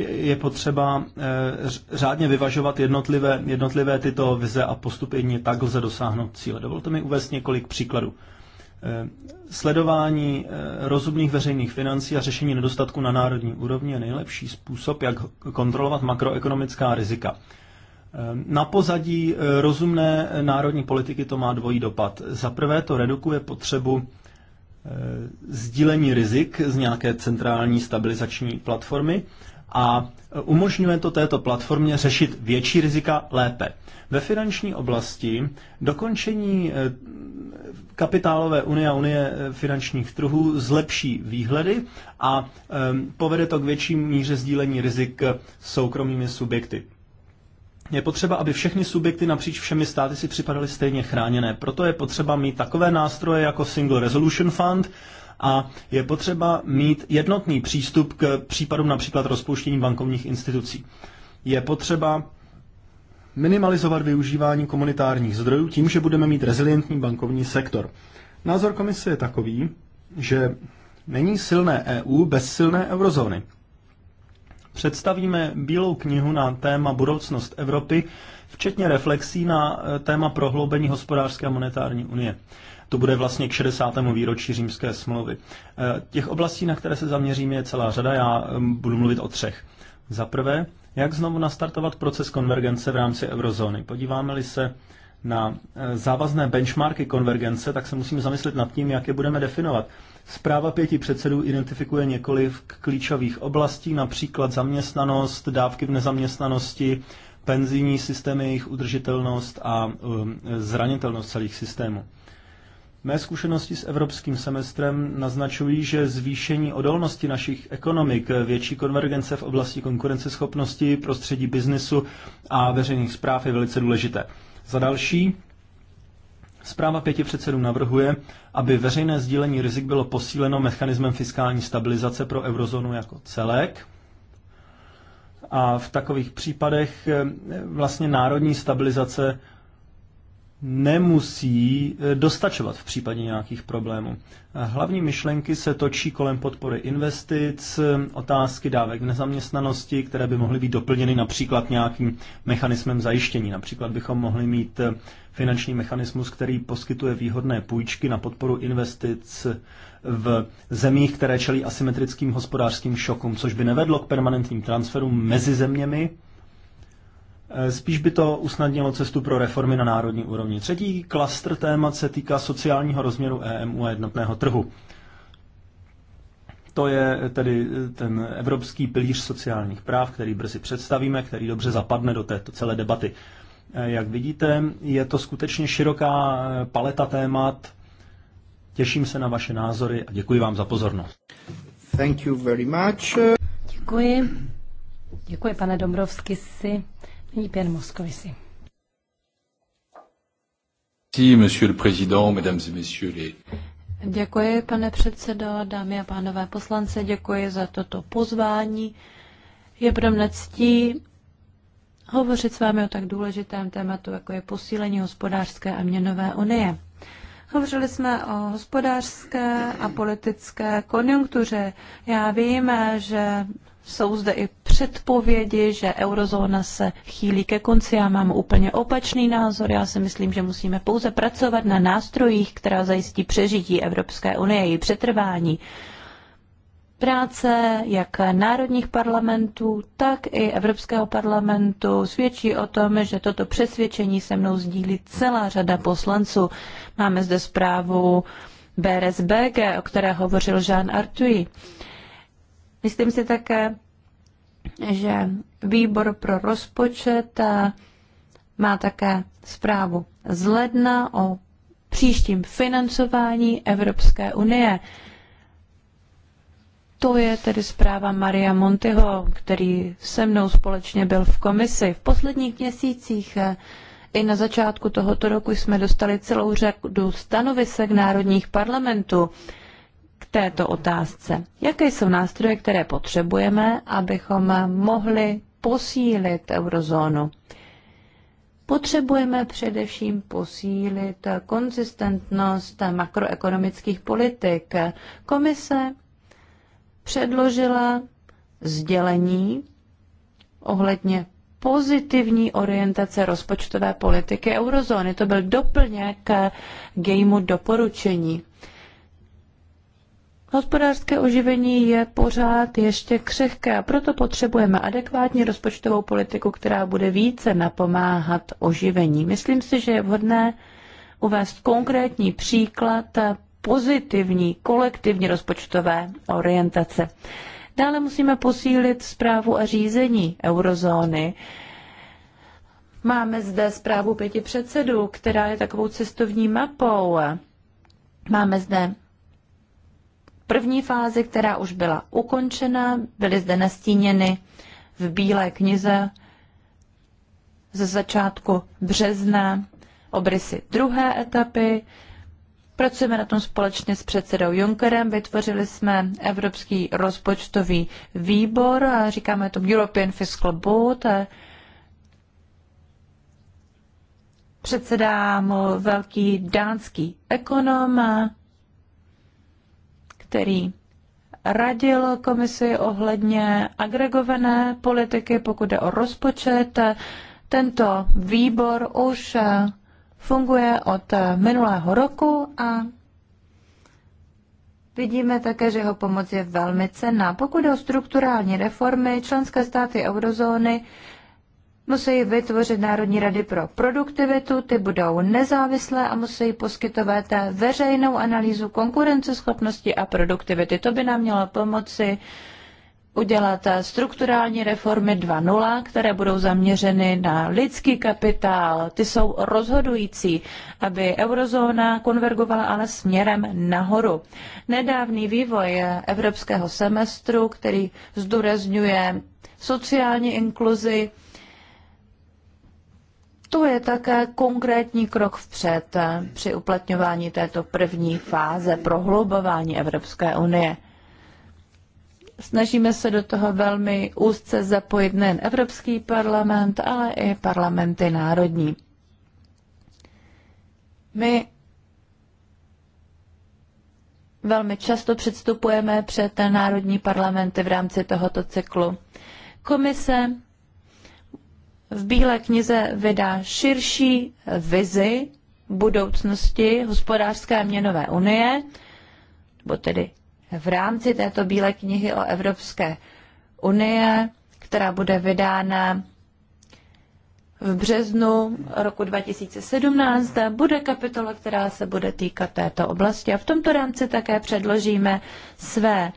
je potřeba eh, řádně vyvažovat jednotlivé, jednotlivé tyto vize a postupy jedině tak lze dosáhnout cíle. Dovolte mi uvést několik příkladů. Sledování rozumných veřejných financí a řešení nedostatku na národní úrovni je nejlepší způsob, jak kontrolovat makroekonomická rizika. Na pozadí eh, rozumné národní politiky to má dvojí dopad. Za prvé to redukuje potřebu eh, sdílení rizik z nějaké centrální stabilizační platformy a eh, umožňuje to této platformě řešit větší rizika lépe. Ve finanční oblasti dokončení kapitálové unie a unie finančních trhů zlepší výhledy a povede to k větší míře sdílení rizik soukromými subjekty. Je potřeba, aby všechny subjekty napříč všemi státy si připadaly stejně chráněné. Proto je potřeba mít takové nástroje jako Single Resolution Fund a je potřeba mít jednotný přístup k případům například rozpouštění bankovních institucí. Je potřeba minimalizovat využívání komunitárních zdrojů tím, že budeme mít rezilientní bankovní sektor. Názor komise je takový, že není silné EU bez silné eurozóny. Představíme bílou knihu na téma budoucnost Evropy, včetně reflexí na eh, téma prohloubení hospodářské a monetární unie. To bude vlastně k 60. výročí římské smlouvy. Eh, těch oblastí, na které se zaměřím, je celá řada. Já budu mluvit o třech. Za prvé, jak znovu nastartovat proces konvergence v rámci eurozóny. Podíváme-li se na eh, závazné benchmarky konvergence, tak se musíme zamyslet nad tím, jak je budeme definovat. Zpráva pěti předsedů identifikuje několik klíčových oblastí, například zaměstnanost, dávky v nezaměstnanosti, penzijní systémy, jejich udržitelnost a um, zranitelnost celých systémů. Mé zkušenosti s evropským semestrem naznačují, že zvýšení odolnosti našich ekonomik, větší konvergence v oblasti konkurenceschopnosti, prostředí biznesu a veřejných zpráv je velice důležité. Za další, Zpráva pěti předsedů navrhuje, aby veřejné sdílení rizik bylo posíleno mechanismem fiskální stabilizace pro eurozónu jako celek. A v takových případech eh, vlastně národní stabilizace nemusí eh, dostačovat v případě nějakých problémů. Hlavní myšlenky se točí kolem podpory investic, eh, otázky dávek v nezaměstnanosti, které by mohly být doplněny například nějakým mechanismem zajištění. Například bychom mohli mít eh, finanční mechanismus, který poskytuje výhodné půjčky na podporu investic v zemích, které čelí asymetrickým hospodářským šokům, což by nevedlo k permanentním transferům mezi zeměmi, Eh, spíš by to usnadnilo cestu pro reformy na národní úrovni. Třetí klastr témat se týká sociálního rozměru EMU a jednotného trhu. To je tedy eh, ten evropský pilíř sociálních práv, který brzy představíme, který dobře zapadne do této celé debaty. Eh, jak vidíte, je to skutečně široká paleta témat. Těším se na vaše názory a děkuji vám za pozornost. Thank you very much. Děkuji. Děkuji, pane Dombrovsky, si. Nyní Děkuji, pane předsedo, dámy a pánové poslance, děkuji za toto pozvání. Je pro mě ctí hovořit s vámi o tak důležitém tématu, jako je posílení hospodářské a měnové unie. Hovořili jsme o hospodářské a politické konjunktuře. Já vím, že jsou zde i předpovědi, že eurozóna se chýlí ke konci. Já mám úplně opačný názor. Já si myslím, že musíme pouze pracovat na nástrojích, která zajistí přežití Evropské unie, její přetrvání. Práce jak národních parlamentů, tak i Evropského parlamentu svědčí o tom, že toto přesvědčení se mnou sdílí celá řada poslanců. Máme zde zprávu BRSBG, o které hovořil Jean Artui. Myslím si také, že výbor pro rozpočet eh, má také zprávu z ledna o příštím financování Evropské unie. To je tedy zpráva Maria Montiho, který se mnou společně byl v komisi. V posledních měsících eh, i na začátku tohoto roku jsme dostali celou řadu stanovisek národních parlamentů k této otázce. Jaké jsou nástroje, které potřebujeme, abychom mohli posílit eurozónu? Potřebujeme především posílit konzistentnost makroekonomických politik. Komise předložila sdělení ohledně pozitivní orientace rozpočtové politiky eurozóny. To byl doplněk k jejímu doporučení. Hospodářské oživení je pořád ještě křehké a proto potřebujeme adekvátní rozpočtovou politiku, která bude více napomáhat oživení. Myslím si, že je vhodné uvést konkrétní příklad pozitivní kolektivní rozpočtové orientace. Dále musíme posílit zprávu a řízení eurozóny. Máme zde zprávu pěti předsedů, která je takovou cestovní mapou. Máme zde první fázi, která už byla ukončena, byly zde nastíněny v Bílé knize ze začátku března obrysy druhé etapy. Pracujeme na tom společně s předsedou Junckerem, vytvořili jsme Evropský rozpočtový výbor, a říkáme to European Fiscal Board. předsedá mu velký dánský ekonom, a který radil komisi ohledně agregované politiky, pokud jde o rozpočet. Tento výbor už funguje od minulého roku a Vidíme také, že jeho pomoc je velmi cenná. Pokud jde o strukturální reformy, členské státy eurozóny musí vytvořit Národní rady pro produktivitu, ty budou nezávislé a musí poskytovat veřejnou analýzu konkurenceschopnosti a produktivity. To by nám mělo pomoci udělat strukturální reformy 2.0, které budou zaměřeny na lidský kapitál. Ty jsou rozhodující, aby eurozóna konvergovala ale směrem nahoru. Nedávný vývoj evropského semestru, který zdůrazňuje sociální inkluzi, to je také konkrétní krok vpřed při uplatňování této první fáze prohlubování Evropské unie. Snažíme se do toho velmi úzce zapojit nejen Evropský parlament, ale i parlamenty národní. My velmi často předstupujeme před národní parlamenty v rámci tohoto cyklu. Komise v Bílé knize vydá širší vizi budoucnosti hospodářské a měnové unie, nebo tedy v rámci této Bílé knihy o Evropské unie, která bude vydána v březnu roku 2017 bude kapitola, která se bude týkat této oblasti a v tomto rámci také předložíme své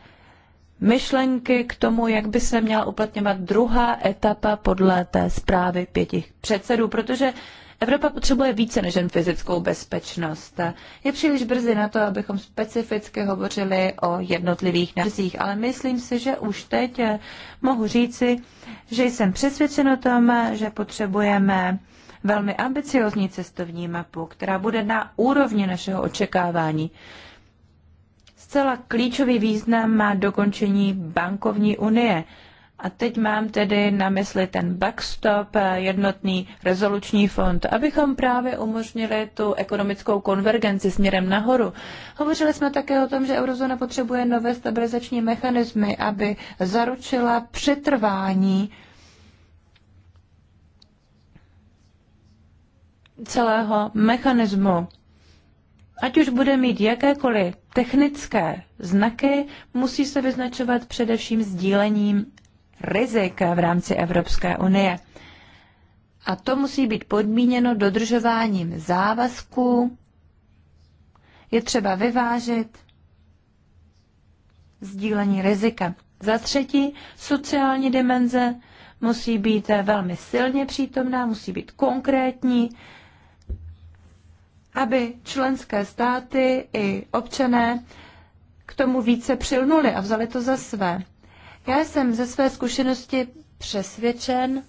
myšlenky k tomu, jak by se měla uplatňovat druhá etapa podle té zprávy pěti předsedů, protože Evropa potřebuje více než jen fyzickou bezpečnost. Je příliš brzy na to, abychom specificky hovořili o jednotlivých návrzích, ale myslím si, že už teď eh, mohu říci, že jsem přesvědčen o tom, že potřebujeme velmi ambiciozní cestovní mapu, která bude na úrovni našeho očekávání. Zcela klíčový význam má dokončení bankovní unie. A teď mám tedy na mysli ten backstop, jednotný rezoluční fond, abychom právě umožnili tu ekonomickou konvergenci směrem nahoru. Hovořili jsme také o tom, že eurozóna potřebuje nové stabilizační mechanismy, aby zaručila přetrvání celého mechanismu Ať už bude mít jakékoliv technické znaky, musí se vyznačovat především sdílením rizik v rámci Evropské unie. A to musí být podmíněno dodržováním závazků, je třeba vyvážit sdílení rizika. Za třetí, sociální dimenze musí být velmi silně přítomná, musí být konkrétní, aby členské státy i občané k tomu více přilnuli a vzali to za své. Já jsem ze své zkušenosti přesvědčen,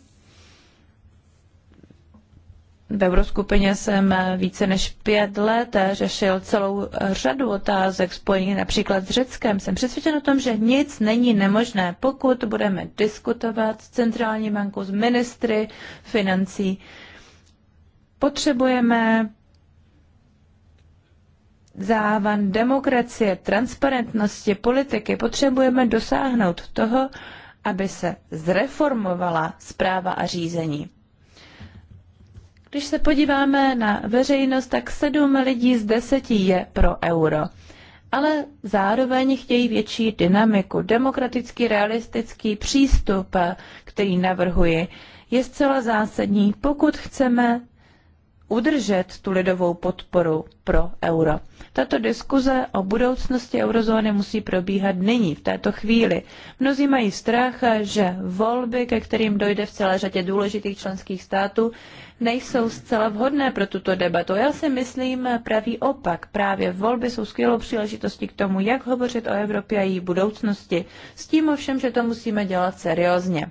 v Euroskupině jsem více než pět let řešil celou řadu otázek spojených například s Řeckem. Jsem přesvědčen o tom, že nic není nemožné, pokud budeme diskutovat s Centrální bankou, s ministry financí. Potřebujeme závan demokracie, transparentnosti, politiky potřebujeme dosáhnout toho, aby se zreformovala zpráva a řízení. Když se podíváme na veřejnost, tak sedm lidí z deseti je pro euro. Ale zároveň chtějí větší dynamiku, demokratický, realistický přístup, který navrhuji, je zcela zásadní, pokud chceme udržet tu lidovou podporu pro euro. Tato diskuze o budoucnosti eurozóny musí probíhat nyní, v této chvíli. Mnozí mají strach, že volby, ke kterým dojde v celé řadě důležitých členských států, nejsou zcela vhodné pro tuto debatu. Já si myslím pravý opak. Právě volby jsou skvělou příležitostí k tomu, jak hovořit o Evropě a její budoucnosti. S tím ovšem, že to musíme dělat seriózně.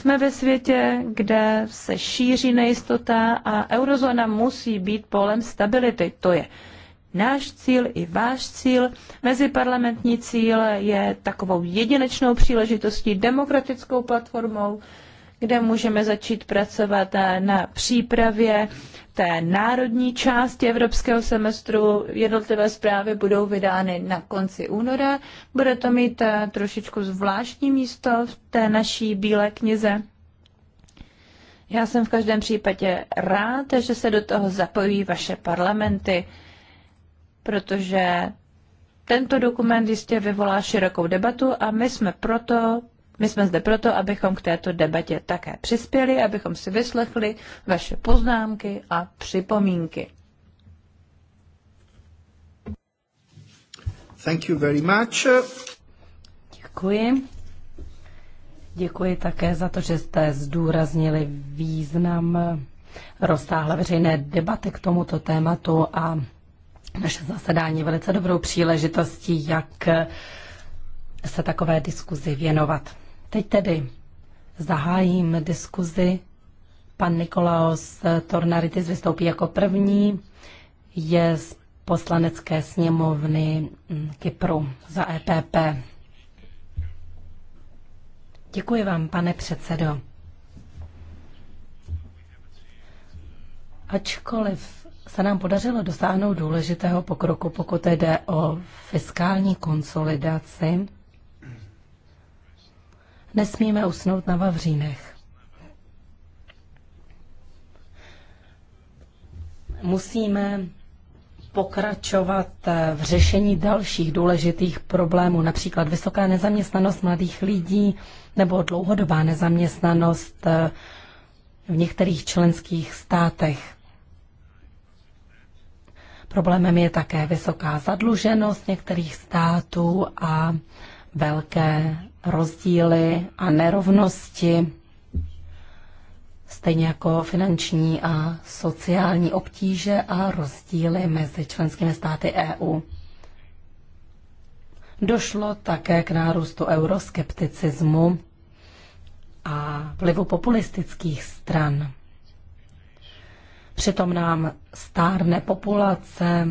Jsme ve světě, kde se šíří nejistota a eurozóna musí být polem stability. To je náš cíl i váš cíl. Meziparlamentní cíl je takovou jedinečnou příležitostí, demokratickou platformou, kde můžeme začít pracovat na přípravě té národní části evropského semestru. Jednotlivé zprávy budou vydány na konci února. Bude to mít eh, trošičku zvláštní místo v té naší bílé knize. Já jsem v každém případě rád, že se do toho zapojí vaše parlamenty, protože tento dokument jistě vyvolá širokou debatu a my jsme proto my jsme zde proto, abychom k této debatě také přispěli, abychom si vyslechli vaše poznámky a připomínky. Thank you very much. Děkuji. Děkuji také za to, že jste zdůraznili význam rozsáhlé veřejné debaty k tomuto tématu a naše zasedání velice dobrou příležitostí, jak se takové diskuzi věnovat. Teď tedy zahájím diskuzi. Pan Nikolaos Tornaritis vystoupí jako první. Je z poslanecké sněmovny mm, Kypru za EPP. Děkuji vám, pane předsedo. Ačkoliv se nám podařilo dosáhnout důležitého pokroku, pokud jde o fiskální konsolidaci, nesmíme usnout na Vavřínech. Musíme pokračovat v řešení dalších důležitých problémů, například vysoká nezaměstnanost mladých lidí nebo dlouhodobá nezaměstnanost eh, v některých členských státech. Problémem je také vysoká zadluženost některých států a velké rozdíly a nerovnosti, stejně jako finanční a sociální obtíže a rozdíly mezi členskými státy EU. Došlo také k nárůstu euroskepticismu a vlivu populistických stran. Přitom nám stárne populace,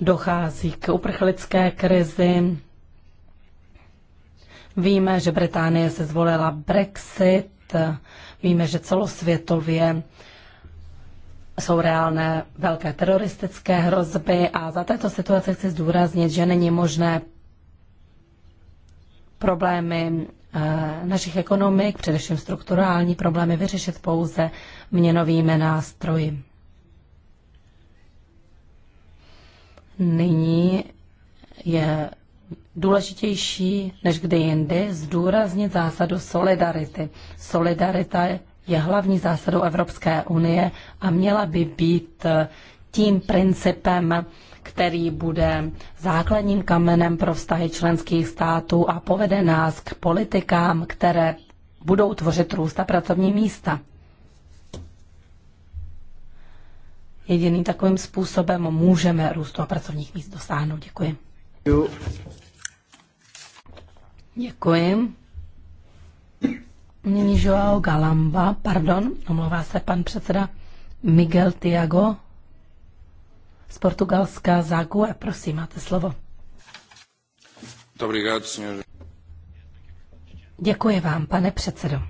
dochází k uprchlické krizi, Víme, že Británie se zvolila Brexit, víme, že celosvětově jsou reálné velké teroristické hrozby a za této situace chci zdůraznit, že není možné problémy eh, našich ekonomik, především strukturální problémy, vyřešit pouze měnovými nástroji. Nyní je důležitější než kde jinde zdůraznit zásadu solidarity. Solidarita je hlavní zásadou Evropské unie a měla by být eh, tím principem, který bude základním kamenem pro vztahy členských států a povede nás k politikám, které budou tvořit růst a pracovní místa. Jediným takovým způsobem můžeme růstu a pracovních míst dosáhnout. Děkuji. Děkuji. Nyní Joao Galamba, pardon, omlouvá se pan předseda Miguel Tiago z Portugalska Zague. Prosím, máte slovo. Děkuji vám, pane předsedo.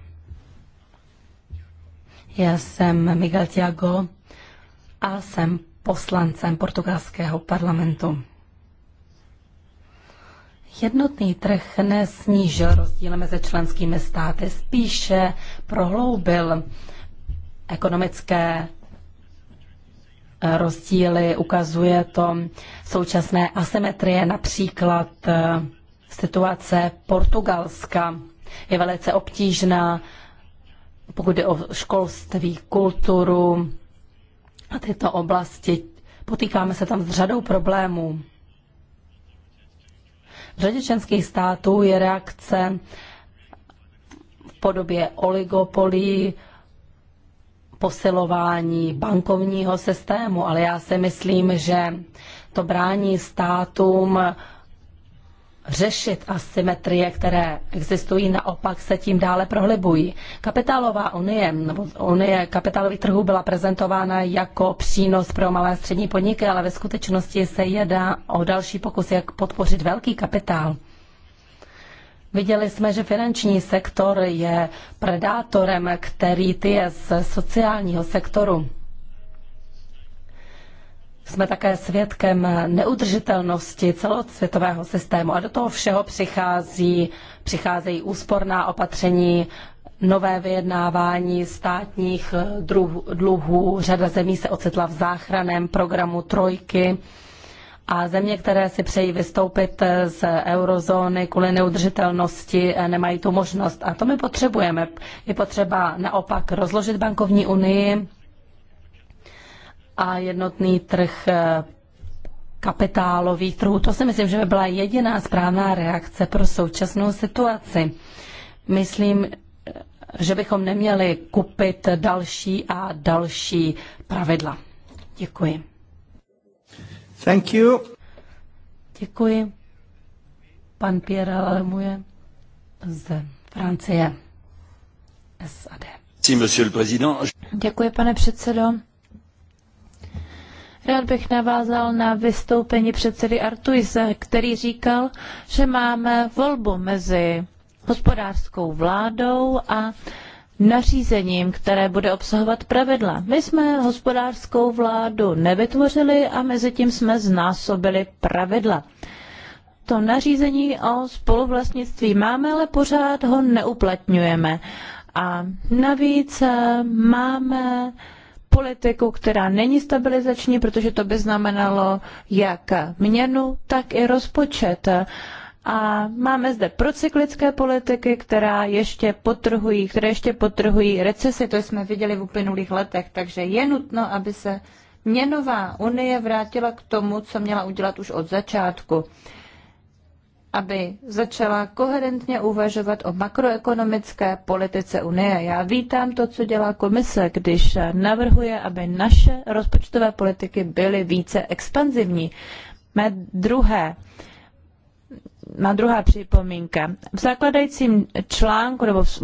Já jsem Miguel Tiago a jsem poslancem portugalského parlamentu. Jednotný trh nesnížil rozdíly mezi členskými státy, spíše prohloubil ekonomické eh, rozdíly. Ukazuje to současné asymetrie, například eh, situace Portugalska je velice obtížná, pokud jde o školství, kulturu a tyto oblasti. Potýkáme se tam s řadou problémů. V řadě členských států je reakce v podobě oligopolí, posilování bankovního systému, ale já si myslím, že to brání státům řešit asymetrie, které existují, naopak se tím dále prohlibují. Kapitálová unie, nebo unie kapitálových trhů byla prezentována jako přínos pro malé a střední podniky, ale ve skutečnosti se jedná o další pokus, jak podpořit velký kapitál. Viděli jsme, že finanční sektor je predátorem, který ty je z sociálního sektoru jsme také svědkem neudržitelnosti celosvětového systému a do toho všeho přichází, přicházejí úsporná opatření, nové vyjednávání státních dluhů. Řada zemí se ocitla v záchraném programu trojky a země, které si přejí vystoupit z eurozóny kvůli neudržitelnosti, eh, nemají tu možnost. A to my potřebujeme. Je potřeba naopak rozložit bankovní unii, a jednotný trh eh, kapitálových trhů. To si myslím, že by byla jediná správná reakce pro současnou situaci. Myslím, eh, že bychom neměli kupit další a další pravidla. Děkuji. Thank you. Děkuji. Pan Pierre Lemuje z Francie. SAD. Děkuji, pane předsedo. Rád bych navázal na vystoupení předsedy Artuise, který říkal, že máme volbu mezi hospodářskou vládou a nařízením, které bude obsahovat pravidla. My jsme hospodářskou vládu nevytvořili a mezi tím jsme znásobili pravidla. To nařízení o spoluvlastnictví máme, ale pořád ho neuplatňujeme. A navíc eh, máme politiku, která není stabilizační, protože to by znamenalo jak měnu, tak i rozpočet. A máme zde procyklické politiky, která ještě potrhují, které ještě potrhují recesi, to jsme viděli v uplynulých letech, takže je nutno, aby se měnová unie vrátila k tomu, co měla udělat už od začátku aby začala koherentně uvažovat o makroekonomické politice Unie. Já vítám to, co dělá komise, když navrhuje, aby naše rozpočtové politiky byly více expanzivní. Mé druhé má druhá připomínka. V zakladajícím článku nebo v,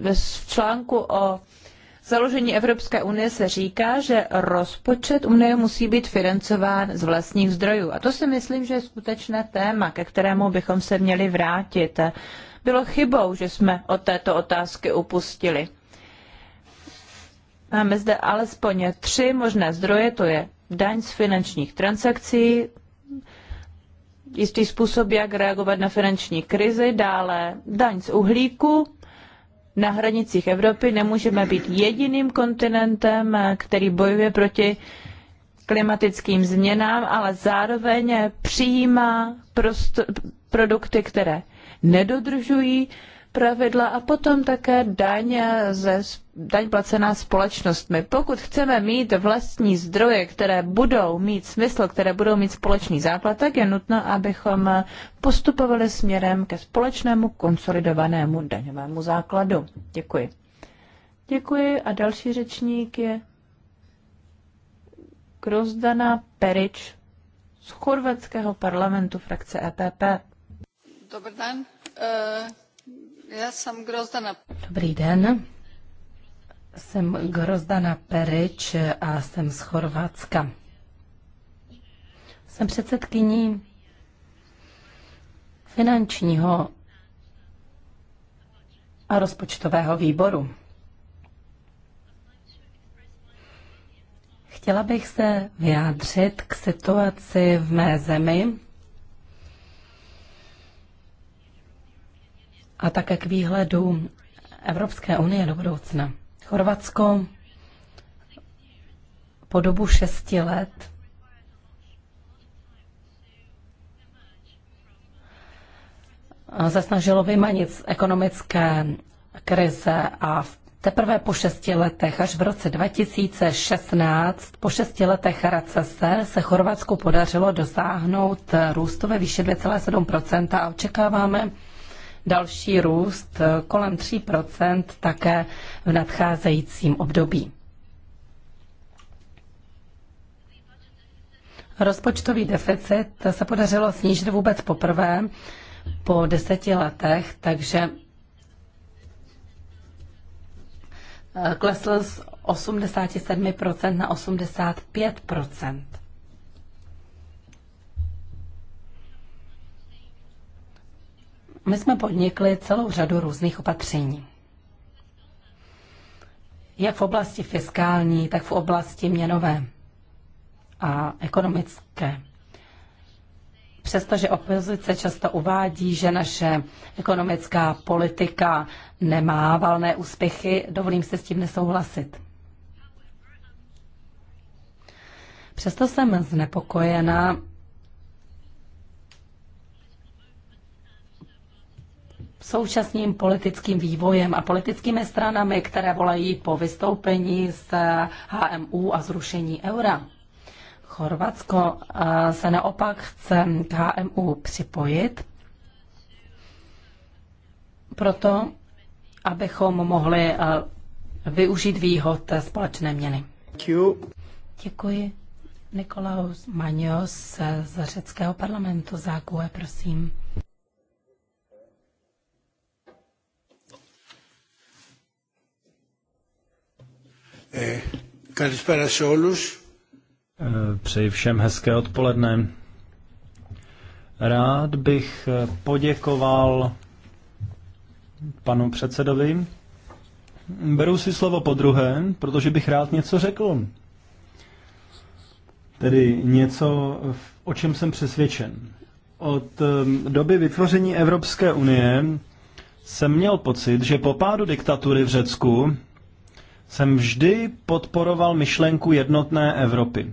v, v článku o založení Evropské unie se říká, že rozpočet unie musí být financován z vlastních zdrojů. A to si myslím, že je skutečné téma, ke kterému bychom se měli vrátit. Bylo chybou, že jsme od této otázky upustili. Máme zde alespoň tři možné zdroje, to je daň z finančních transakcí, jistý způsob, jak reagovat na finanční krizi, dále daň z uhlíku na hranicích Evropy, nemůžeme být jediným kontinentem, eh, který bojuje proti klimatickým změnám, ale zároveň přijímá produkty, které nedodržují pravidla a potom také daň ze daň placená společnostmi. Pokud chceme mít vlastní zdroje, které budou mít smysl, které budou mít společný základ, tak je nutno, abychom postupovali směrem ke společnému konsolidovanému daňovému základu. Děkuji. Děkuji a další řečník je Grozdana Perič z chorvatského parlamentu frakce EPP. Dobrý den, e, já jsem Grozdana. Dobrý den, jsem Grozdana Perič a jsem z Chorvatska. Jsem předsedkyní finančního a rozpočtového výboru. Chtěla bych se vyjádřit k situaci v mé zemi a také k výhledu Evropské unie do budoucna. Chorvatsko po dobu šesti let se snažilo vymanit z ekonomické krize a v Teprve po šesti letech, až v roce 2016, po šesti letech recese, se Chorvatsku podařilo dosáhnout růstu ve výši 2,7 a očekáváme, další růst kolem 3 také v nadcházejícím období. Rozpočtový deficit se podařilo snížit vůbec poprvé po deseti letech, takže eh, klesl z 87% na 85%. my jsme podnikli celou řadu různých opatření. Jak v oblasti fiskální, tak v oblasti měnové a ekonomické. Přestože opozice často uvádí, že naše ekonomická politika nemá valné úspěchy, dovolím se s tím nesouhlasit. Přesto jsem znepokojena současným politickým vývojem a politickými stranami, které volají po vystoupení z HMU a zrušení eura. Chorvatsko eh, se naopak chce k HMU připojit, proto abychom mohli eh, využít výhod společné měny. Děkuji. Nikolaus Manios eh, z řeckého parlamentu za e, prosím. Καλησπέρα σε όλους. Přeji všem hezké odpoledne. Rád bych e, poděkoval panu předsedovi. Beru si slovo po druhé, protože bych rád něco řekl. Tedy něco, o čem jsem přesvědčen. Od e, doby vytvoření Evropské unie jsem měl pocit, že po pádu diktatury v Řecku jsem vždy podporoval myšlenku jednotné Evropy.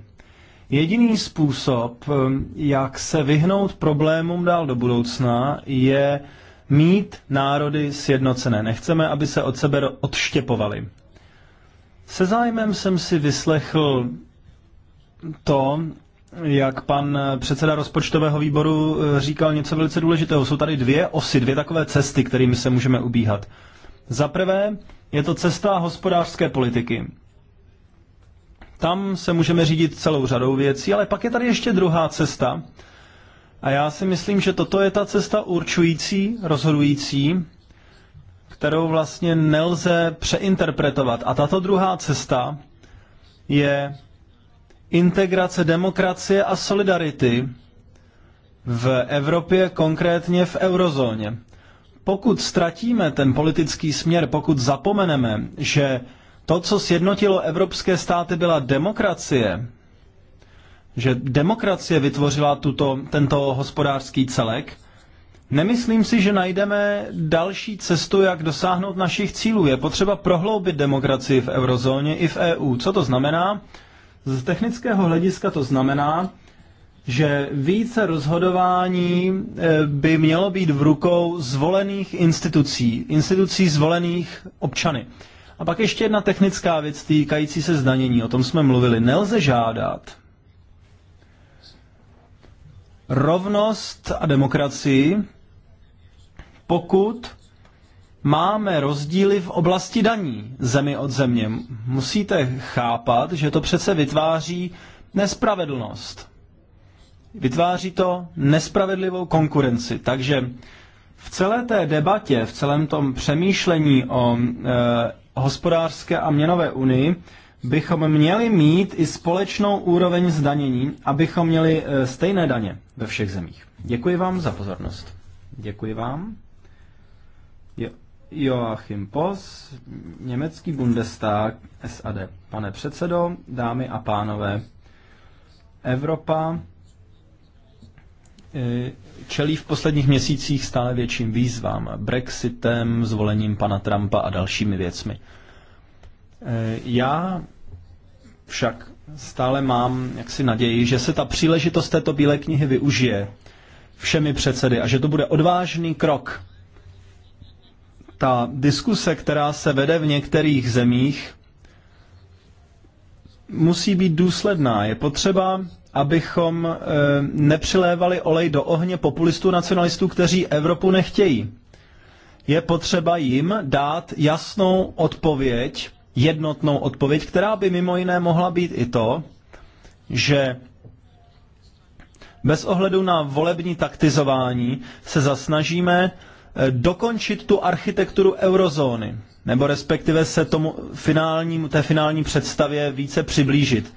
Jediný způsob, um, jak se vyhnout problémům dál do budoucna, je mít národy sjednocené. Nechceme, aby se od sebe odštěpovali. Se zájmem jsem si vyslechl to, jak pan předseda rozpočtového výboru uh, říkal něco velice důležitého. Jsou tady dvě osy, dvě takové cesty, kterými se můžeme ubíhat. Za prvé, je to cesta hospodářské politiky. Tam se můžeme řídit celou řadou věcí, ale pak je tady ještě druhá cesta. A já si myslím, že toto je ta cesta určující, rozhodující, kterou vlastně nelze přeinterpretovat. A tato druhá cesta je integrace demokracie a solidarity v Evropě, konkrétně v eurozóně. Pokud ztratíme ten politický směr, pokud zapomeneme, že to, co sjednotilo evropské státy, byla demokracie, že demokracie vytvořila tuto, tento hospodářský celek, Nemyslím si, že najdeme další cestu, jak dosáhnout našich cílů. Je potřeba prohloubit demokracii v eurozóně i v EU. Co to znamená? Z technického hlediska to znamená, že více rozhodování eh, by mělo být v rukou zvolených institucí, institucí zvolených občany. A pak ještě jedna technická věc týkající se zdanění, o tom jsme mluvili. Nelze žádat rovnost a demokracii, pokud máme rozdíly v oblasti daní zemi od země. Musíte chápat, že to přece vytváří nespravedlnost. Vytváří to nespravedlivou konkurenci. Takže v celé té debatě, v celém tom přemýšlení o e, hospodářské a měnové unii, bychom měli mít i společnou úroveň zdanění, abychom měli e, stejné daně ve všech zemích. Děkuji vám za pozornost. Děkuji vám. Jo, Joachim Pos, německý Bundestag, SAD. Pane předsedo, dámy a pánové, Evropa Eh, čelí v posledních měsících stále větším výzvám. Brexitem, zvolením pana Trumpa a dalšími věcmi. Eh, já však stále mám jaksi naději, že se ta příležitost této bílé knihy využije všemi předsedy a že to bude odvážný krok. Ta diskuse, která se vede v některých zemích, musí být důsledná. Je potřeba, abychom e, nepřilévali olej do ohně populistů nacionalistů, kteří Evropu nechtějí. Je potřeba jim dát jasnou odpověď, jednotnou odpověď, která by mimo jiné mohla být i to, že bez ohledu na volební taktizování se zasnažíme eh, dokončit tu architekturu eurozóny nebo respektive se tomu finálnímu, té finální představě více přiblížit.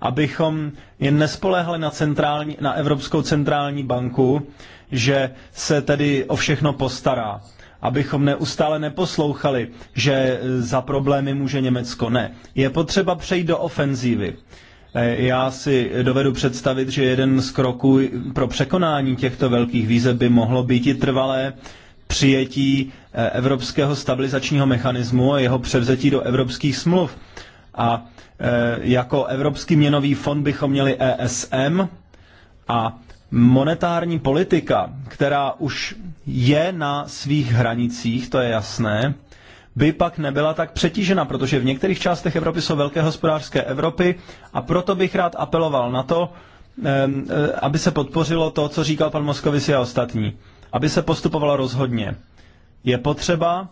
Abychom jen nespoléhali na, centrální, na Evropskou centrální banku, že se tedy o všechno postará. Abychom neustále neposlouchali, že za problémy může Německo. Ne. Je potřeba přejít do ofenzívy. Eh, já si dovedu představit, že jeden z kroků pro překonání těchto velkých výzev by mohlo být i trvalé přijetí eh, Evropského stabilizačního mechanismu a jeho převzetí do evropských smluv. A eh, jako Evropský měnový fond bychom měli ESM a monetární politika, která už je na svých hranicích, to je jasné, by pak nebyla tak přetížena, protože v některých částech Evropy jsou velké hospodářské Evropy a proto bych rád apeloval na to, eh, aby se podpořilo to, co říkal pan Moskovici a ostatní aby se postupovalo rozhodně. Je potřeba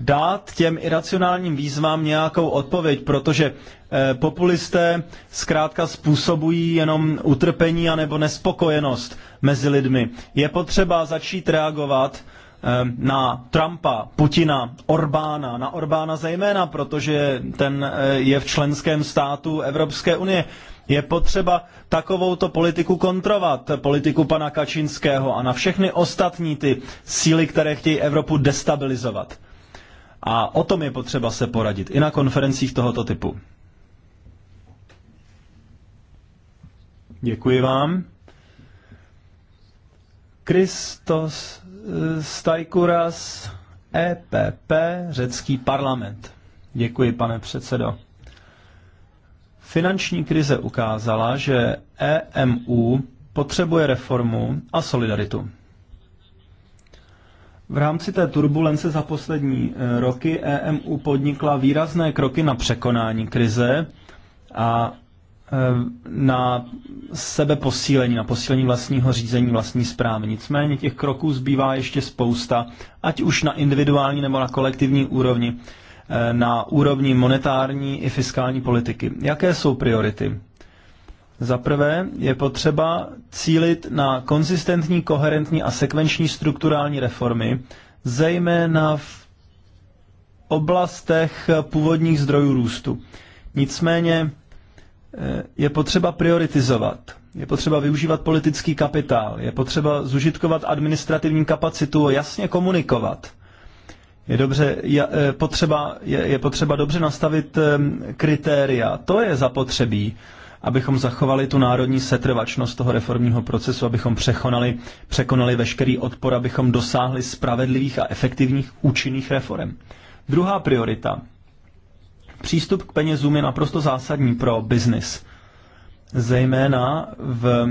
dát těm iracionálním výzvám nějakou odpověď, protože eh, populisté zkrátka způsobují jenom utrpení anebo nespokojenost mezi lidmi. Je potřeba začít reagovat eh, na Trumpa, Putina, Orbána, na Orbána zejména, protože ten eh, je v členském státu Evropské unie. Je potřeba takovouto politiku kontrovat, politiku pana Kačinského a na všechny ostatní ty síly, které chtějí Evropu destabilizovat. A o tom je potřeba se poradit i na konferencích tohoto typu. Děkuji vám. Kristos eh, Stajkuras, EPP, řecký parlament. Děkuji, pane předsedo. Finanční krize ukázala, že EMU potřebuje reformu a solidaritu. V rámci té turbulence za poslední eh, roky EMU podnikla výrazné kroky na překonání krize a eh, na sebeposílení, na posílení vlastního řízení, vlastní správy. Nicméně těch kroků zbývá ještě spousta, ať už na individuální nebo na kolektivní úrovni. Eh, na úrovni monetární i fiskální politiky. Jaké jsou priority? Za prvé je potřeba cílit na konzistentní, koherentní a sekvenční strukturální reformy, zejména v oblastech původních zdrojů růstu. Nicméně eh, je potřeba prioritizovat, je potřeba využívat politický kapitál, je potřeba zužitkovat administrativní kapacitu, jasně komunikovat – je dobře, je, eh, potřeba, je, je potřeba dobře nastavit ehm, kritéria. To je zapotřebí, abychom zachovali tu národní setrvačnost toho reformního procesu, abychom překonali, překonali veškerý odpor, abychom dosáhli spravedlivých a efektivních účinných reform. Druhá priorita. Přístup k penězům je naprosto zásadní pro biznis. Zejména v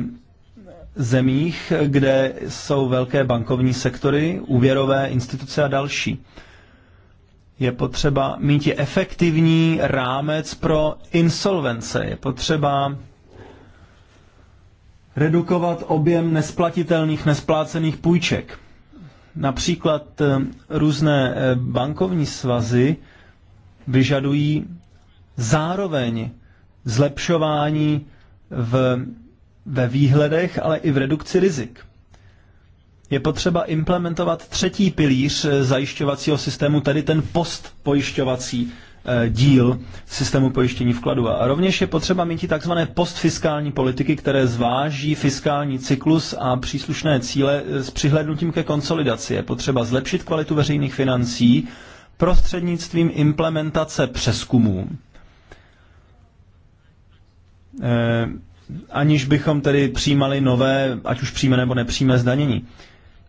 zemích, kde jsou velké bankovní sektory, úvěrové instituce a další. Je potřeba mít je efektivní rámec pro insolvence. Je potřeba redukovat objem nesplatitelných, nesplácených půjček. Například eh, různé eh, bankovní svazy vyžadují zároveň zlepšování v, ve výhledech, ale i v redukci rizik je potřeba implementovat třetí pilíř eh, zajišťovacího systému, tedy ten postpojišťovací eh, díl systému pojištění vkladu. A rovněž je potřeba mít tzv. postfiskální politiky, které zváží fiskální cyklus a příslušné cíle eh, s přihlednutím ke konsolidaci. Je potřeba zlepšit kvalitu veřejných financí prostřednictvím implementace přeskumů. E, aniž bychom tedy přijímali nové, ať už přímé nebo nepřímé zdanění. E,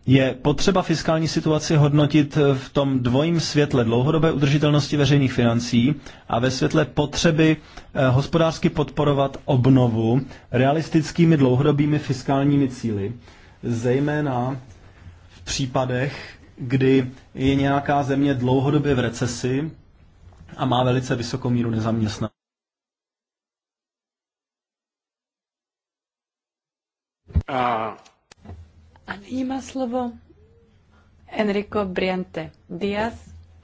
je potřeba fiskální situaci hodnotit v tom dvojím světle dlouhodobé udržitelnosti veřejných financí a ve světle potřeby eh, hospodářsky podporovat obnovu realistickými dlouhodobými fiskálními cíly, zejména v případech, kdy je nějaká země dlouhodobě v recesi a má velice vysokou míru nezaměstnanosti. Uh. A nyní má slovo Enrico Briante Diaz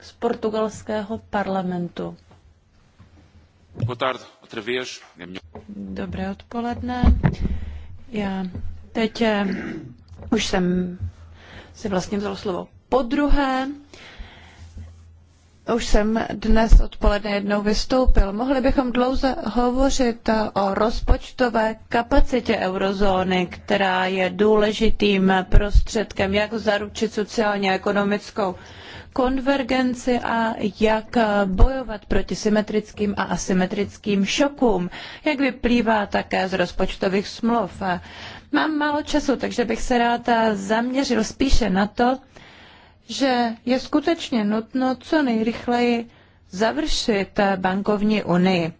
z portugalského parlamentu. Dobré odpoledne. Já teď eh, už jsem si vlastně vzal slovo po druhé. Už jsem dnes odpoledne jednou vystoupil. Mohli bychom dlouze hovořit o rozpočtové kapacitě eurozóny, která je důležitým prostředkem, jak zaručit sociálně ekonomickou konvergenci a jak bojovat proti symetrickým a asymetrickým šokům, jak vyplývá také z rozpočtových smluv. Mám málo času, takže bych se ráda zaměřil spíše na to, že je skutečně nutno co nejrychleji završit bankovní unii.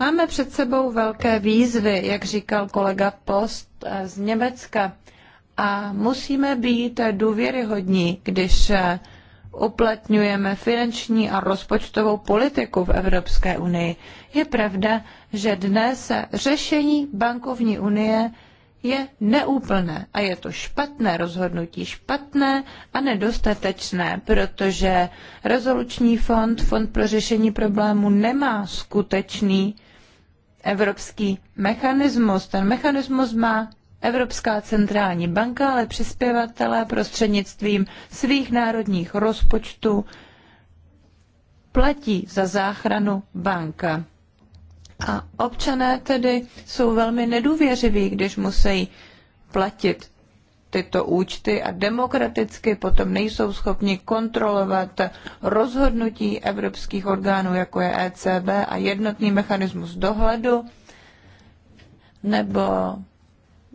Máme před sebou velké výzvy, jak říkal kolega Post eh, z Německa, a musíme být důvěryhodní, když eh, uplatňujeme finanční a rozpočtovou politiku v Evropské unii. Je pravda, že dnes řešení bankovní unie je neúplné a je to špatné rozhodnutí, špatné a nedostatečné, protože rezoluční fond, fond pro řešení problému nemá skutečný evropský mechanismus. Ten mechanismus má Evropská centrální banka, ale přispěvatelé prostřednictvím svých národních rozpočtů platí za záchranu banka. A občané tedy jsou velmi nedůvěřiví, když musí platit tyto účty a demokraticky potom nejsou schopni kontrolovat rozhodnutí evropských orgánů, jako je ECB a jednotný mechanismus dohledu nebo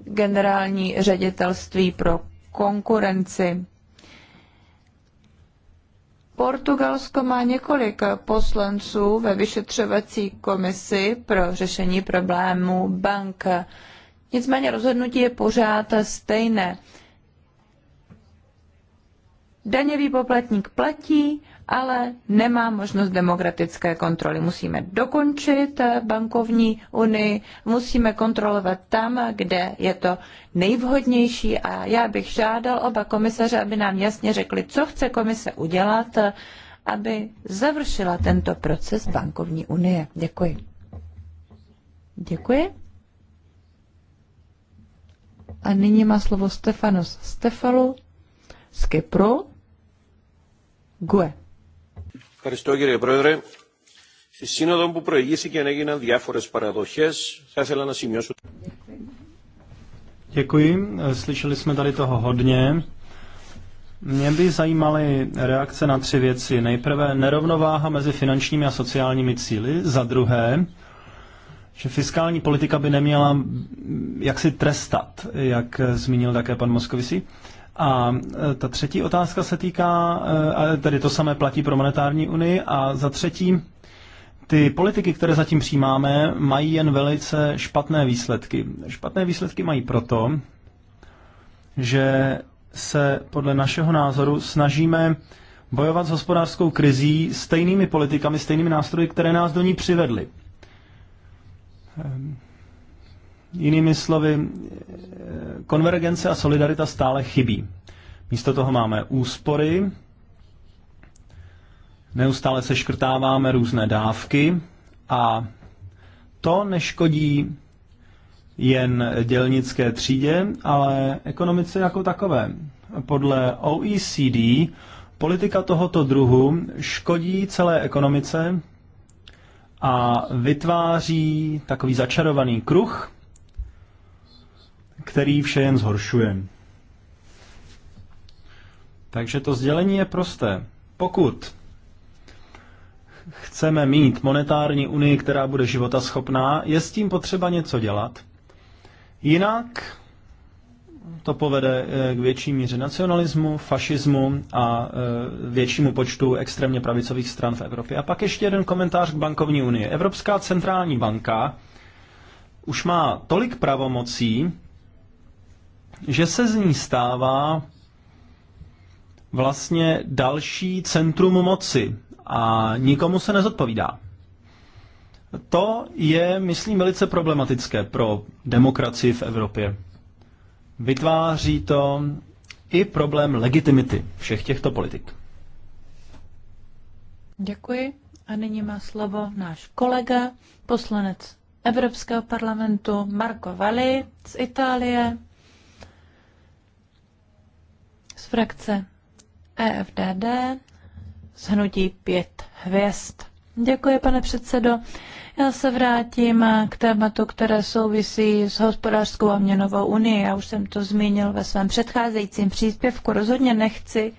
generální ředitelství pro konkurenci Portugalsko má několik poslanců ve vyšetřovací komisi pro řešení problémů bank. Nicméně rozhodnutí je pořád stejné. Daňový poplatník platí ale nemá možnost demokratické kontroly. Musíme dokončit eh, bankovní unii, musíme kontrolovat tam, kde je to nejvhodnější a já bych žádal oba komisaře, aby nám jasně řekli, co chce komise udělat, eh, aby završila tento proces bankovní unie. Děkuji. Děkuji. A nyní má slovo Stefanos Stefalu z Kypru. Gue. Ευχαριστώ κύριε Πρόεδρε. Στη σύνοδο που προηγήθηκε έγιναν διάφορες παραδοχές. Θα ήθελα να σημειώσω... Děkuji, slyšeli jsme tady toho hodně. Mě by zajímaly reakce na tři věci. Nejprve nerovnováha mezi finančními a sociálními cíly, za druhé, že fiskální politika by neměla jaksi trestat, jak zmínil také pan Moskovici, a e, ta třetí otázka se týká, e, tedy to samé platí pro monetární unii, a za třetí, ty politiky, které zatím přijímáme, mají jen velice špatné výsledky. Špatné výsledky mají proto, že se podle našeho názoru snažíme bojovat s hospodářskou krizí stejnými politikami, stejnými nástroji, které nás do ní přivedly. Ehm, Jinými slovy, konvergence a solidarita stále chybí. Místo toho máme úspory, neustále se škrtáváme různé dávky a to neškodí jen dělnické třídě, ale ekonomice jako takové. Podle OECD politika tohoto druhu škodí celé ekonomice a vytváří takový začarovaný kruh, který vše jen zhoršuje. Takže to sdělení je prosté. Pokud chceme mít monetární unii, která bude života schopná, je s tím potřeba něco dělat. Jinak to povede eh, k větší míře nacionalismu, fašismu a eh, většímu počtu extrémně pravicových stran v Evropě. A pak ještě jeden komentář k bankovní unii. Evropská centrální banka už má tolik pravomocí, že se z ní stává vlastně další centrum moci a nikomu se nezodpovídá. To je, myslím, velice problematické pro demokracii v Evropě. Vytváří to i problém legitimity všech těchto politik. Děkuji. A nyní má slovo náš kolega, poslanec Evropského parlamentu Marco Valli z Itálie z frakce EFDD z hnutí pět hvězd. Děkuji, pane předsedo. Já se vrátím k tématu, které souvisí s hospodářskou a měnovou unii. Já už jsem to zmínil ve svém předcházejícím příspěvku. Rozhodně nechci,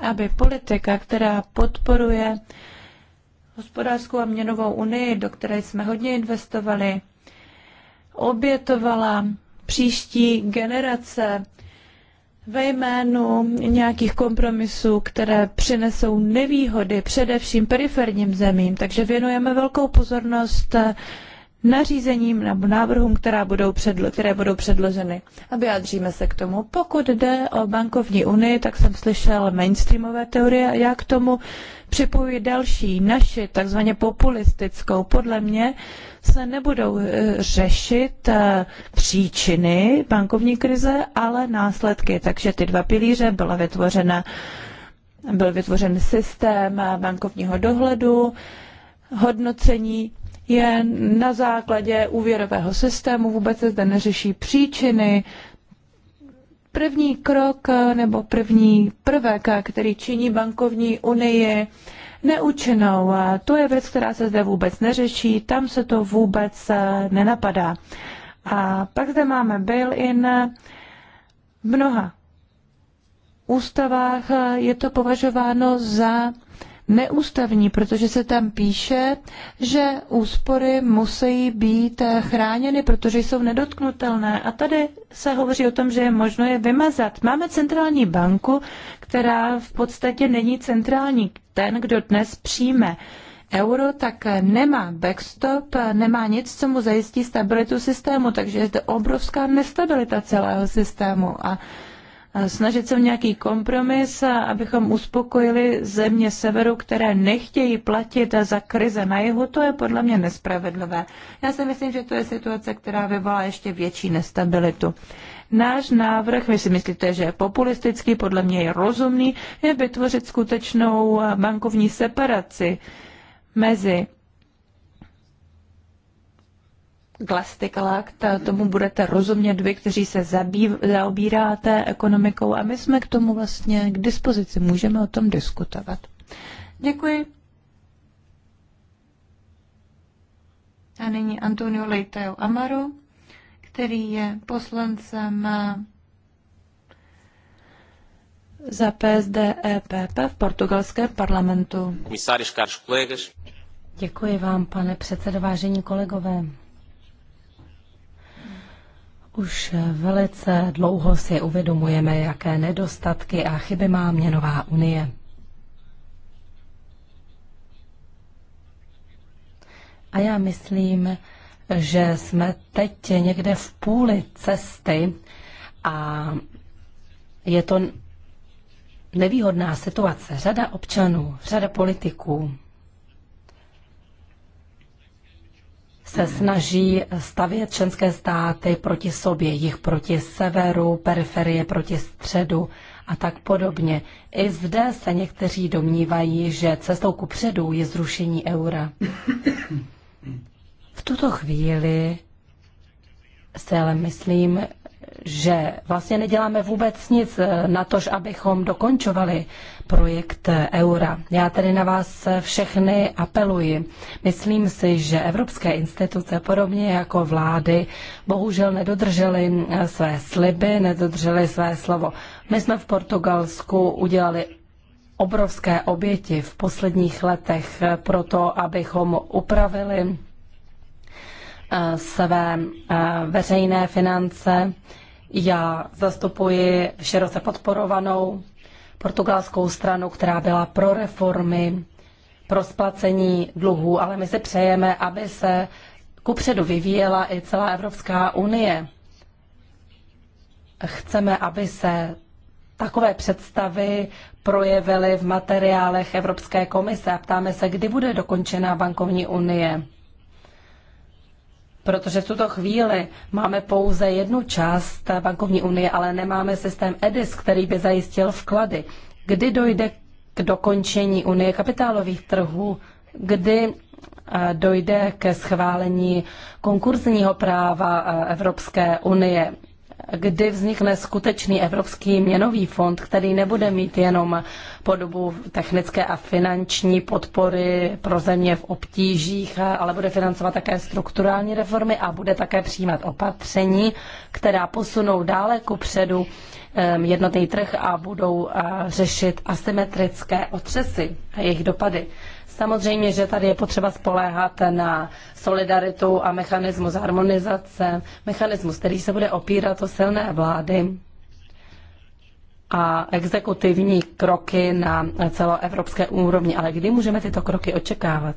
aby politika, která podporuje hospodářskou a měnovou unii, do které jsme hodně investovali, obětovala příští generace ve jménu nějakých kompromisů, které přinesou nevýhody především periferním zemím. Takže věnujeme velkou pozornost nařízením nebo návrhům, která budou předlo- které budou předloženy. A vyjádříme se k tomu. Pokud jde o bankovní unii, tak jsem slyšel mainstreamové teorie a já k tomu připojí další, naši, takzvaně populistickou. Podle mě se nebudou eh, řešit eh, příčiny bankovní krize, ale následky. Takže ty dva pilíře byla vytvořena, byl vytvořen systém eh, bankovního dohledu, hodnocení je na základě úvěrového systému, vůbec se zde neřeší příčiny, První krok eh, nebo první prvek, eh, který činí bankovní unii neúčinnou, to je věc, která se zde vůbec neřeší, tam se to vůbec eh, nenapadá. A pak zde máme bail-in v mnoha ústavách je to považováno za neústavní, protože se tam píše, že úspory musí být chráněny, protože jsou nedotknutelné. A tady se hovoří o tom, že je možno je vymazat. Máme centrální banku, která v podstatě není centrální. Ten, kdo dnes přijme euro, tak nemá backstop, nemá nic, co mu zajistí stabilitu systému, takže je to obrovská nestabilita celého systému. A snažit se o nějaký kompromis, abychom uspokojili země severu, které nechtějí platit za krize na jihu, to je podle mě nespravedlivé. Já si myslím, že to je situace, která vyvolá ještě větší nestabilitu. Náš návrh, vy si myslíte, že je populistický, podle mě je rozumný, je vytvořit skutečnou bankovní separaci mezi Glastiklakt, tomu budete rozumět vy, kteří se zabýv, zaobíráte ekonomikou a my jsme k tomu vlastně k dispozici, můžeme o tom diskutovat. Děkuji. A nyní Antonio Leiteo Amaro, který je poslancem za PSD EPP v portugalském parlamentu. Děkuji vám, pane předsedo, vážení kolegové. Už velice dlouho si uvědomujeme, jaké nedostatky a chyby má měnová unie. A já myslím, že jsme teď někde v půli cesty a je to nevýhodná situace. Řada občanů, řada politiků se snaží stavět členské státy proti sobě, jich proti severu, periferie proti středu a tak podobně. I zde se někteří domnívají, že cestou ku předu je zrušení eura. V tuto chvíli se ale myslím, že vlastně neděláme vůbec nic na to, abychom dokončovali projekt eura. Já tedy na vás všechny apeluji. Myslím si, že evropské instituce, podobně jako vlády, bohužel nedodržely eh, své sliby, nedodržely své slovo. My jsme v Portugalsku udělali obrovské oběti v posledních letech eh, pro to, abychom upravili eh, své veřejné finance. Já zastupuji široce podporovanou portugalskou stranu, která byla pro reformy, pro splacení dluhů, ale my si přejeme, aby se kupředu vyvíjela i celá Evropská unie. Chceme, aby se takové představy projevily v materiálech Evropské komise a ptáme se, kdy bude dokončena bankovní unie protože v tuto chvíli máme pouze jednu část bankovní unie, ale nemáme systém EDIS, který by zajistil vklady. Kdy dojde k dokončení unie kapitálových trhů? Kdy eh, dojde ke schválení konkurzního práva eh, Evropské unie kdy vznikne skutečný Evropský měnový fond, který nebude mít jenom podobu technické a finanční podpory pro země v obtížích, ale bude financovat také strukturální reformy a bude také přijímat opatření, která posunou dále ku předu jednotný trh a budou eh, řešit asymetrické otřesy a jejich dopady. Samozřejmě, že tady je potřeba spoléhat na solidaritu a mechanismus harmonizace, mechanismus, který se bude opírat o silné vlády a exekutivní kroky na celoevropské úrovni. Ale kdy můžeme tyto kroky očekávat?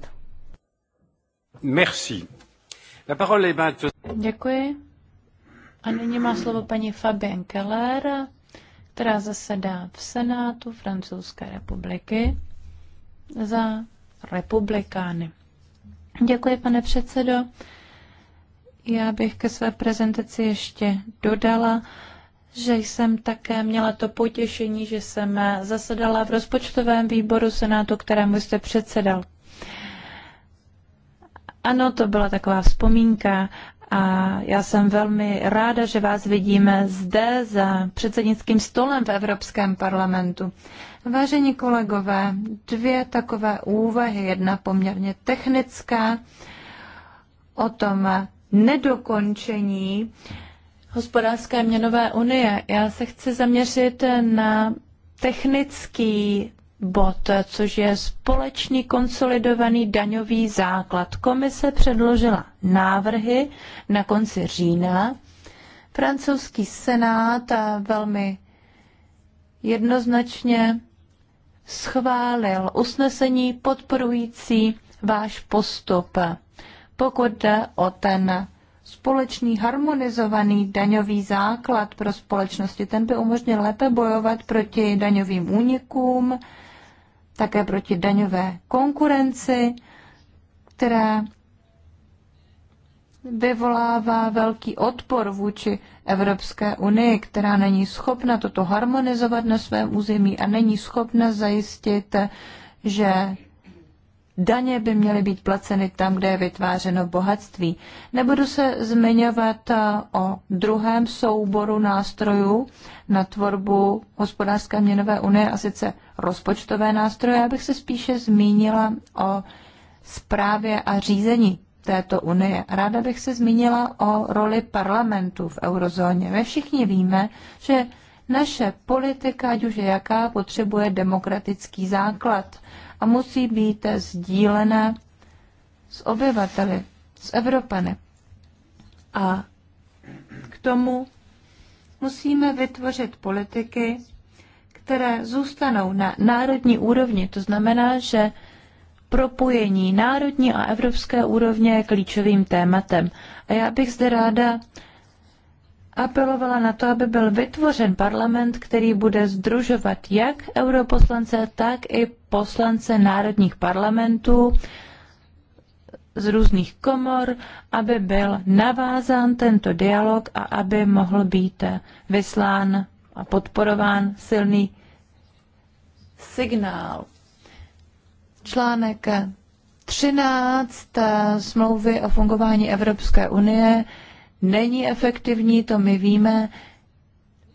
Merci. La parole est maintenant... Děkuji. A nyní má slovo paní Fabienne Keller, která zasedá v Senátu Francouzské republiky za republikány. Děkuji, pane předsedo. Já bych ke své prezentaci ještě dodala, že jsem také měla to potěšení, že jsem zasedala v rozpočtovém výboru Senátu, kterému jste předsedal. Ano, to byla taková vzpomínka a já jsem velmi ráda, že vás vidíme zde za předsednickým stolem v Evropském parlamentu. Vážení kolegové, dvě takové úvahy, jedna poměrně technická o tom nedokončení hospodářské měnové unie. Já se chci zaměřit na technický bod, což je společný konsolidovaný daňový základ. Komise předložila návrhy na konci října. Francouzský senát velmi jednoznačně schválil usnesení podporující váš postup, pokud jde o ten společný harmonizovaný daňový základ pro společnosti. Ten by umožnil lépe bojovat proti daňovým únikům, také proti daňové konkurenci, která vyvolává velký odpor vůči Evropské unii, která není schopna toto harmonizovat na svém území a není schopna zajistit, že daně by měly být placeny tam, kde je vytvářeno bohatství. Nebudu se zmiňovat o druhém souboru nástrojů na tvorbu hospodářské měnové unie, a sice rozpočtové nástroje, abych se spíše zmínila o zprávě a řízení této unie. Ráda bych se zmínila o roli parlamentu v eurozóně. My všichni víme, že naše politika, ať už je jaká, potřebuje demokratický základ a musí být sdílena s obyvateli, s Evropany. A k tomu musíme vytvořit politiky, které zůstanou na národní úrovni. To znamená, že propojení národní a evropské úrovně je klíčovým tématem. A já bych zde ráda apelovala na to, aby byl vytvořen parlament, který bude združovat jak europoslance, tak i poslance národních parlamentů z různých komor, aby byl navázán tento dialog a aby mohl být vyslán a podporován silný signál Článek 13 eh, smlouvy o fungování Evropské unie není efektivní, to my víme,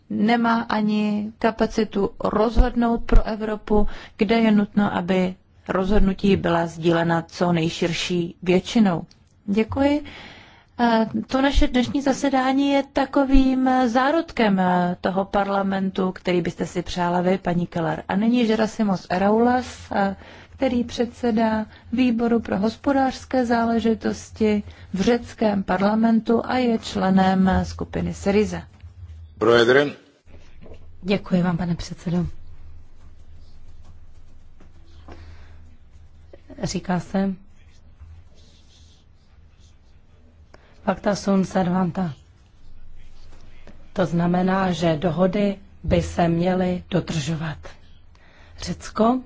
nemá ani kapacitu rozhodnout pro Evropu, kde je nutno, aby rozhodnutí byla sdílena co nejširší většinou. Děkuji. Eh, to naše dnešní zasedání je takovým eh, zárodkem toho parlamentu, který byste si přála vy, paní Keller. A nyní Žerasimos Eraulas, který předsedá výboru pro hospodářské záležitosti v řeckém parlamentu a je členem skupiny Syriza. Brojedren. Děkuji vám, pane předsedo. Říká se Fakta sunt servanta. To znamená, že dohody by se měly dodržovat. Řecko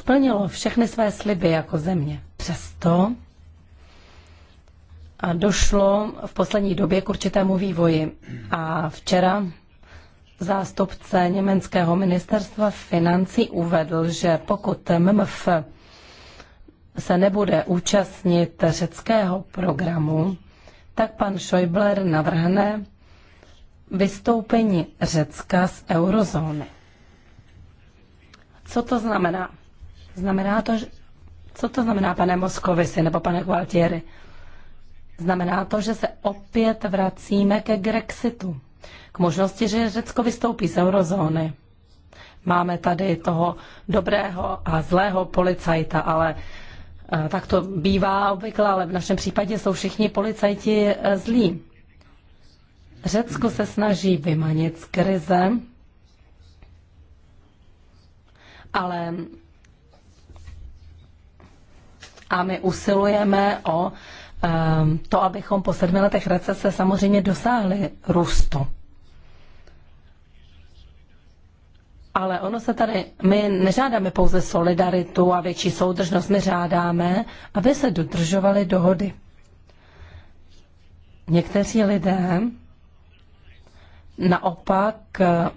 splnilo všechny své sliby jako země. Přesto a došlo v poslední době k určitému vývoji. A včera zástupce německého ministerstva financí uvedl, že pokud MMF se nebude účastnit řeckého programu, tak pan Schäuble navrhne vystoupení Řecka z eurozóny. Co to znamená? Znamená to, že... co to znamená, pane Moskovisi nebo pane Gualtieri? Znamená to, že se opět vracíme ke Grexitu, k možnosti, že Řecko vystoupí z eurozóny. Máme tady toho dobrého a zlého policajta, ale eh, tak to bývá obvykle, ale v našem případě jsou všichni policajti eh, zlí. Řecko se snaží vymanit z krize, ale a my usilujeme o ehm, to, abychom po sedmi letech recese samozřejmě dosáhli růstu. Ale ono se tady, my nežádáme pouze solidaritu a větší soudržnost, my žádáme, aby se dodržovaly dohody. Někteří lidé naopak eh,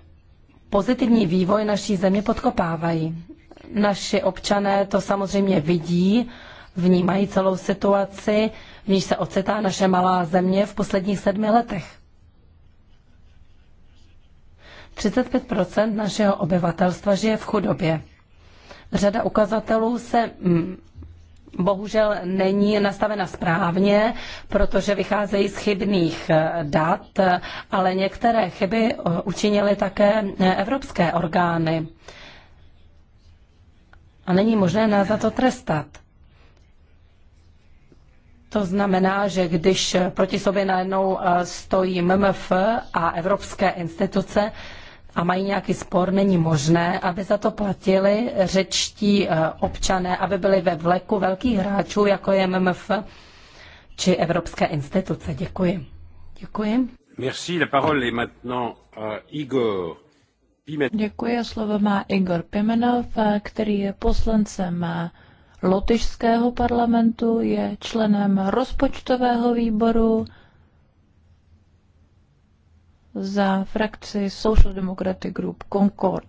pozitivní vývoj naší země podkopávají. Naši občané to samozřejmě vidí vnímají celou situaci, v níž se ocitá naše malá země v posledních sedmi letech. 35 našeho obyvatelstva žije v chudobě. Řada ukazatelů se mm, bohužel není nastavena správně, protože vycházejí z chybných eh, dat, ale některé chyby eh, učinily také eh, evropské orgány. A není možné nás za to trestat. To znamená, že když proti sobě najednou eh, stojí MMF a evropské instituce a mají nějaký spor, není možné, aby za to platili řečtí eh, občané, aby byli ve vleku velkých hráčů, jako je MMF či evropské instituce. Děkuji. Děkuji. Merci, la parole est maintenant à Igor. Pimenov. Děkuji, slovo má Igor Pimenov, který je poslancem lotyšského parlamentu, je členem rozpočtového výboru za frakci Social Democratic Group Concord.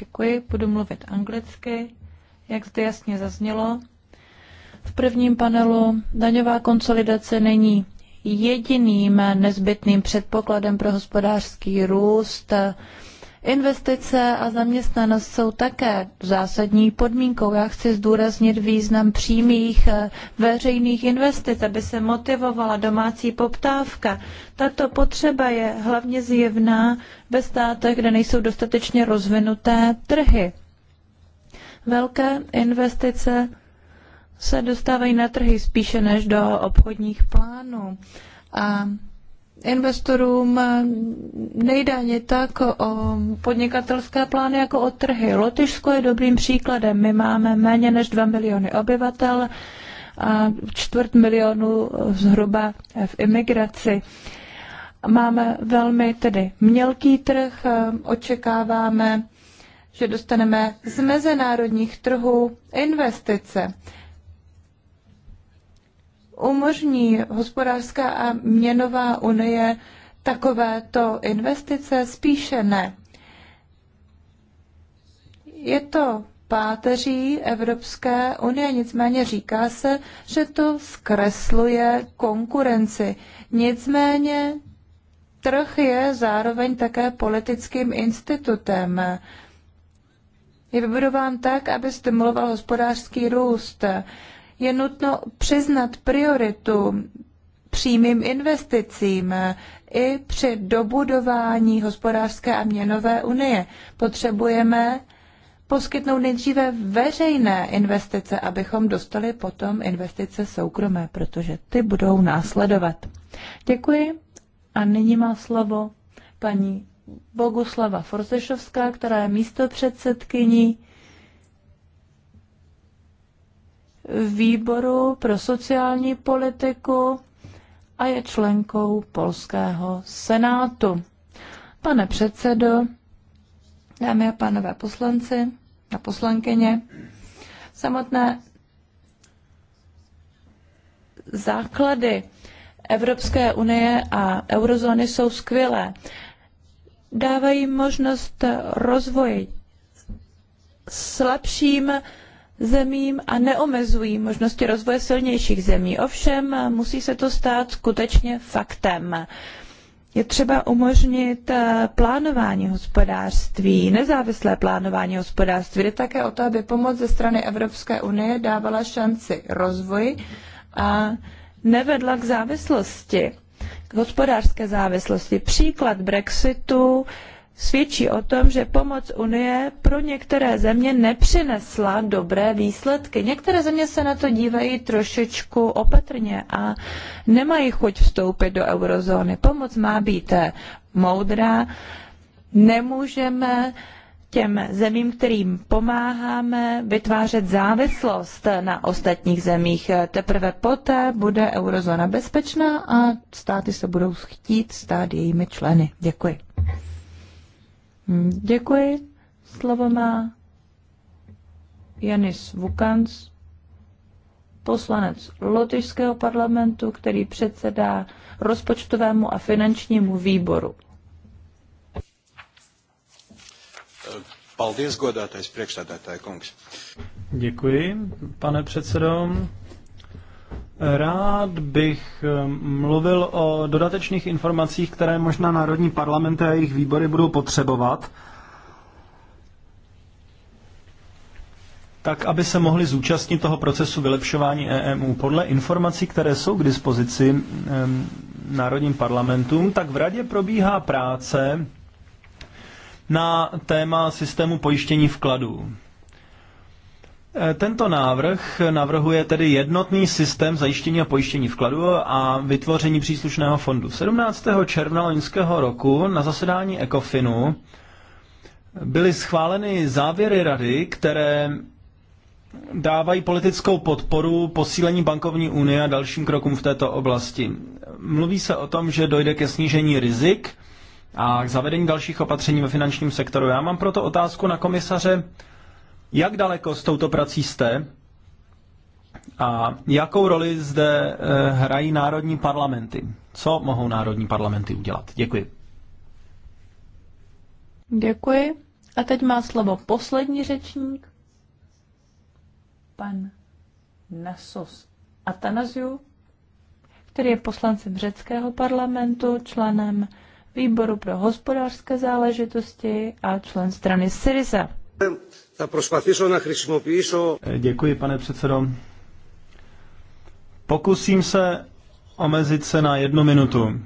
Děkuji, budu mluvit anglicky. Jak zde jasně zaznělo, v prvním panelu daňová konsolidace není jediným nezbytným předpokladem pro hospodářský růst. Investice a zaměstnanost jsou také zásadní podmínkou. Já chci zdůraznit význam přímých eh, veřejných investic, aby se motivovala domácí poptávka. Tato potřeba je hlavně zjevná ve státech, kde nejsou dostatečně rozvinuté trhy. Velké investice se dostávají na trhy spíše než do obchodních plánů. A investorům nejde ani tak o podnikatelské plány jako o trhy. Lotyšsko je dobrým příkladem. My máme méně než 2 miliony obyvatel a čtvrt milionu zhruba v imigraci. Máme velmi tedy mělký trh, očekáváme, že dostaneme z mezinárodních trhů investice umožní hospodářská a měnová unie takovéto investice? Spíše ne. Je to páteří Evropské unie, nicméně říká se, že to zkresluje konkurenci. Nicméně trh je zároveň také politickým institutem. Je vybudován tak, aby stimuloval hospodářský růst je nutno přiznat prioritu přímým investicím i při dobudování hospodářské a měnové unie. Potřebujeme poskytnout nejdříve veřejné investice, abychom dostali potom investice soukromé, protože ty budou následovat. Děkuji a nyní má slovo paní Boguslava Forzešovská, která je místo předsedkyní výboru pro sociální politiku a je členkou Polského senátu. Pane předsedo, dámy a pánové poslanci a poslankyně, samotné základy Evropské unie a eurozóny jsou skvělé. Dávají možnost rozvoji slabším zemím a neomezují možnosti rozvoje silnějších zemí. Ovšem musí se to stát skutečně faktem. Je třeba umožnit eh, plánování hospodářství, nezávislé plánování hospodářství. Jde také o to, aby pomoc ze strany Evropské unie dávala šanci rozvoji a nevedla k závislosti, k hospodářské závislosti. Příklad Brexitu svědčí o tom, že pomoc Unie pro některé země nepřinesla dobré výsledky. Některé země se na to dívají trošičku opatrně a nemají chuť vstoupit do eurozóny. Pomoc má být moudrá. Nemůžeme těm zemím, kterým pomáháme, vytvářet závislost na ostatních zemích. Teprve poté bude eurozóna bezpečná a státy se budou chtít stát jejími členy. Děkuji. Hm, děkuji. Slovo má Janis Vukans, poslanec Lotyšského parlamentu, který předsedá rozpočtovému a finančnímu výboru. Děkuji, pane předsedo. Rád bych ehm, mluvil o dodatečných informacích, které možná národní parlamenty a jejich výbory budou potřebovat, tak aby se mohli zúčastnit toho procesu vylepšování EMU. Podle informací, které jsou k dispozici ehm, národním parlamentům, tak v radě probíhá práce na téma systému pojištění vkladů. Eh, tento návrh navrhuje tedy jednotný systém zajištění a pojištění vkladu a vytvoření příslušného fondu. 17. června loňského roku na zasedání ECOFINu byly schváleny závěry rady, které dávají politickou podporu posílení bankovní unie a dalším krokům v této oblasti. Mluví se o tom, že dojde ke snížení rizik a k zavedení dalších opatření ve finančním sektoru. Já mám proto otázku na komisaře jak daleko s touto prací jste? A jakou roli zde eh, hrají národní parlamenty? Co mohou národní parlamenty udělat? Děkuji. Děkuji. A teď má slovo poslední řečník, pan Nasos Atanasiu, který je poslancem řeckého parlamentu, členem výboru pro hospodářské záležitosti a člen strany Syriza. Děkuji, pane předsedo. Pokusím se omezit se na jednu minutu.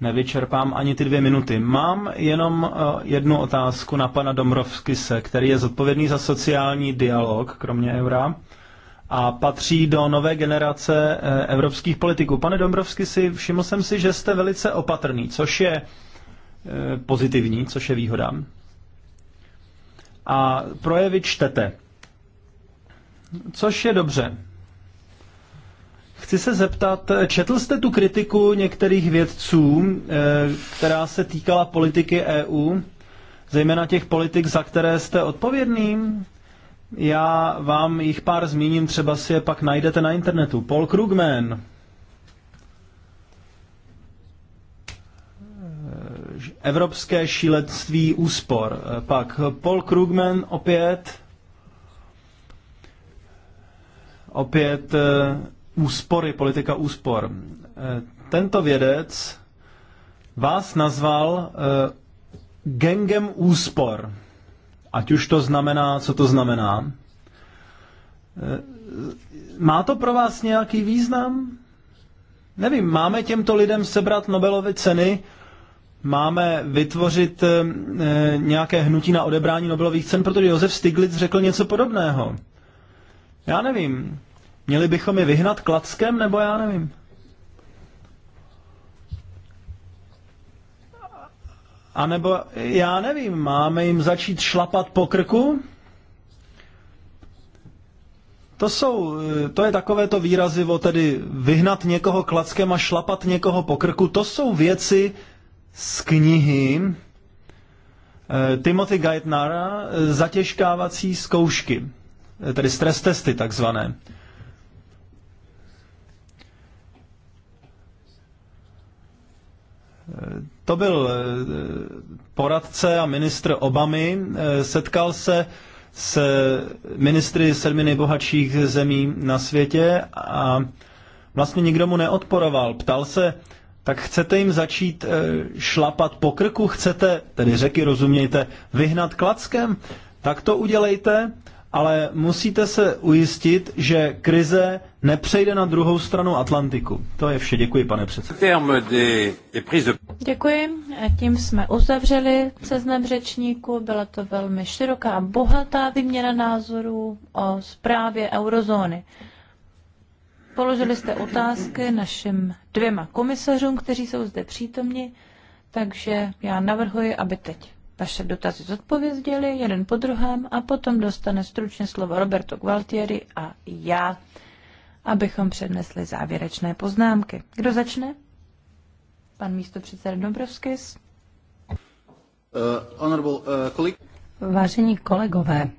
Nevyčerpám ani ty dvě minuty. Mám jenom e, jednu otázku na pana Domrovskise, který je zodpovědný za sociální dialog, kromě eura, a patří do nové generace e, evropských politiků. Pane Dombrovskisi, všiml jsem si, že jste velice opatrný, což je e, pozitivní, což je výhoda a projevy čtete. Což je dobře. Chci se zeptat, četl jste tu kritiku některých vědců, eh, která se týkala politiky EU, zejména těch politik, za které jste odpovědný? Já vám jich pár zmíním, třeba si je pak najdete na internetu. Paul Krugman, Evropské šílectví úspor. Pak Paul Krugman opět, opět eh, úspory, politika úspor. Eh, tento vědec vás nazval eh, gengem úspor. Ať už to znamená, co to znamená. Má to pro vás nějaký význam? Nevím, máme těmto lidem sebrat Nobelovy ceny máme vytvořit eh, nějaké hnutí na odebrání Nobelových cen, protože Josef Stiglitz řekl něco podobného. Já nevím. Měli bychom je vyhnat klackem, nebo já nevím. A nebo, já nevím, máme jim začít šlapat po krku? To jsou, eh, to je takové to výrazivo, tedy vyhnat někoho klackem a šlapat někoho po krku, to jsou věci, z knihy eh, Timothy Geithnara eh, zatěžkávací zkoušky, eh, tedy stres testy takzvané. To byl poradce a ministr Obamy. Setkal se s ministry sedmi nejbohatších zemí na světě a vlastně nikdo mu neodporoval. Ptal se, tak chcete jim začít eh, šlapat po krku, chcete, tedy řeky rozumějte, vyhnat klackem, tak to udělejte, ale musíte se ujistit, že krize nepřejde na druhou stranu Atlantiku. To je vše. Děkuji, pane předsedající. Děkuji. A tím jsme uzavřeli seznam řečníků. Byla to velmi široká a bohatá výměna názorů o zprávě eurozóny. Položili jste otázky našim dvěma komisařům, kteří jsou zde přítomni, takže já navrhuji, aby teď vaše dotazy zodpověděli jeden po druhém a potom dostane stručně slovo Roberto Gualtieri a já, abychom přednesli závěrečné poznámky. Kdo začne? Pan místo předseda Dobrovskis. Uh, uh, Vážení kolegové,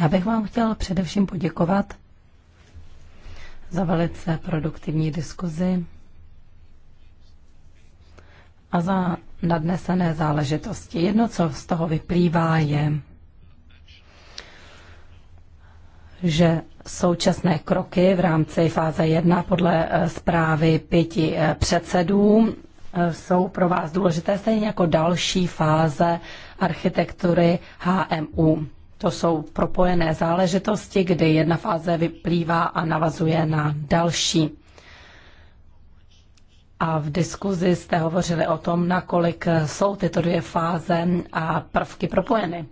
já bych vám chtěl především poděkovat za velice produktivní diskuzi a za nadnesené záležitosti. Jedno, co z toho vyplývá, je, že současné kroky v rámci fáze 1 podle eh, zprávy pěti eh, předsedů eh, jsou pro vás důležité, stejně jako další fáze architektury HMU. To jsou propojené záležitosti, kdy jedna fáze vyplývá a navazuje na další. A v diskuzi jste hovořili o tom, nakolik jsou tyto dvě fáze a prvky propojeny.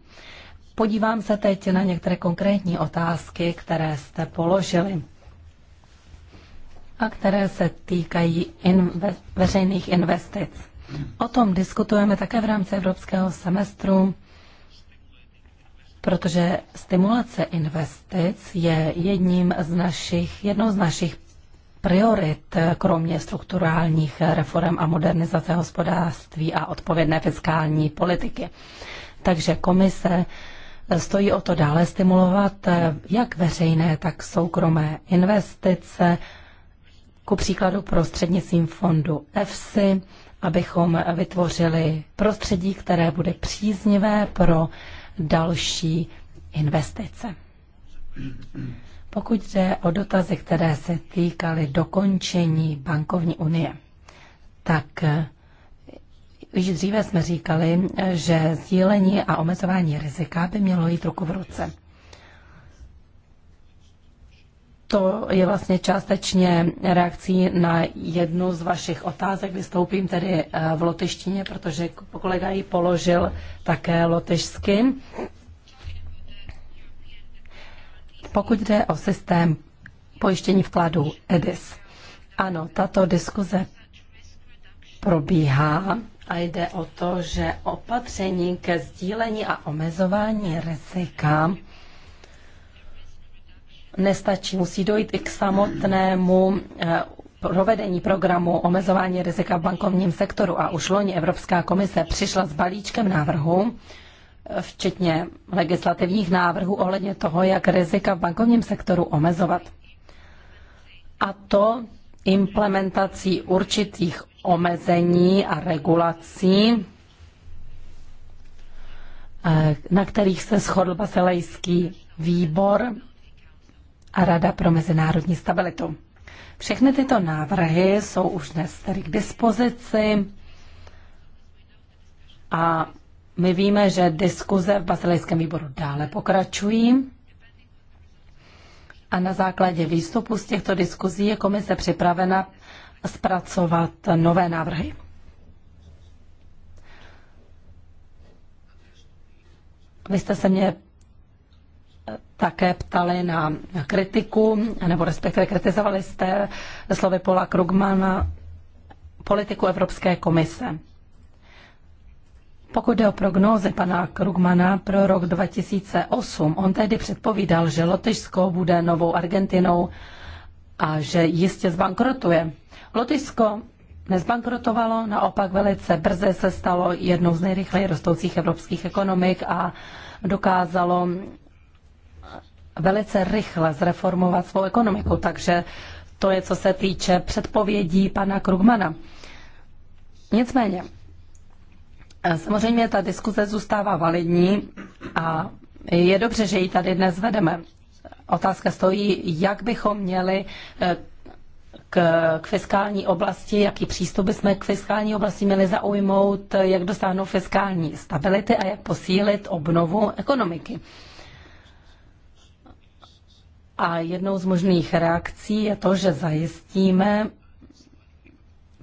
Podívám se teď na některé konkrétní otázky, které jste položili a které se týkají inve- veřejných investic. O tom diskutujeme také v rámci evropského semestru protože stimulace investic je jedním z našich, jednou z našich priorit, kromě strukturálních reform a modernizace hospodářství a odpovědné fiskální politiky. Takže komise stojí o to dále stimulovat jak veřejné, tak soukromé investice, ku příkladu prostřednictvím fondu EFSI, abychom vytvořili prostředí, které bude příznivé pro další investice. Pokud jde o dotazy, které se týkaly dokončení bankovní unie, tak eh, Již dříve jsme říkali, eh, že sdílení a omezování rizika by mělo jít ruku v ruce to je vlastně částečně reakcí na jednu z vašich otázek. Vystoupím tedy eh, v lotyštině, protože kolega ji položil také lotyšsky. Pokud jde o systém pojištění vkladů EDIS, ano, tato diskuze probíhá a jde o to, že opatření ke sdílení a omezování rizika nestačí. Musí dojít i k samotnému eh, provedení programu omezování rizika v bankovním sektoru a už loni Evropská komise přišla s balíčkem návrhu, eh, včetně legislativních návrhů ohledně toho, jak rizika v bankovním sektoru omezovat. A to implementací určitých omezení a regulací, eh, na kterých se shodl Baselejský výbor a Rada pro mezinárodní stabilitu. Všechny tyto návrhy jsou už dnes tady k dispozici a my víme, že diskuze v Basilejském výboru dále pokračují a na základě výstupu z těchto diskuzí je komise připravena zpracovat nové návrhy. Vy jste se mě také ptali na kritiku, nebo respektive kritizovali jste slovy Pola Krugmana politiku Evropské komise. Pokud jde o prognózy pana Krugmana pro rok 2008, on tehdy předpovídal, že Lotyšsko bude novou Argentinou a že jistě zbankrotuje. Lotyšsko nezbankrotovalo, naopak velice brzy se stalo jednou z nejrychleji rostoucích evropských ekonomik a dokázalo velice rychle zreformovat svou ekonomiku. Takže to je, co se týče předpovědí pana Krugmana. Nicméně, samozřejmě ta diskuze zůstává validní a je dobře, že ji tady dnes vedeme. Otázka stojí, jak bychom měli eh, k, k fiskální oblasti, jaký přístup bychom k fiskální oblasti měli zaujmout, jak dosáhnout fiskální stability a jak posílit obnovu ekonomiky. A jednou z možných reakcí je to, že zajistíme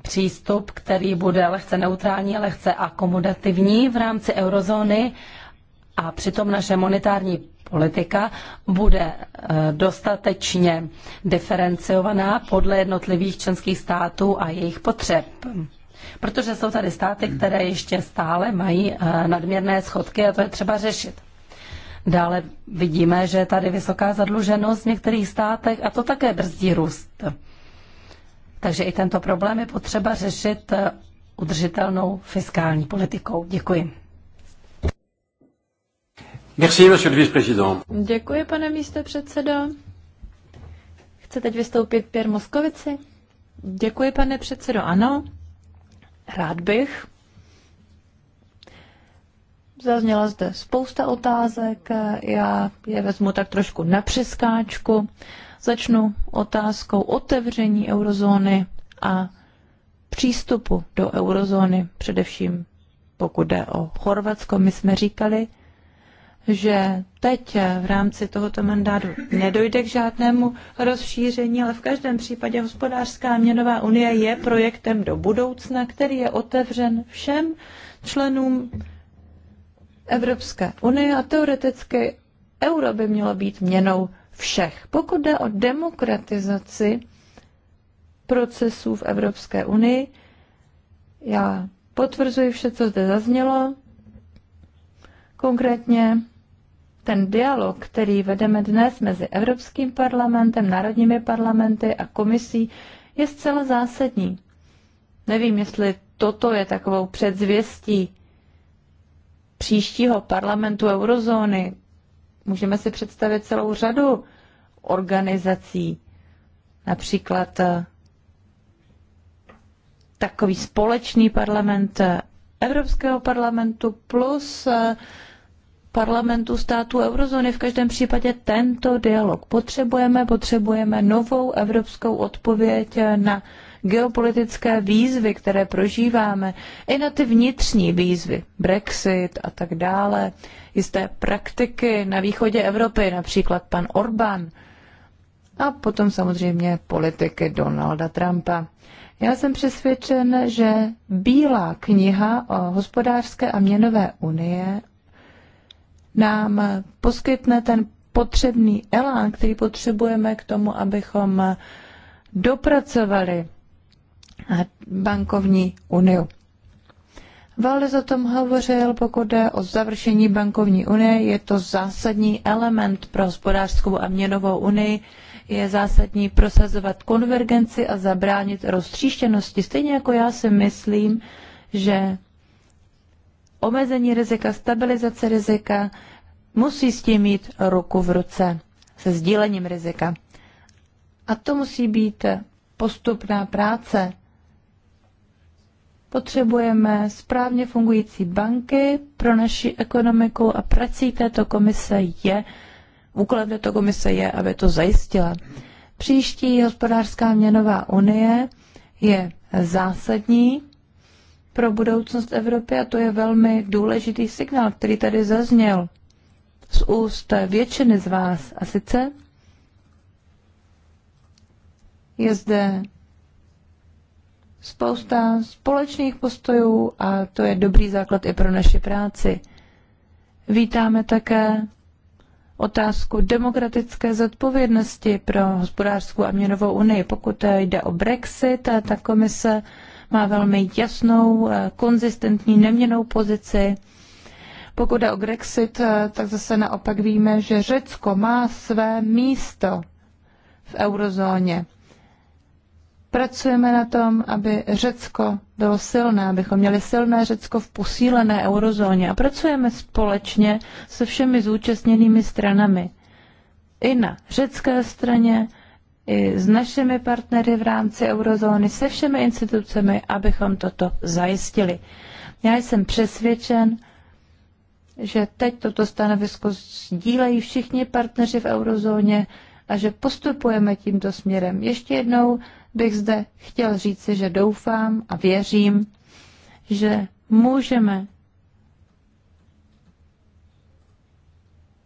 přístup, který bude lehce neutrální, lehce akomodativní v rámci eurozóny a přitom naše monetární politika bude eh, dostatečně diferenciovaná podle jednotlivých členských států a jejich potřeb. Protože jsou tady státy, které ještě stále mají eh, nadměrné schodky a to je třeba řešit. Dále vidíme, že je tady vysoká zadluženost v některých státech a to také brzdí růst. Takže i tento problém je potřeba řešit eh, udržitelnou fiskální politikou. Děkuji. Merci, monsieur le vice-président. Děkuji, pane místopředsedo. Chce teď vystoupit Pěr Moskovici? Děkuji, pane předsedo, ano. Rád bych Zazněla zde spousta otázek, já je vezmu tak trošku na přeskáčku. Začnu otázkou otevření eurozóny a přístupu do eurozóny, především pokud jde o Chorvatsko. My jsme říkali, že teď v rámci tohoto mandátu nedojde k žádnému rozšíření, ale v každém případě hospodářská měnová unie je projektem do budoucna, který je otevřen všem členům Evropské unie a teoreticky euro by mělo být měnou všech. Pokud jde o demokratizaci procesů v Evropské unii, já potvrzuji vše, co zde zaznělo. Konkrétně ten dialog, který vedeme dnes mezi Evropským parlamentem, národními parlamenty a komisí, je zcela zásadní. Nevím, jestli toto je takovou předzvěstí příštího parlamentu eurozóny můžeme si představit celou řadu organizací, například eh, takový společný parlament eh, Evropského parlamentu plus eh, parlamentu států eurozóny. V každém případě tento dialog potřebujeme, potřebujeme novou evropskou odpověď na geopolitické výzvy, které prožíváme, i na ty vnitřní výzvy, Brexit a tak dále, jisté praktiky na východě Evropy, například pan Orbán, a potom samozřejmě politiky Donalda Trumpa. Já jsem přesvědčen, že Bílá kniha o hospodářské a měnové unie nám poskytne ten potřebný elán, který potřebujeme k tomu, abychom dopracovali bankovní uniu. Valdez o tom hovořil, pokud jde o završení bankovní unie, je to zásadní element pro hospodářskou a měnovou unii, je zásadní prosazovat konvergenci a zabránit roztříštěnosti. Stejně jako já si myslím, že omezení rizika, stabilizace rizika musí s tím mít ruku v ruce se sdílením rizika. A to musí být postupná práce, Potřebujeme správně fungující banky pro naši ekonomiku a prací této komise je, úkolem této komise je, aby to zajistila. Příští hospodářská měnová unie je zásadní pro budoucnost Evropy a to je velmi důležitý signál, který tady zazněl z úst většiny z vás. A sice je zde spousta společných postojů a to je dobrý základ i pro naši práci. Vítáme také otázku demokratické zodpovědnosti pro hospodářskou a měnovou unii. Pokud jde o Brexit, ta komise má velmi jasnou, konzistentní, neměnou pozici. Pokud jde o Brexit, tak zase naopak víme, že Řecko má své místo v eurozóně. Pracujeme na tom, aby Řecko bylo silné, abychom měli silné Řecko v posílené eurozóně a pracujeme společně se všemi zúčastněnými stranami. I na řecké straně, i s našimi partnery v rámci eurozóny, se všemi institucemi, abychom toto zajistili. Já jsem přesvědčen, že teď toto stanovisko sdílejí všichni partneři v eurozóně a že postupujeme tímto směrem. Ještě jednou bych zde chtěl říci, že doufám a věřím, že můžeme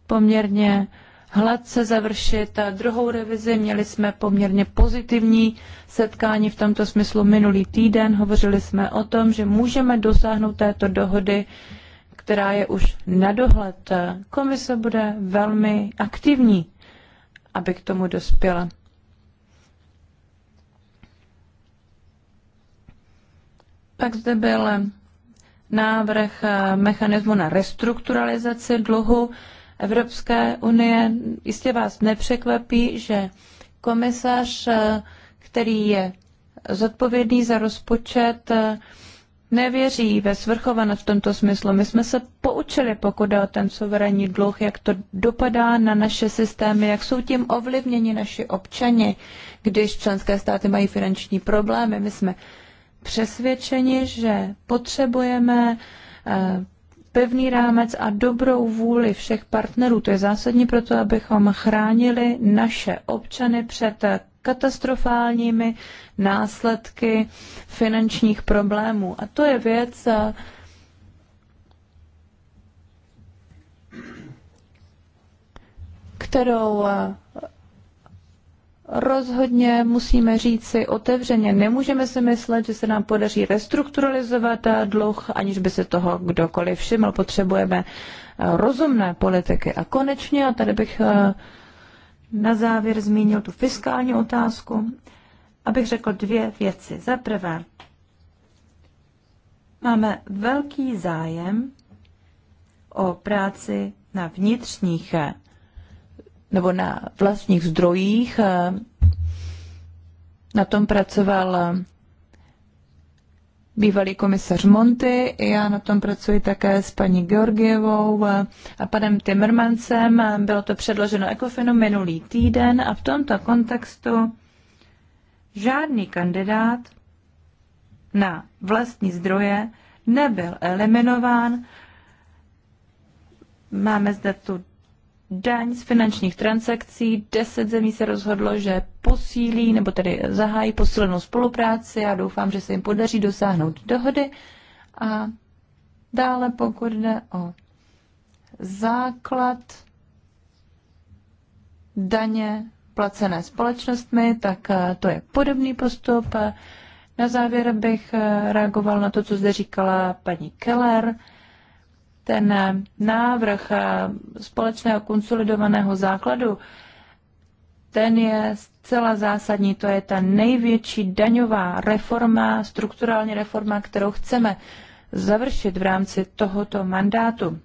poměrně hladce završit a druhou revizi. Měli jsme poměrně pozitivní setkání v tomto smyslu minulý týden. Hovořili jsme o tom, že můžeme dosáhnout této dohody, která je už na dohled. Komise bude velmi aktivní, aby k tomu dospěla. Pak zde byl návrh eh, mechanismu na restrukturalizaci dluhu Evropské unie. Jistě vás nepřekvapí, že komisař, eh, který je zodpovědný za rozpočet, eh, nevěří ve svrchovanost v tomto smyslu. My jsme se poučili, pokud jde o ten suverénní dluh, jak to dopadá na naše systémy, jak jsou tím ovlivněni naši občani, když členské státy mají finanční problémy. My jsme přesvědčeni, že potřebujeme eh, pevný rámec a dobrou vůli všech partnerů. To je zásadní pro to, abychom chránili naše občany před katastrofálními následky finančních problémů. A to je věc, eh, kterou eh, rozhodně musíme říct si otevřeně, nemůžeme si myslet, že se nám podaří restrukturalizovat dluh, aniž by se toho kdokoliv všiml. Potřebujeme eh, rozumné politiky. A konečně, a tady bych eh, na závěr zmínil tu fiskální otázku, abych řekl dvě věci. Za prvé, máme velký zájem o práci na vnitřních eh, nebo na vlastních zdrojích. Eh, na tom pracoval eh, bývalý komisař Monty, já na tom pracuji také s paní Georgievou eh, a panem Timmermansem. Bylo to předloženo Ecofinu minulý týden a v tomto kontextu žádný kandidát na vlastní zdroje nebyl eliminován. Máme zde tu daň z finančních transakcí. Deset zemí se rozhodlo, že posílí nebo tedy zahájí posílenou spolupráci a doufám, že se jim podaří dosáhnout dohody. A dále, pokud jde o základ daně placené společnostmi, tak eh, to je podobný postup. Eh, na závěr bych eh, reagoval na to, co zde říkala paní Keller ten návrh společného konsolidovaného základu, ten je zcela zásadní. To je ta největší daňová reforma, strukturální reforma, kterou chceme završit v rámci tohoto mandátu.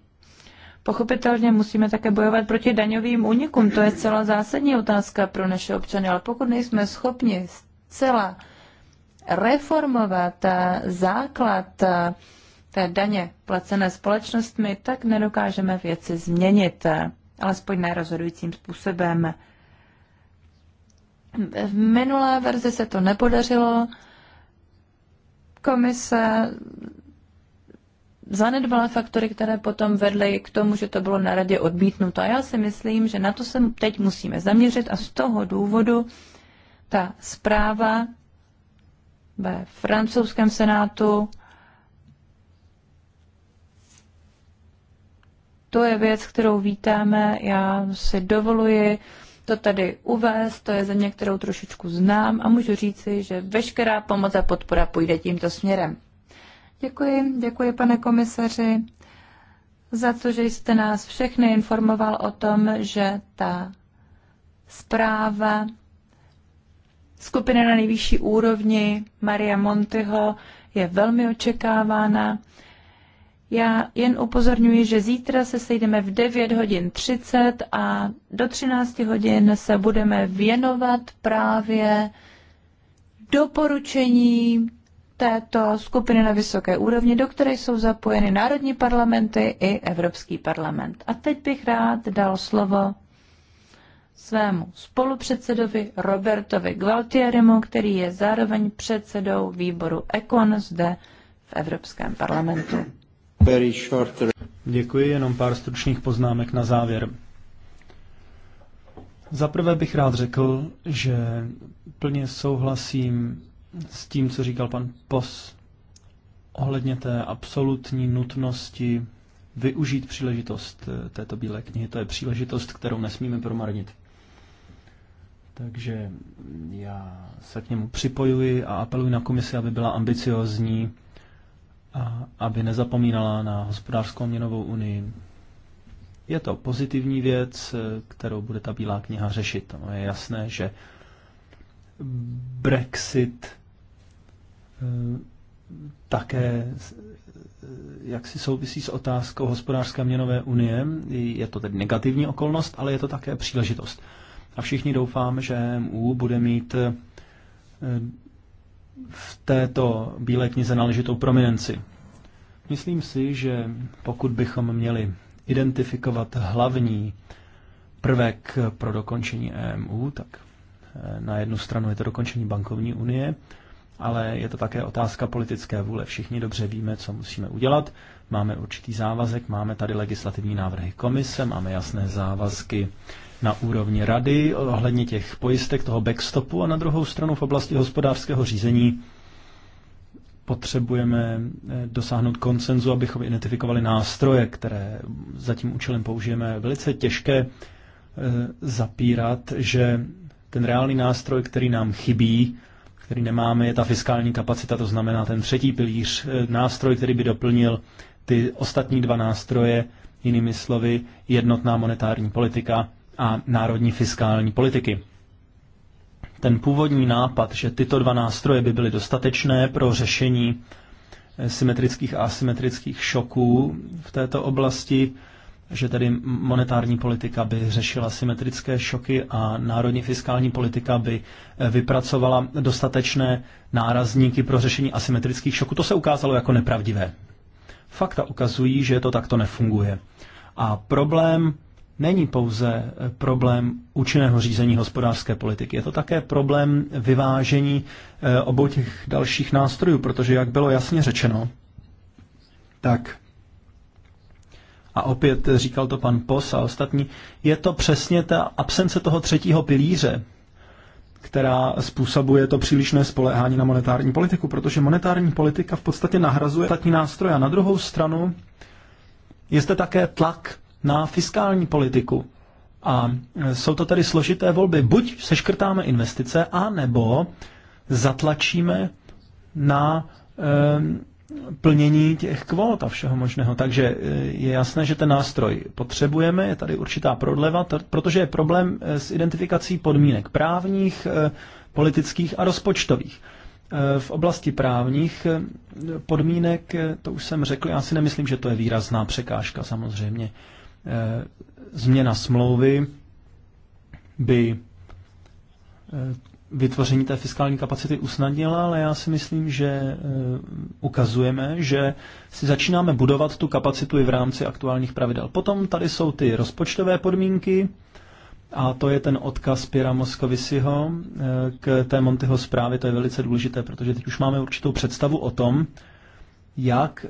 Pochopitelně musíme také bojovat proti daňovým únikům. To je celá zásadní otázka pro naše občany. Ale pokud nejsme schopni zcela reformovat eh, základ eh, té daně placené společnostmi, tak nedokážeme věci změnit, alespoň nerozhodujícím způsobem. V minulé verzi se to nepodařilo. Komise zanedbala faktory, které potom vedly k tomu, že to bylo na radě odmítnuto. A já si myslím, že na to se teď musíme zaměřit a z toho důvodu ta zpráva ve francouzském senátu To je věc, kterou vítáme. Já si dovoluji to tady uvést, to je země, kterou trošičku znám a můžu říci, že veškerá pomoc a podpora půjde tímto směrem. Děkuji, děkuji pane komisaři za to, že jste nás všechny informoval o tom, že ta zpráva skupiny na nejvyšší úrovni Maria Montyho je velmi očekávána. Já jen upozorňuji, že zítra se sejdeme v 9 hodin 30 a do 13 hodin se budeme věnovat právě doporučení této skupiny na vysoké úrovni, do které jsou zapojeny národní parlamenty i Evropský parlament. A teď bych rád dal slovo svému spolupředsedovi Robertovi Gualtierimu, který je zároveň předsedou výboru ECON zde v Evropském parlamentu. Děkuji, jenom pár stručných poznámek na závěr. Zaprvé bych rád řekl, že plně souhlasím s tím, co říkal pan Pos ohledně té absolutní nutnosti využít příležitost eh, této bílé knihy. To je příležitost, kterou nesmíme promarnit. Takže já se k němu připojuji a apeluji na komisi, aby byla ambiciozní a aby nezapomínala na hospodářskou měnovou unii. Je to pozitivní věc, kterou bude ta Bílá kniha řešit. No, je jasné, že Brexit eh, také eh, jak si souvisí s otázkou hospodářské měnové unie. Je to tedy negativní okolnost, ale je to také příležitost. A všichni doufám, že MU bude mít eh, v této bílé knize náležitou prominenci. Myslím si, že pokud bychom měli identifikovat hlavní prvek pro dokončení EMU, tak eh, na jednu stranu je to dokončení bankovní unie, ale je to také otázka politické vůle. Všichni dobře víme, co musíme udělat. Máme určitý závazek, máme tady legislativní návrhy komise, máme jasné závazky na úrovni rady ohledně těch pojistek toho backstopu a na druhou stranu v oblasti hospodářského řízení potřebujeme eh, dosáhnout konsenzu, abychom identifikovali nástroje, které za tím účelem použijeme. Velice těžké eh, zapírat, že ten reálný nástroj, který nám chybí, který nemáme, je ta fiskální kapacita, to znamená ten třetí pilíř, eh, nástroj, který by doplnil ty ostatní dva nástroje, jinými slovy jednotná monetární politika a národní fiskální politiky. Ten původní nápad, že tyto dva nástroje by byly dostatečné pro řešení eh, symetrických a asymetrických šoků v této oblasti, že tedy monetární politika by řešila symetrické šoky a národní fiskální politika by eh, vypracovala dostatečné nárazníky pro řešení asymetrických šoků. To se ukázalo jako nepravdivé. Fakta ukazují, že to takto nefunguje. A problém není pouze eh, problém účinného řízení hospodářské politiky, je to také problém vyvážení eh, obou těch dalších nástrojů, protože jak bylo jasně řečeno, tak a opět říkal to pan Pos a ostatní, je to přesně ta absence toho třetího pilíře, která způsobuje to přílišné spolehání na monetární politiku, protože monetární politika v podstatě nahrazuje ostatní nástroje. A na druhou stranu je zde také tlak na fiskální politiku. A e, jsou to tedy složité volby. Buď seškrtáme investice, a nebo zatlačíme na e, plnění těch kvót a všeho možného. Takže e, je jasné, že ten nástroj potřebujeme, je tady určitá prodleva, protože je problém e, s identifikací podmínek právních, e, politických a rozpočtových. E, v oblasti právních podmínek, to už jsem řekl, já si nemyslím, že to je výrazná překážka samozřejmě. E, Eh, změna smlouvy by eh, vytvoření té fiskální kapacity usnadnila, ale já si myslím, že eh, ukazujeme, že si začínáme budovat tu kapacitu i v rámci aktuálních pravidel. Potom tady jsou ty rozpočtové podmínky a to je ten odkaz Pěra Moskovisiho k té Montyho zprávy, to je velice důležité, protože teď už máme určitou představu o tom, jak eh,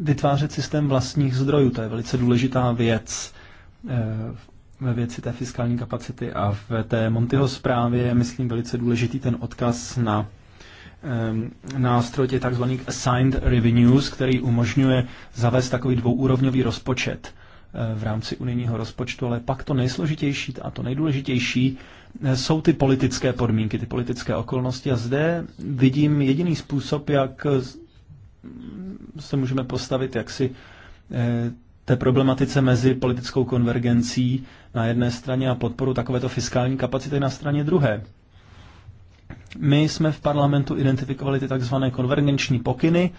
vytvářet systém vlastních zdrojů. To je velice důležitá věc eh, ve věci té fiskální kapacity a v té Montyho zprávě je, myslím, velice důležitý ten odkaz na eh, nástroj těch tzv. assigned revenues, který umožňuje zavést takový dvouúrovňový rozpočet v rámci unijního rozpočtu, ale pak to nejsložitější a to nejdůležitější jsou ty politické podmínky, ty politické okolnosti a zde vidím jediný způsob, jak se můžeme postavit jaksi eh, té problematice mezi politickou konvergencí na jedné straně a podporu takovéto fiskální kapacity na straně druhé. My jsme v parlamentu identifikovali ty takzvané konvergenční pokyny.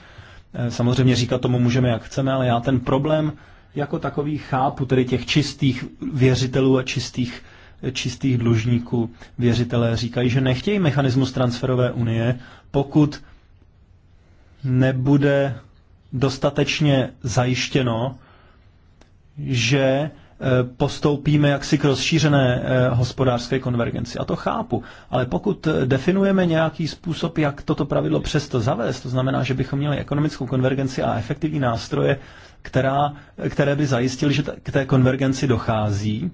Eh, samozřejmě říkat tomu můžeme, jak chceme, ale já ten problém jako takový chápu, tedy těch čistých věřitelů a čistých, eh, čistých dlužníků. Věřitelé říkají, že nechtějí mechanismus transferové unie, pokud nebude dostatečně zajištěno, že eh, postoupíme jaksi k rozšířené eh, hospodářské konvergenci. A to chápu. Ale pokud eh, definujeme nějaký způsob, jak toto pravidlo přesto zavést, to znamená, že bychom měli ekonomickou konvergenci a efektivní nástroje, která, které by zajistily, že k té konvergenci dochází,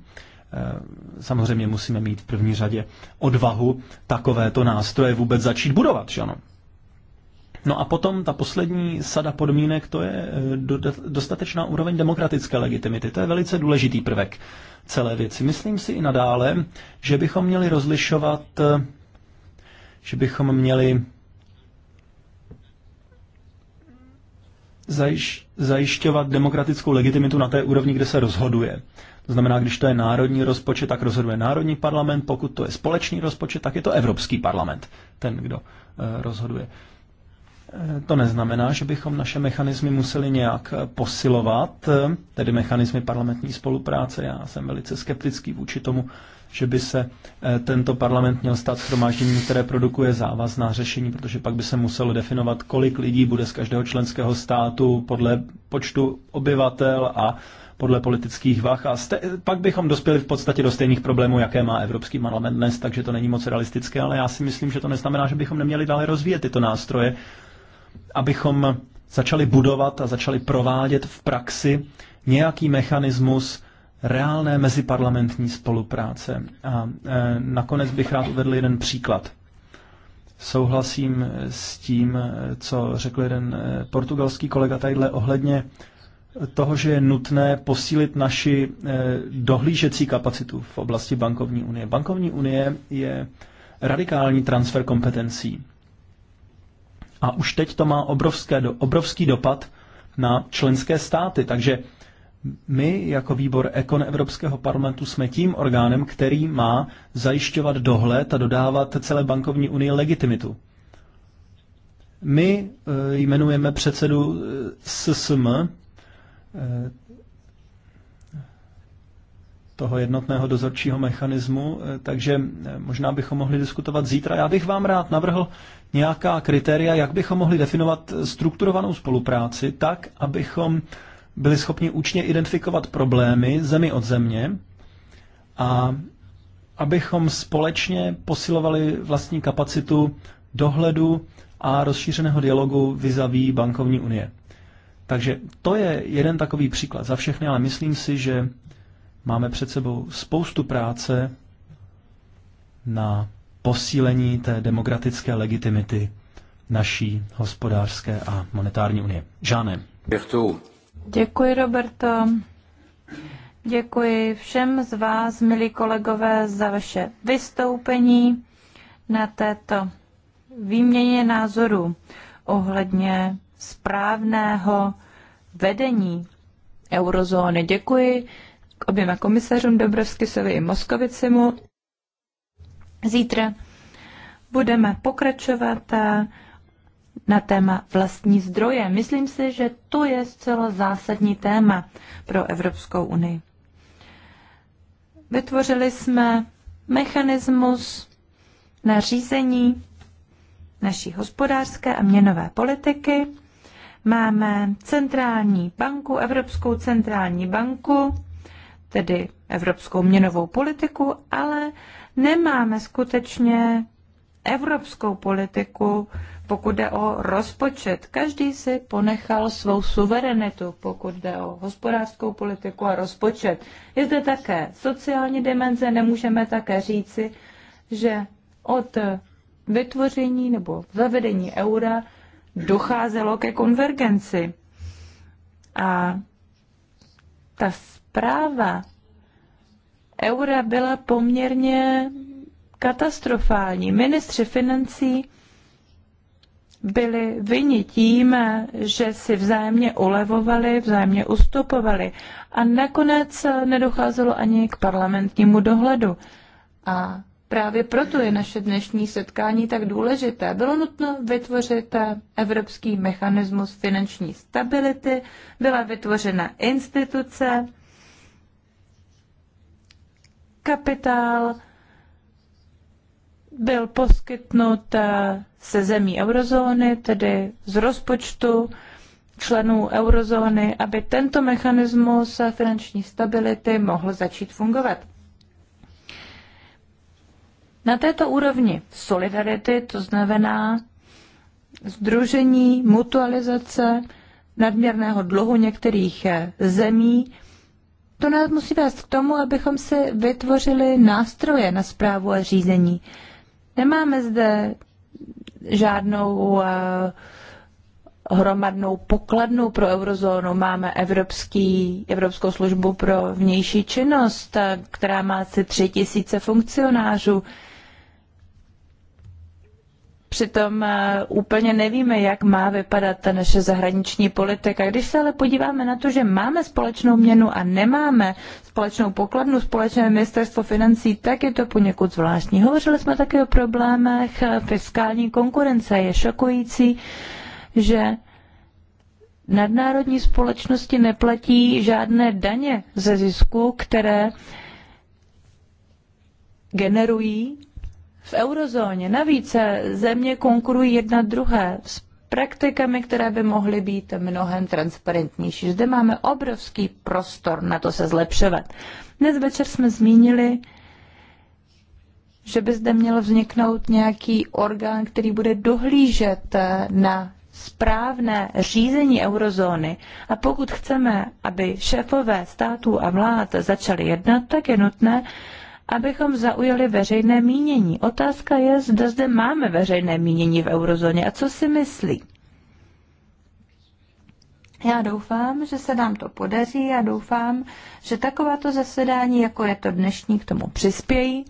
samozřejmě musíme mít v první řadě odvahu takovéto nástroje vůbec začít budovat. Že ano? No a potom ta poslední sada podmínek, to je eh, dostatečná úroveň demokratické legitimity. To je velice důležitý prvek celé věci. Myslím si i nadále, že bychom měli rozlišovat, eh, že bychom měli zajiš, zajišťovat demokratickou legitimitu na té úrovni, kde se rozhoduje. To znamená, když to je národní rozpočet, tak rozhoduje národní parlament, pokud to je společný rozpočet, tak je to Evropský parlament, ten, kdo eh, rozhoduje. To neznamená, že bychom naše mechanismy museli nějak posilovat, tedy mechanismy parlamentní spolupráce. Já jsem velice skeptický vůči tomu, že by se eh, tento parlament měl stát shromážděním, které produkuje závazná řešení, protože pak by se muselo definovat, kolik lidí bude z každého členského státu podle počtu obyvatel a podle politických vah. A ste, pak bychom dospěli v podstatě do stejných problémů, jaké má Evropský parlament dnes, takže to není moc realistické, ale já si myslím, že to neznamená, že bychom neměli dále rozvíjet tyto nástroje, abychom začali budovat a začali provádět v praxi nějaký mechanismus reálné meziparlamentní spolupráce. A e, nakonec bych rád uvedl jeden příklad. Souhlasím s tím, e, co řekl jeden e, portugalský kolega tadyhle ohledně toho, že je nutné posílit naši dohlížecí kapacitu v oblasti bankovní unie. Bankovní unie je radikální transfer kompetencí. A už teď to má obrovské, obrovský dopad na členské státy. Takže my jako výbor Ekon Evropského parlamentu jsme tím orgánem, který má zajišťovat dohled a dodávat celé bankovní unii legitimitu. My eh, jmenujeme předsedu eh, SSM, eh, toho jednotného dozorčího mechanismu, eh, takže eh, možná bychom mohli diskutovat zítra. Já bych vám rád navrhl nějaká kritéria, jak bychom mohli definovat eh, strukturovanou spolupráci tak, abychom byli schopni účně identifikovat problémy zemi od země a abychom společně posilovali vlastní kapacitu dohledu a rozšířeného dialogu vizaví bankovní unie. Takže to je jeden takový příklad za všechny, ale myslím si, že Máme před sebou spoustu práce na posílení té demokratické legitimity naší hospodářské a monetární unie. Žáne. Děkuji, Roberto. Děkuji všem z vás, milí kolegové, za vaše vystoupení na této výměně názorů ohledně správného vedení eurozóny. Děkuji k oběma komisařům Dobrovskisovi i Moskovicimu. Zítra budeme pokračovat eh, na téma vlastní zdroje. Myslím si, že to je zcela zásadní téma pro Evropskou unii. Vytvořili jsme mechanismus na řízení naší hospodářské a měnové politiky. Máme centrální banku, Evropskou centrální banku, tedy evropskou měnovou politiku, ale nemáme skutečně evropskou politiku, pokud jde o rozpočet. Každý si ponechal svou suverenitu, pokud jde o hospodářskou politiku a rozpočet. Je zde také sociální dimenze, nemůžeme také říci, že od vytvoření nebo zavedení eura docházelo ke konvergenci. A ta práva eura byla poměrně katastrofální. Ministři financí byli vyni tím, že si vzájemně ulevovali, vzájemně ustupovali a nakonec nedocházelo ani k parlamentnímu dohledu. A právě proto je naše dnešní setkání tak důležité. Bylo nutno vytvořit evropský mechanismus finanční stability, byla vytvořena instituce, kapitál byl poskytnut eh, se zemí eurozóny, tedy z rozpočtu členů eurozóny, aby tento mechanismus finanční stability mohl začít fungovat. Na této úrovni solidarity, to znamená združení, mutualizace nadměrného dluhu některých eh, zemí, to nás musí vést k tomu, abychom si vytvořili nástroje na zprávu a řízení. Nemáme zde žádnou eh, hromadnou pokladnu pro eurozónu. Máme Evropský, Evropskou službu pro vnější činnost, eh, která má asi tři tisíce funkcionářů. Přitom eh, úplně nevíme, jak má vypadat ta naše zahraniční politika. Když se ale podíváme na to, že máme společnou měnu a nemáme společnou pokladnu, společné ministerstvo financí, tak je to poněkud zvláštní. Hovořili jsme také o problémech eh, fiskální konkurence. Je šokující, že nadnárodní společnosti neplatí žádné daně ze zisku, které generují v eurozóně. Navíc země konkurují jedna druhé s praktikami, které by mohly být mnohem transparentnější. Zde máme obrovský prostor na to se zlepšovat. Dnes večer jsme zmínili, že by zde měl vzniknout nějaký orgán, který bude dohlížet na správné řízení eurozóny a pokud chceme, aby šéfové států a vlád začaly jednat, tak je nutné, abychom zaujali veřejné mínění. Otázka je, zda zde máme veřejné mínění v eurozóně a co si myslí. Já doufám, že se nám to podaří a doufám, že takováto zasedání, jako je to dnešní, k tomu přispějí.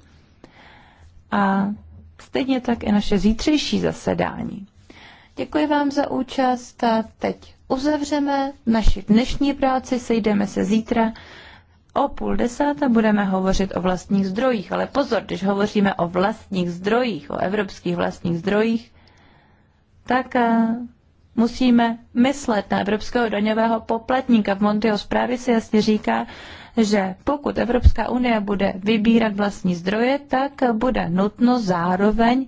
A stejně tak i naše zítřejší zasedání. Děkuji vám za účast a teď uzavřeme naši dnešní práci, sejdeme se zítra O půl desáté budeme hovořit o vlastních zdrojích, ale pozor, když hovoříme o vlastních zdrojích, o evropských vlastních zdrojích, tak eh, musíme myslet na evropského daňového poplatníka. V Montyho zprávě se jasně říká, že pokud Evropská unie bude vybírat vlastní zdroje, tak bude nutno zároveň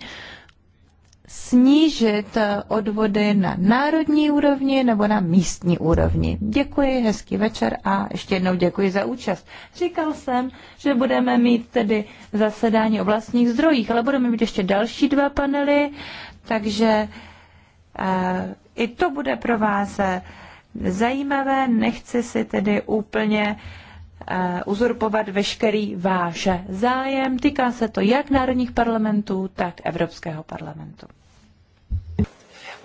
snížit eh, odvody na národní úrovni nebo na místní úrovni. Děkuji, hezký večer a ještě jednou děkuji za účast. Říkal jsem, že budeme mít tedy zasedání o vlastních zdrojích, ale budeme mít ještě další dva panely, takže e, i to bude pro vás eh, zajímavé. Nechci si tedy úplně uzurpovat veškerý váš zájem. Týká se to jak národních parlamentů, tak Evropského parlamentu.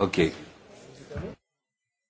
Okay.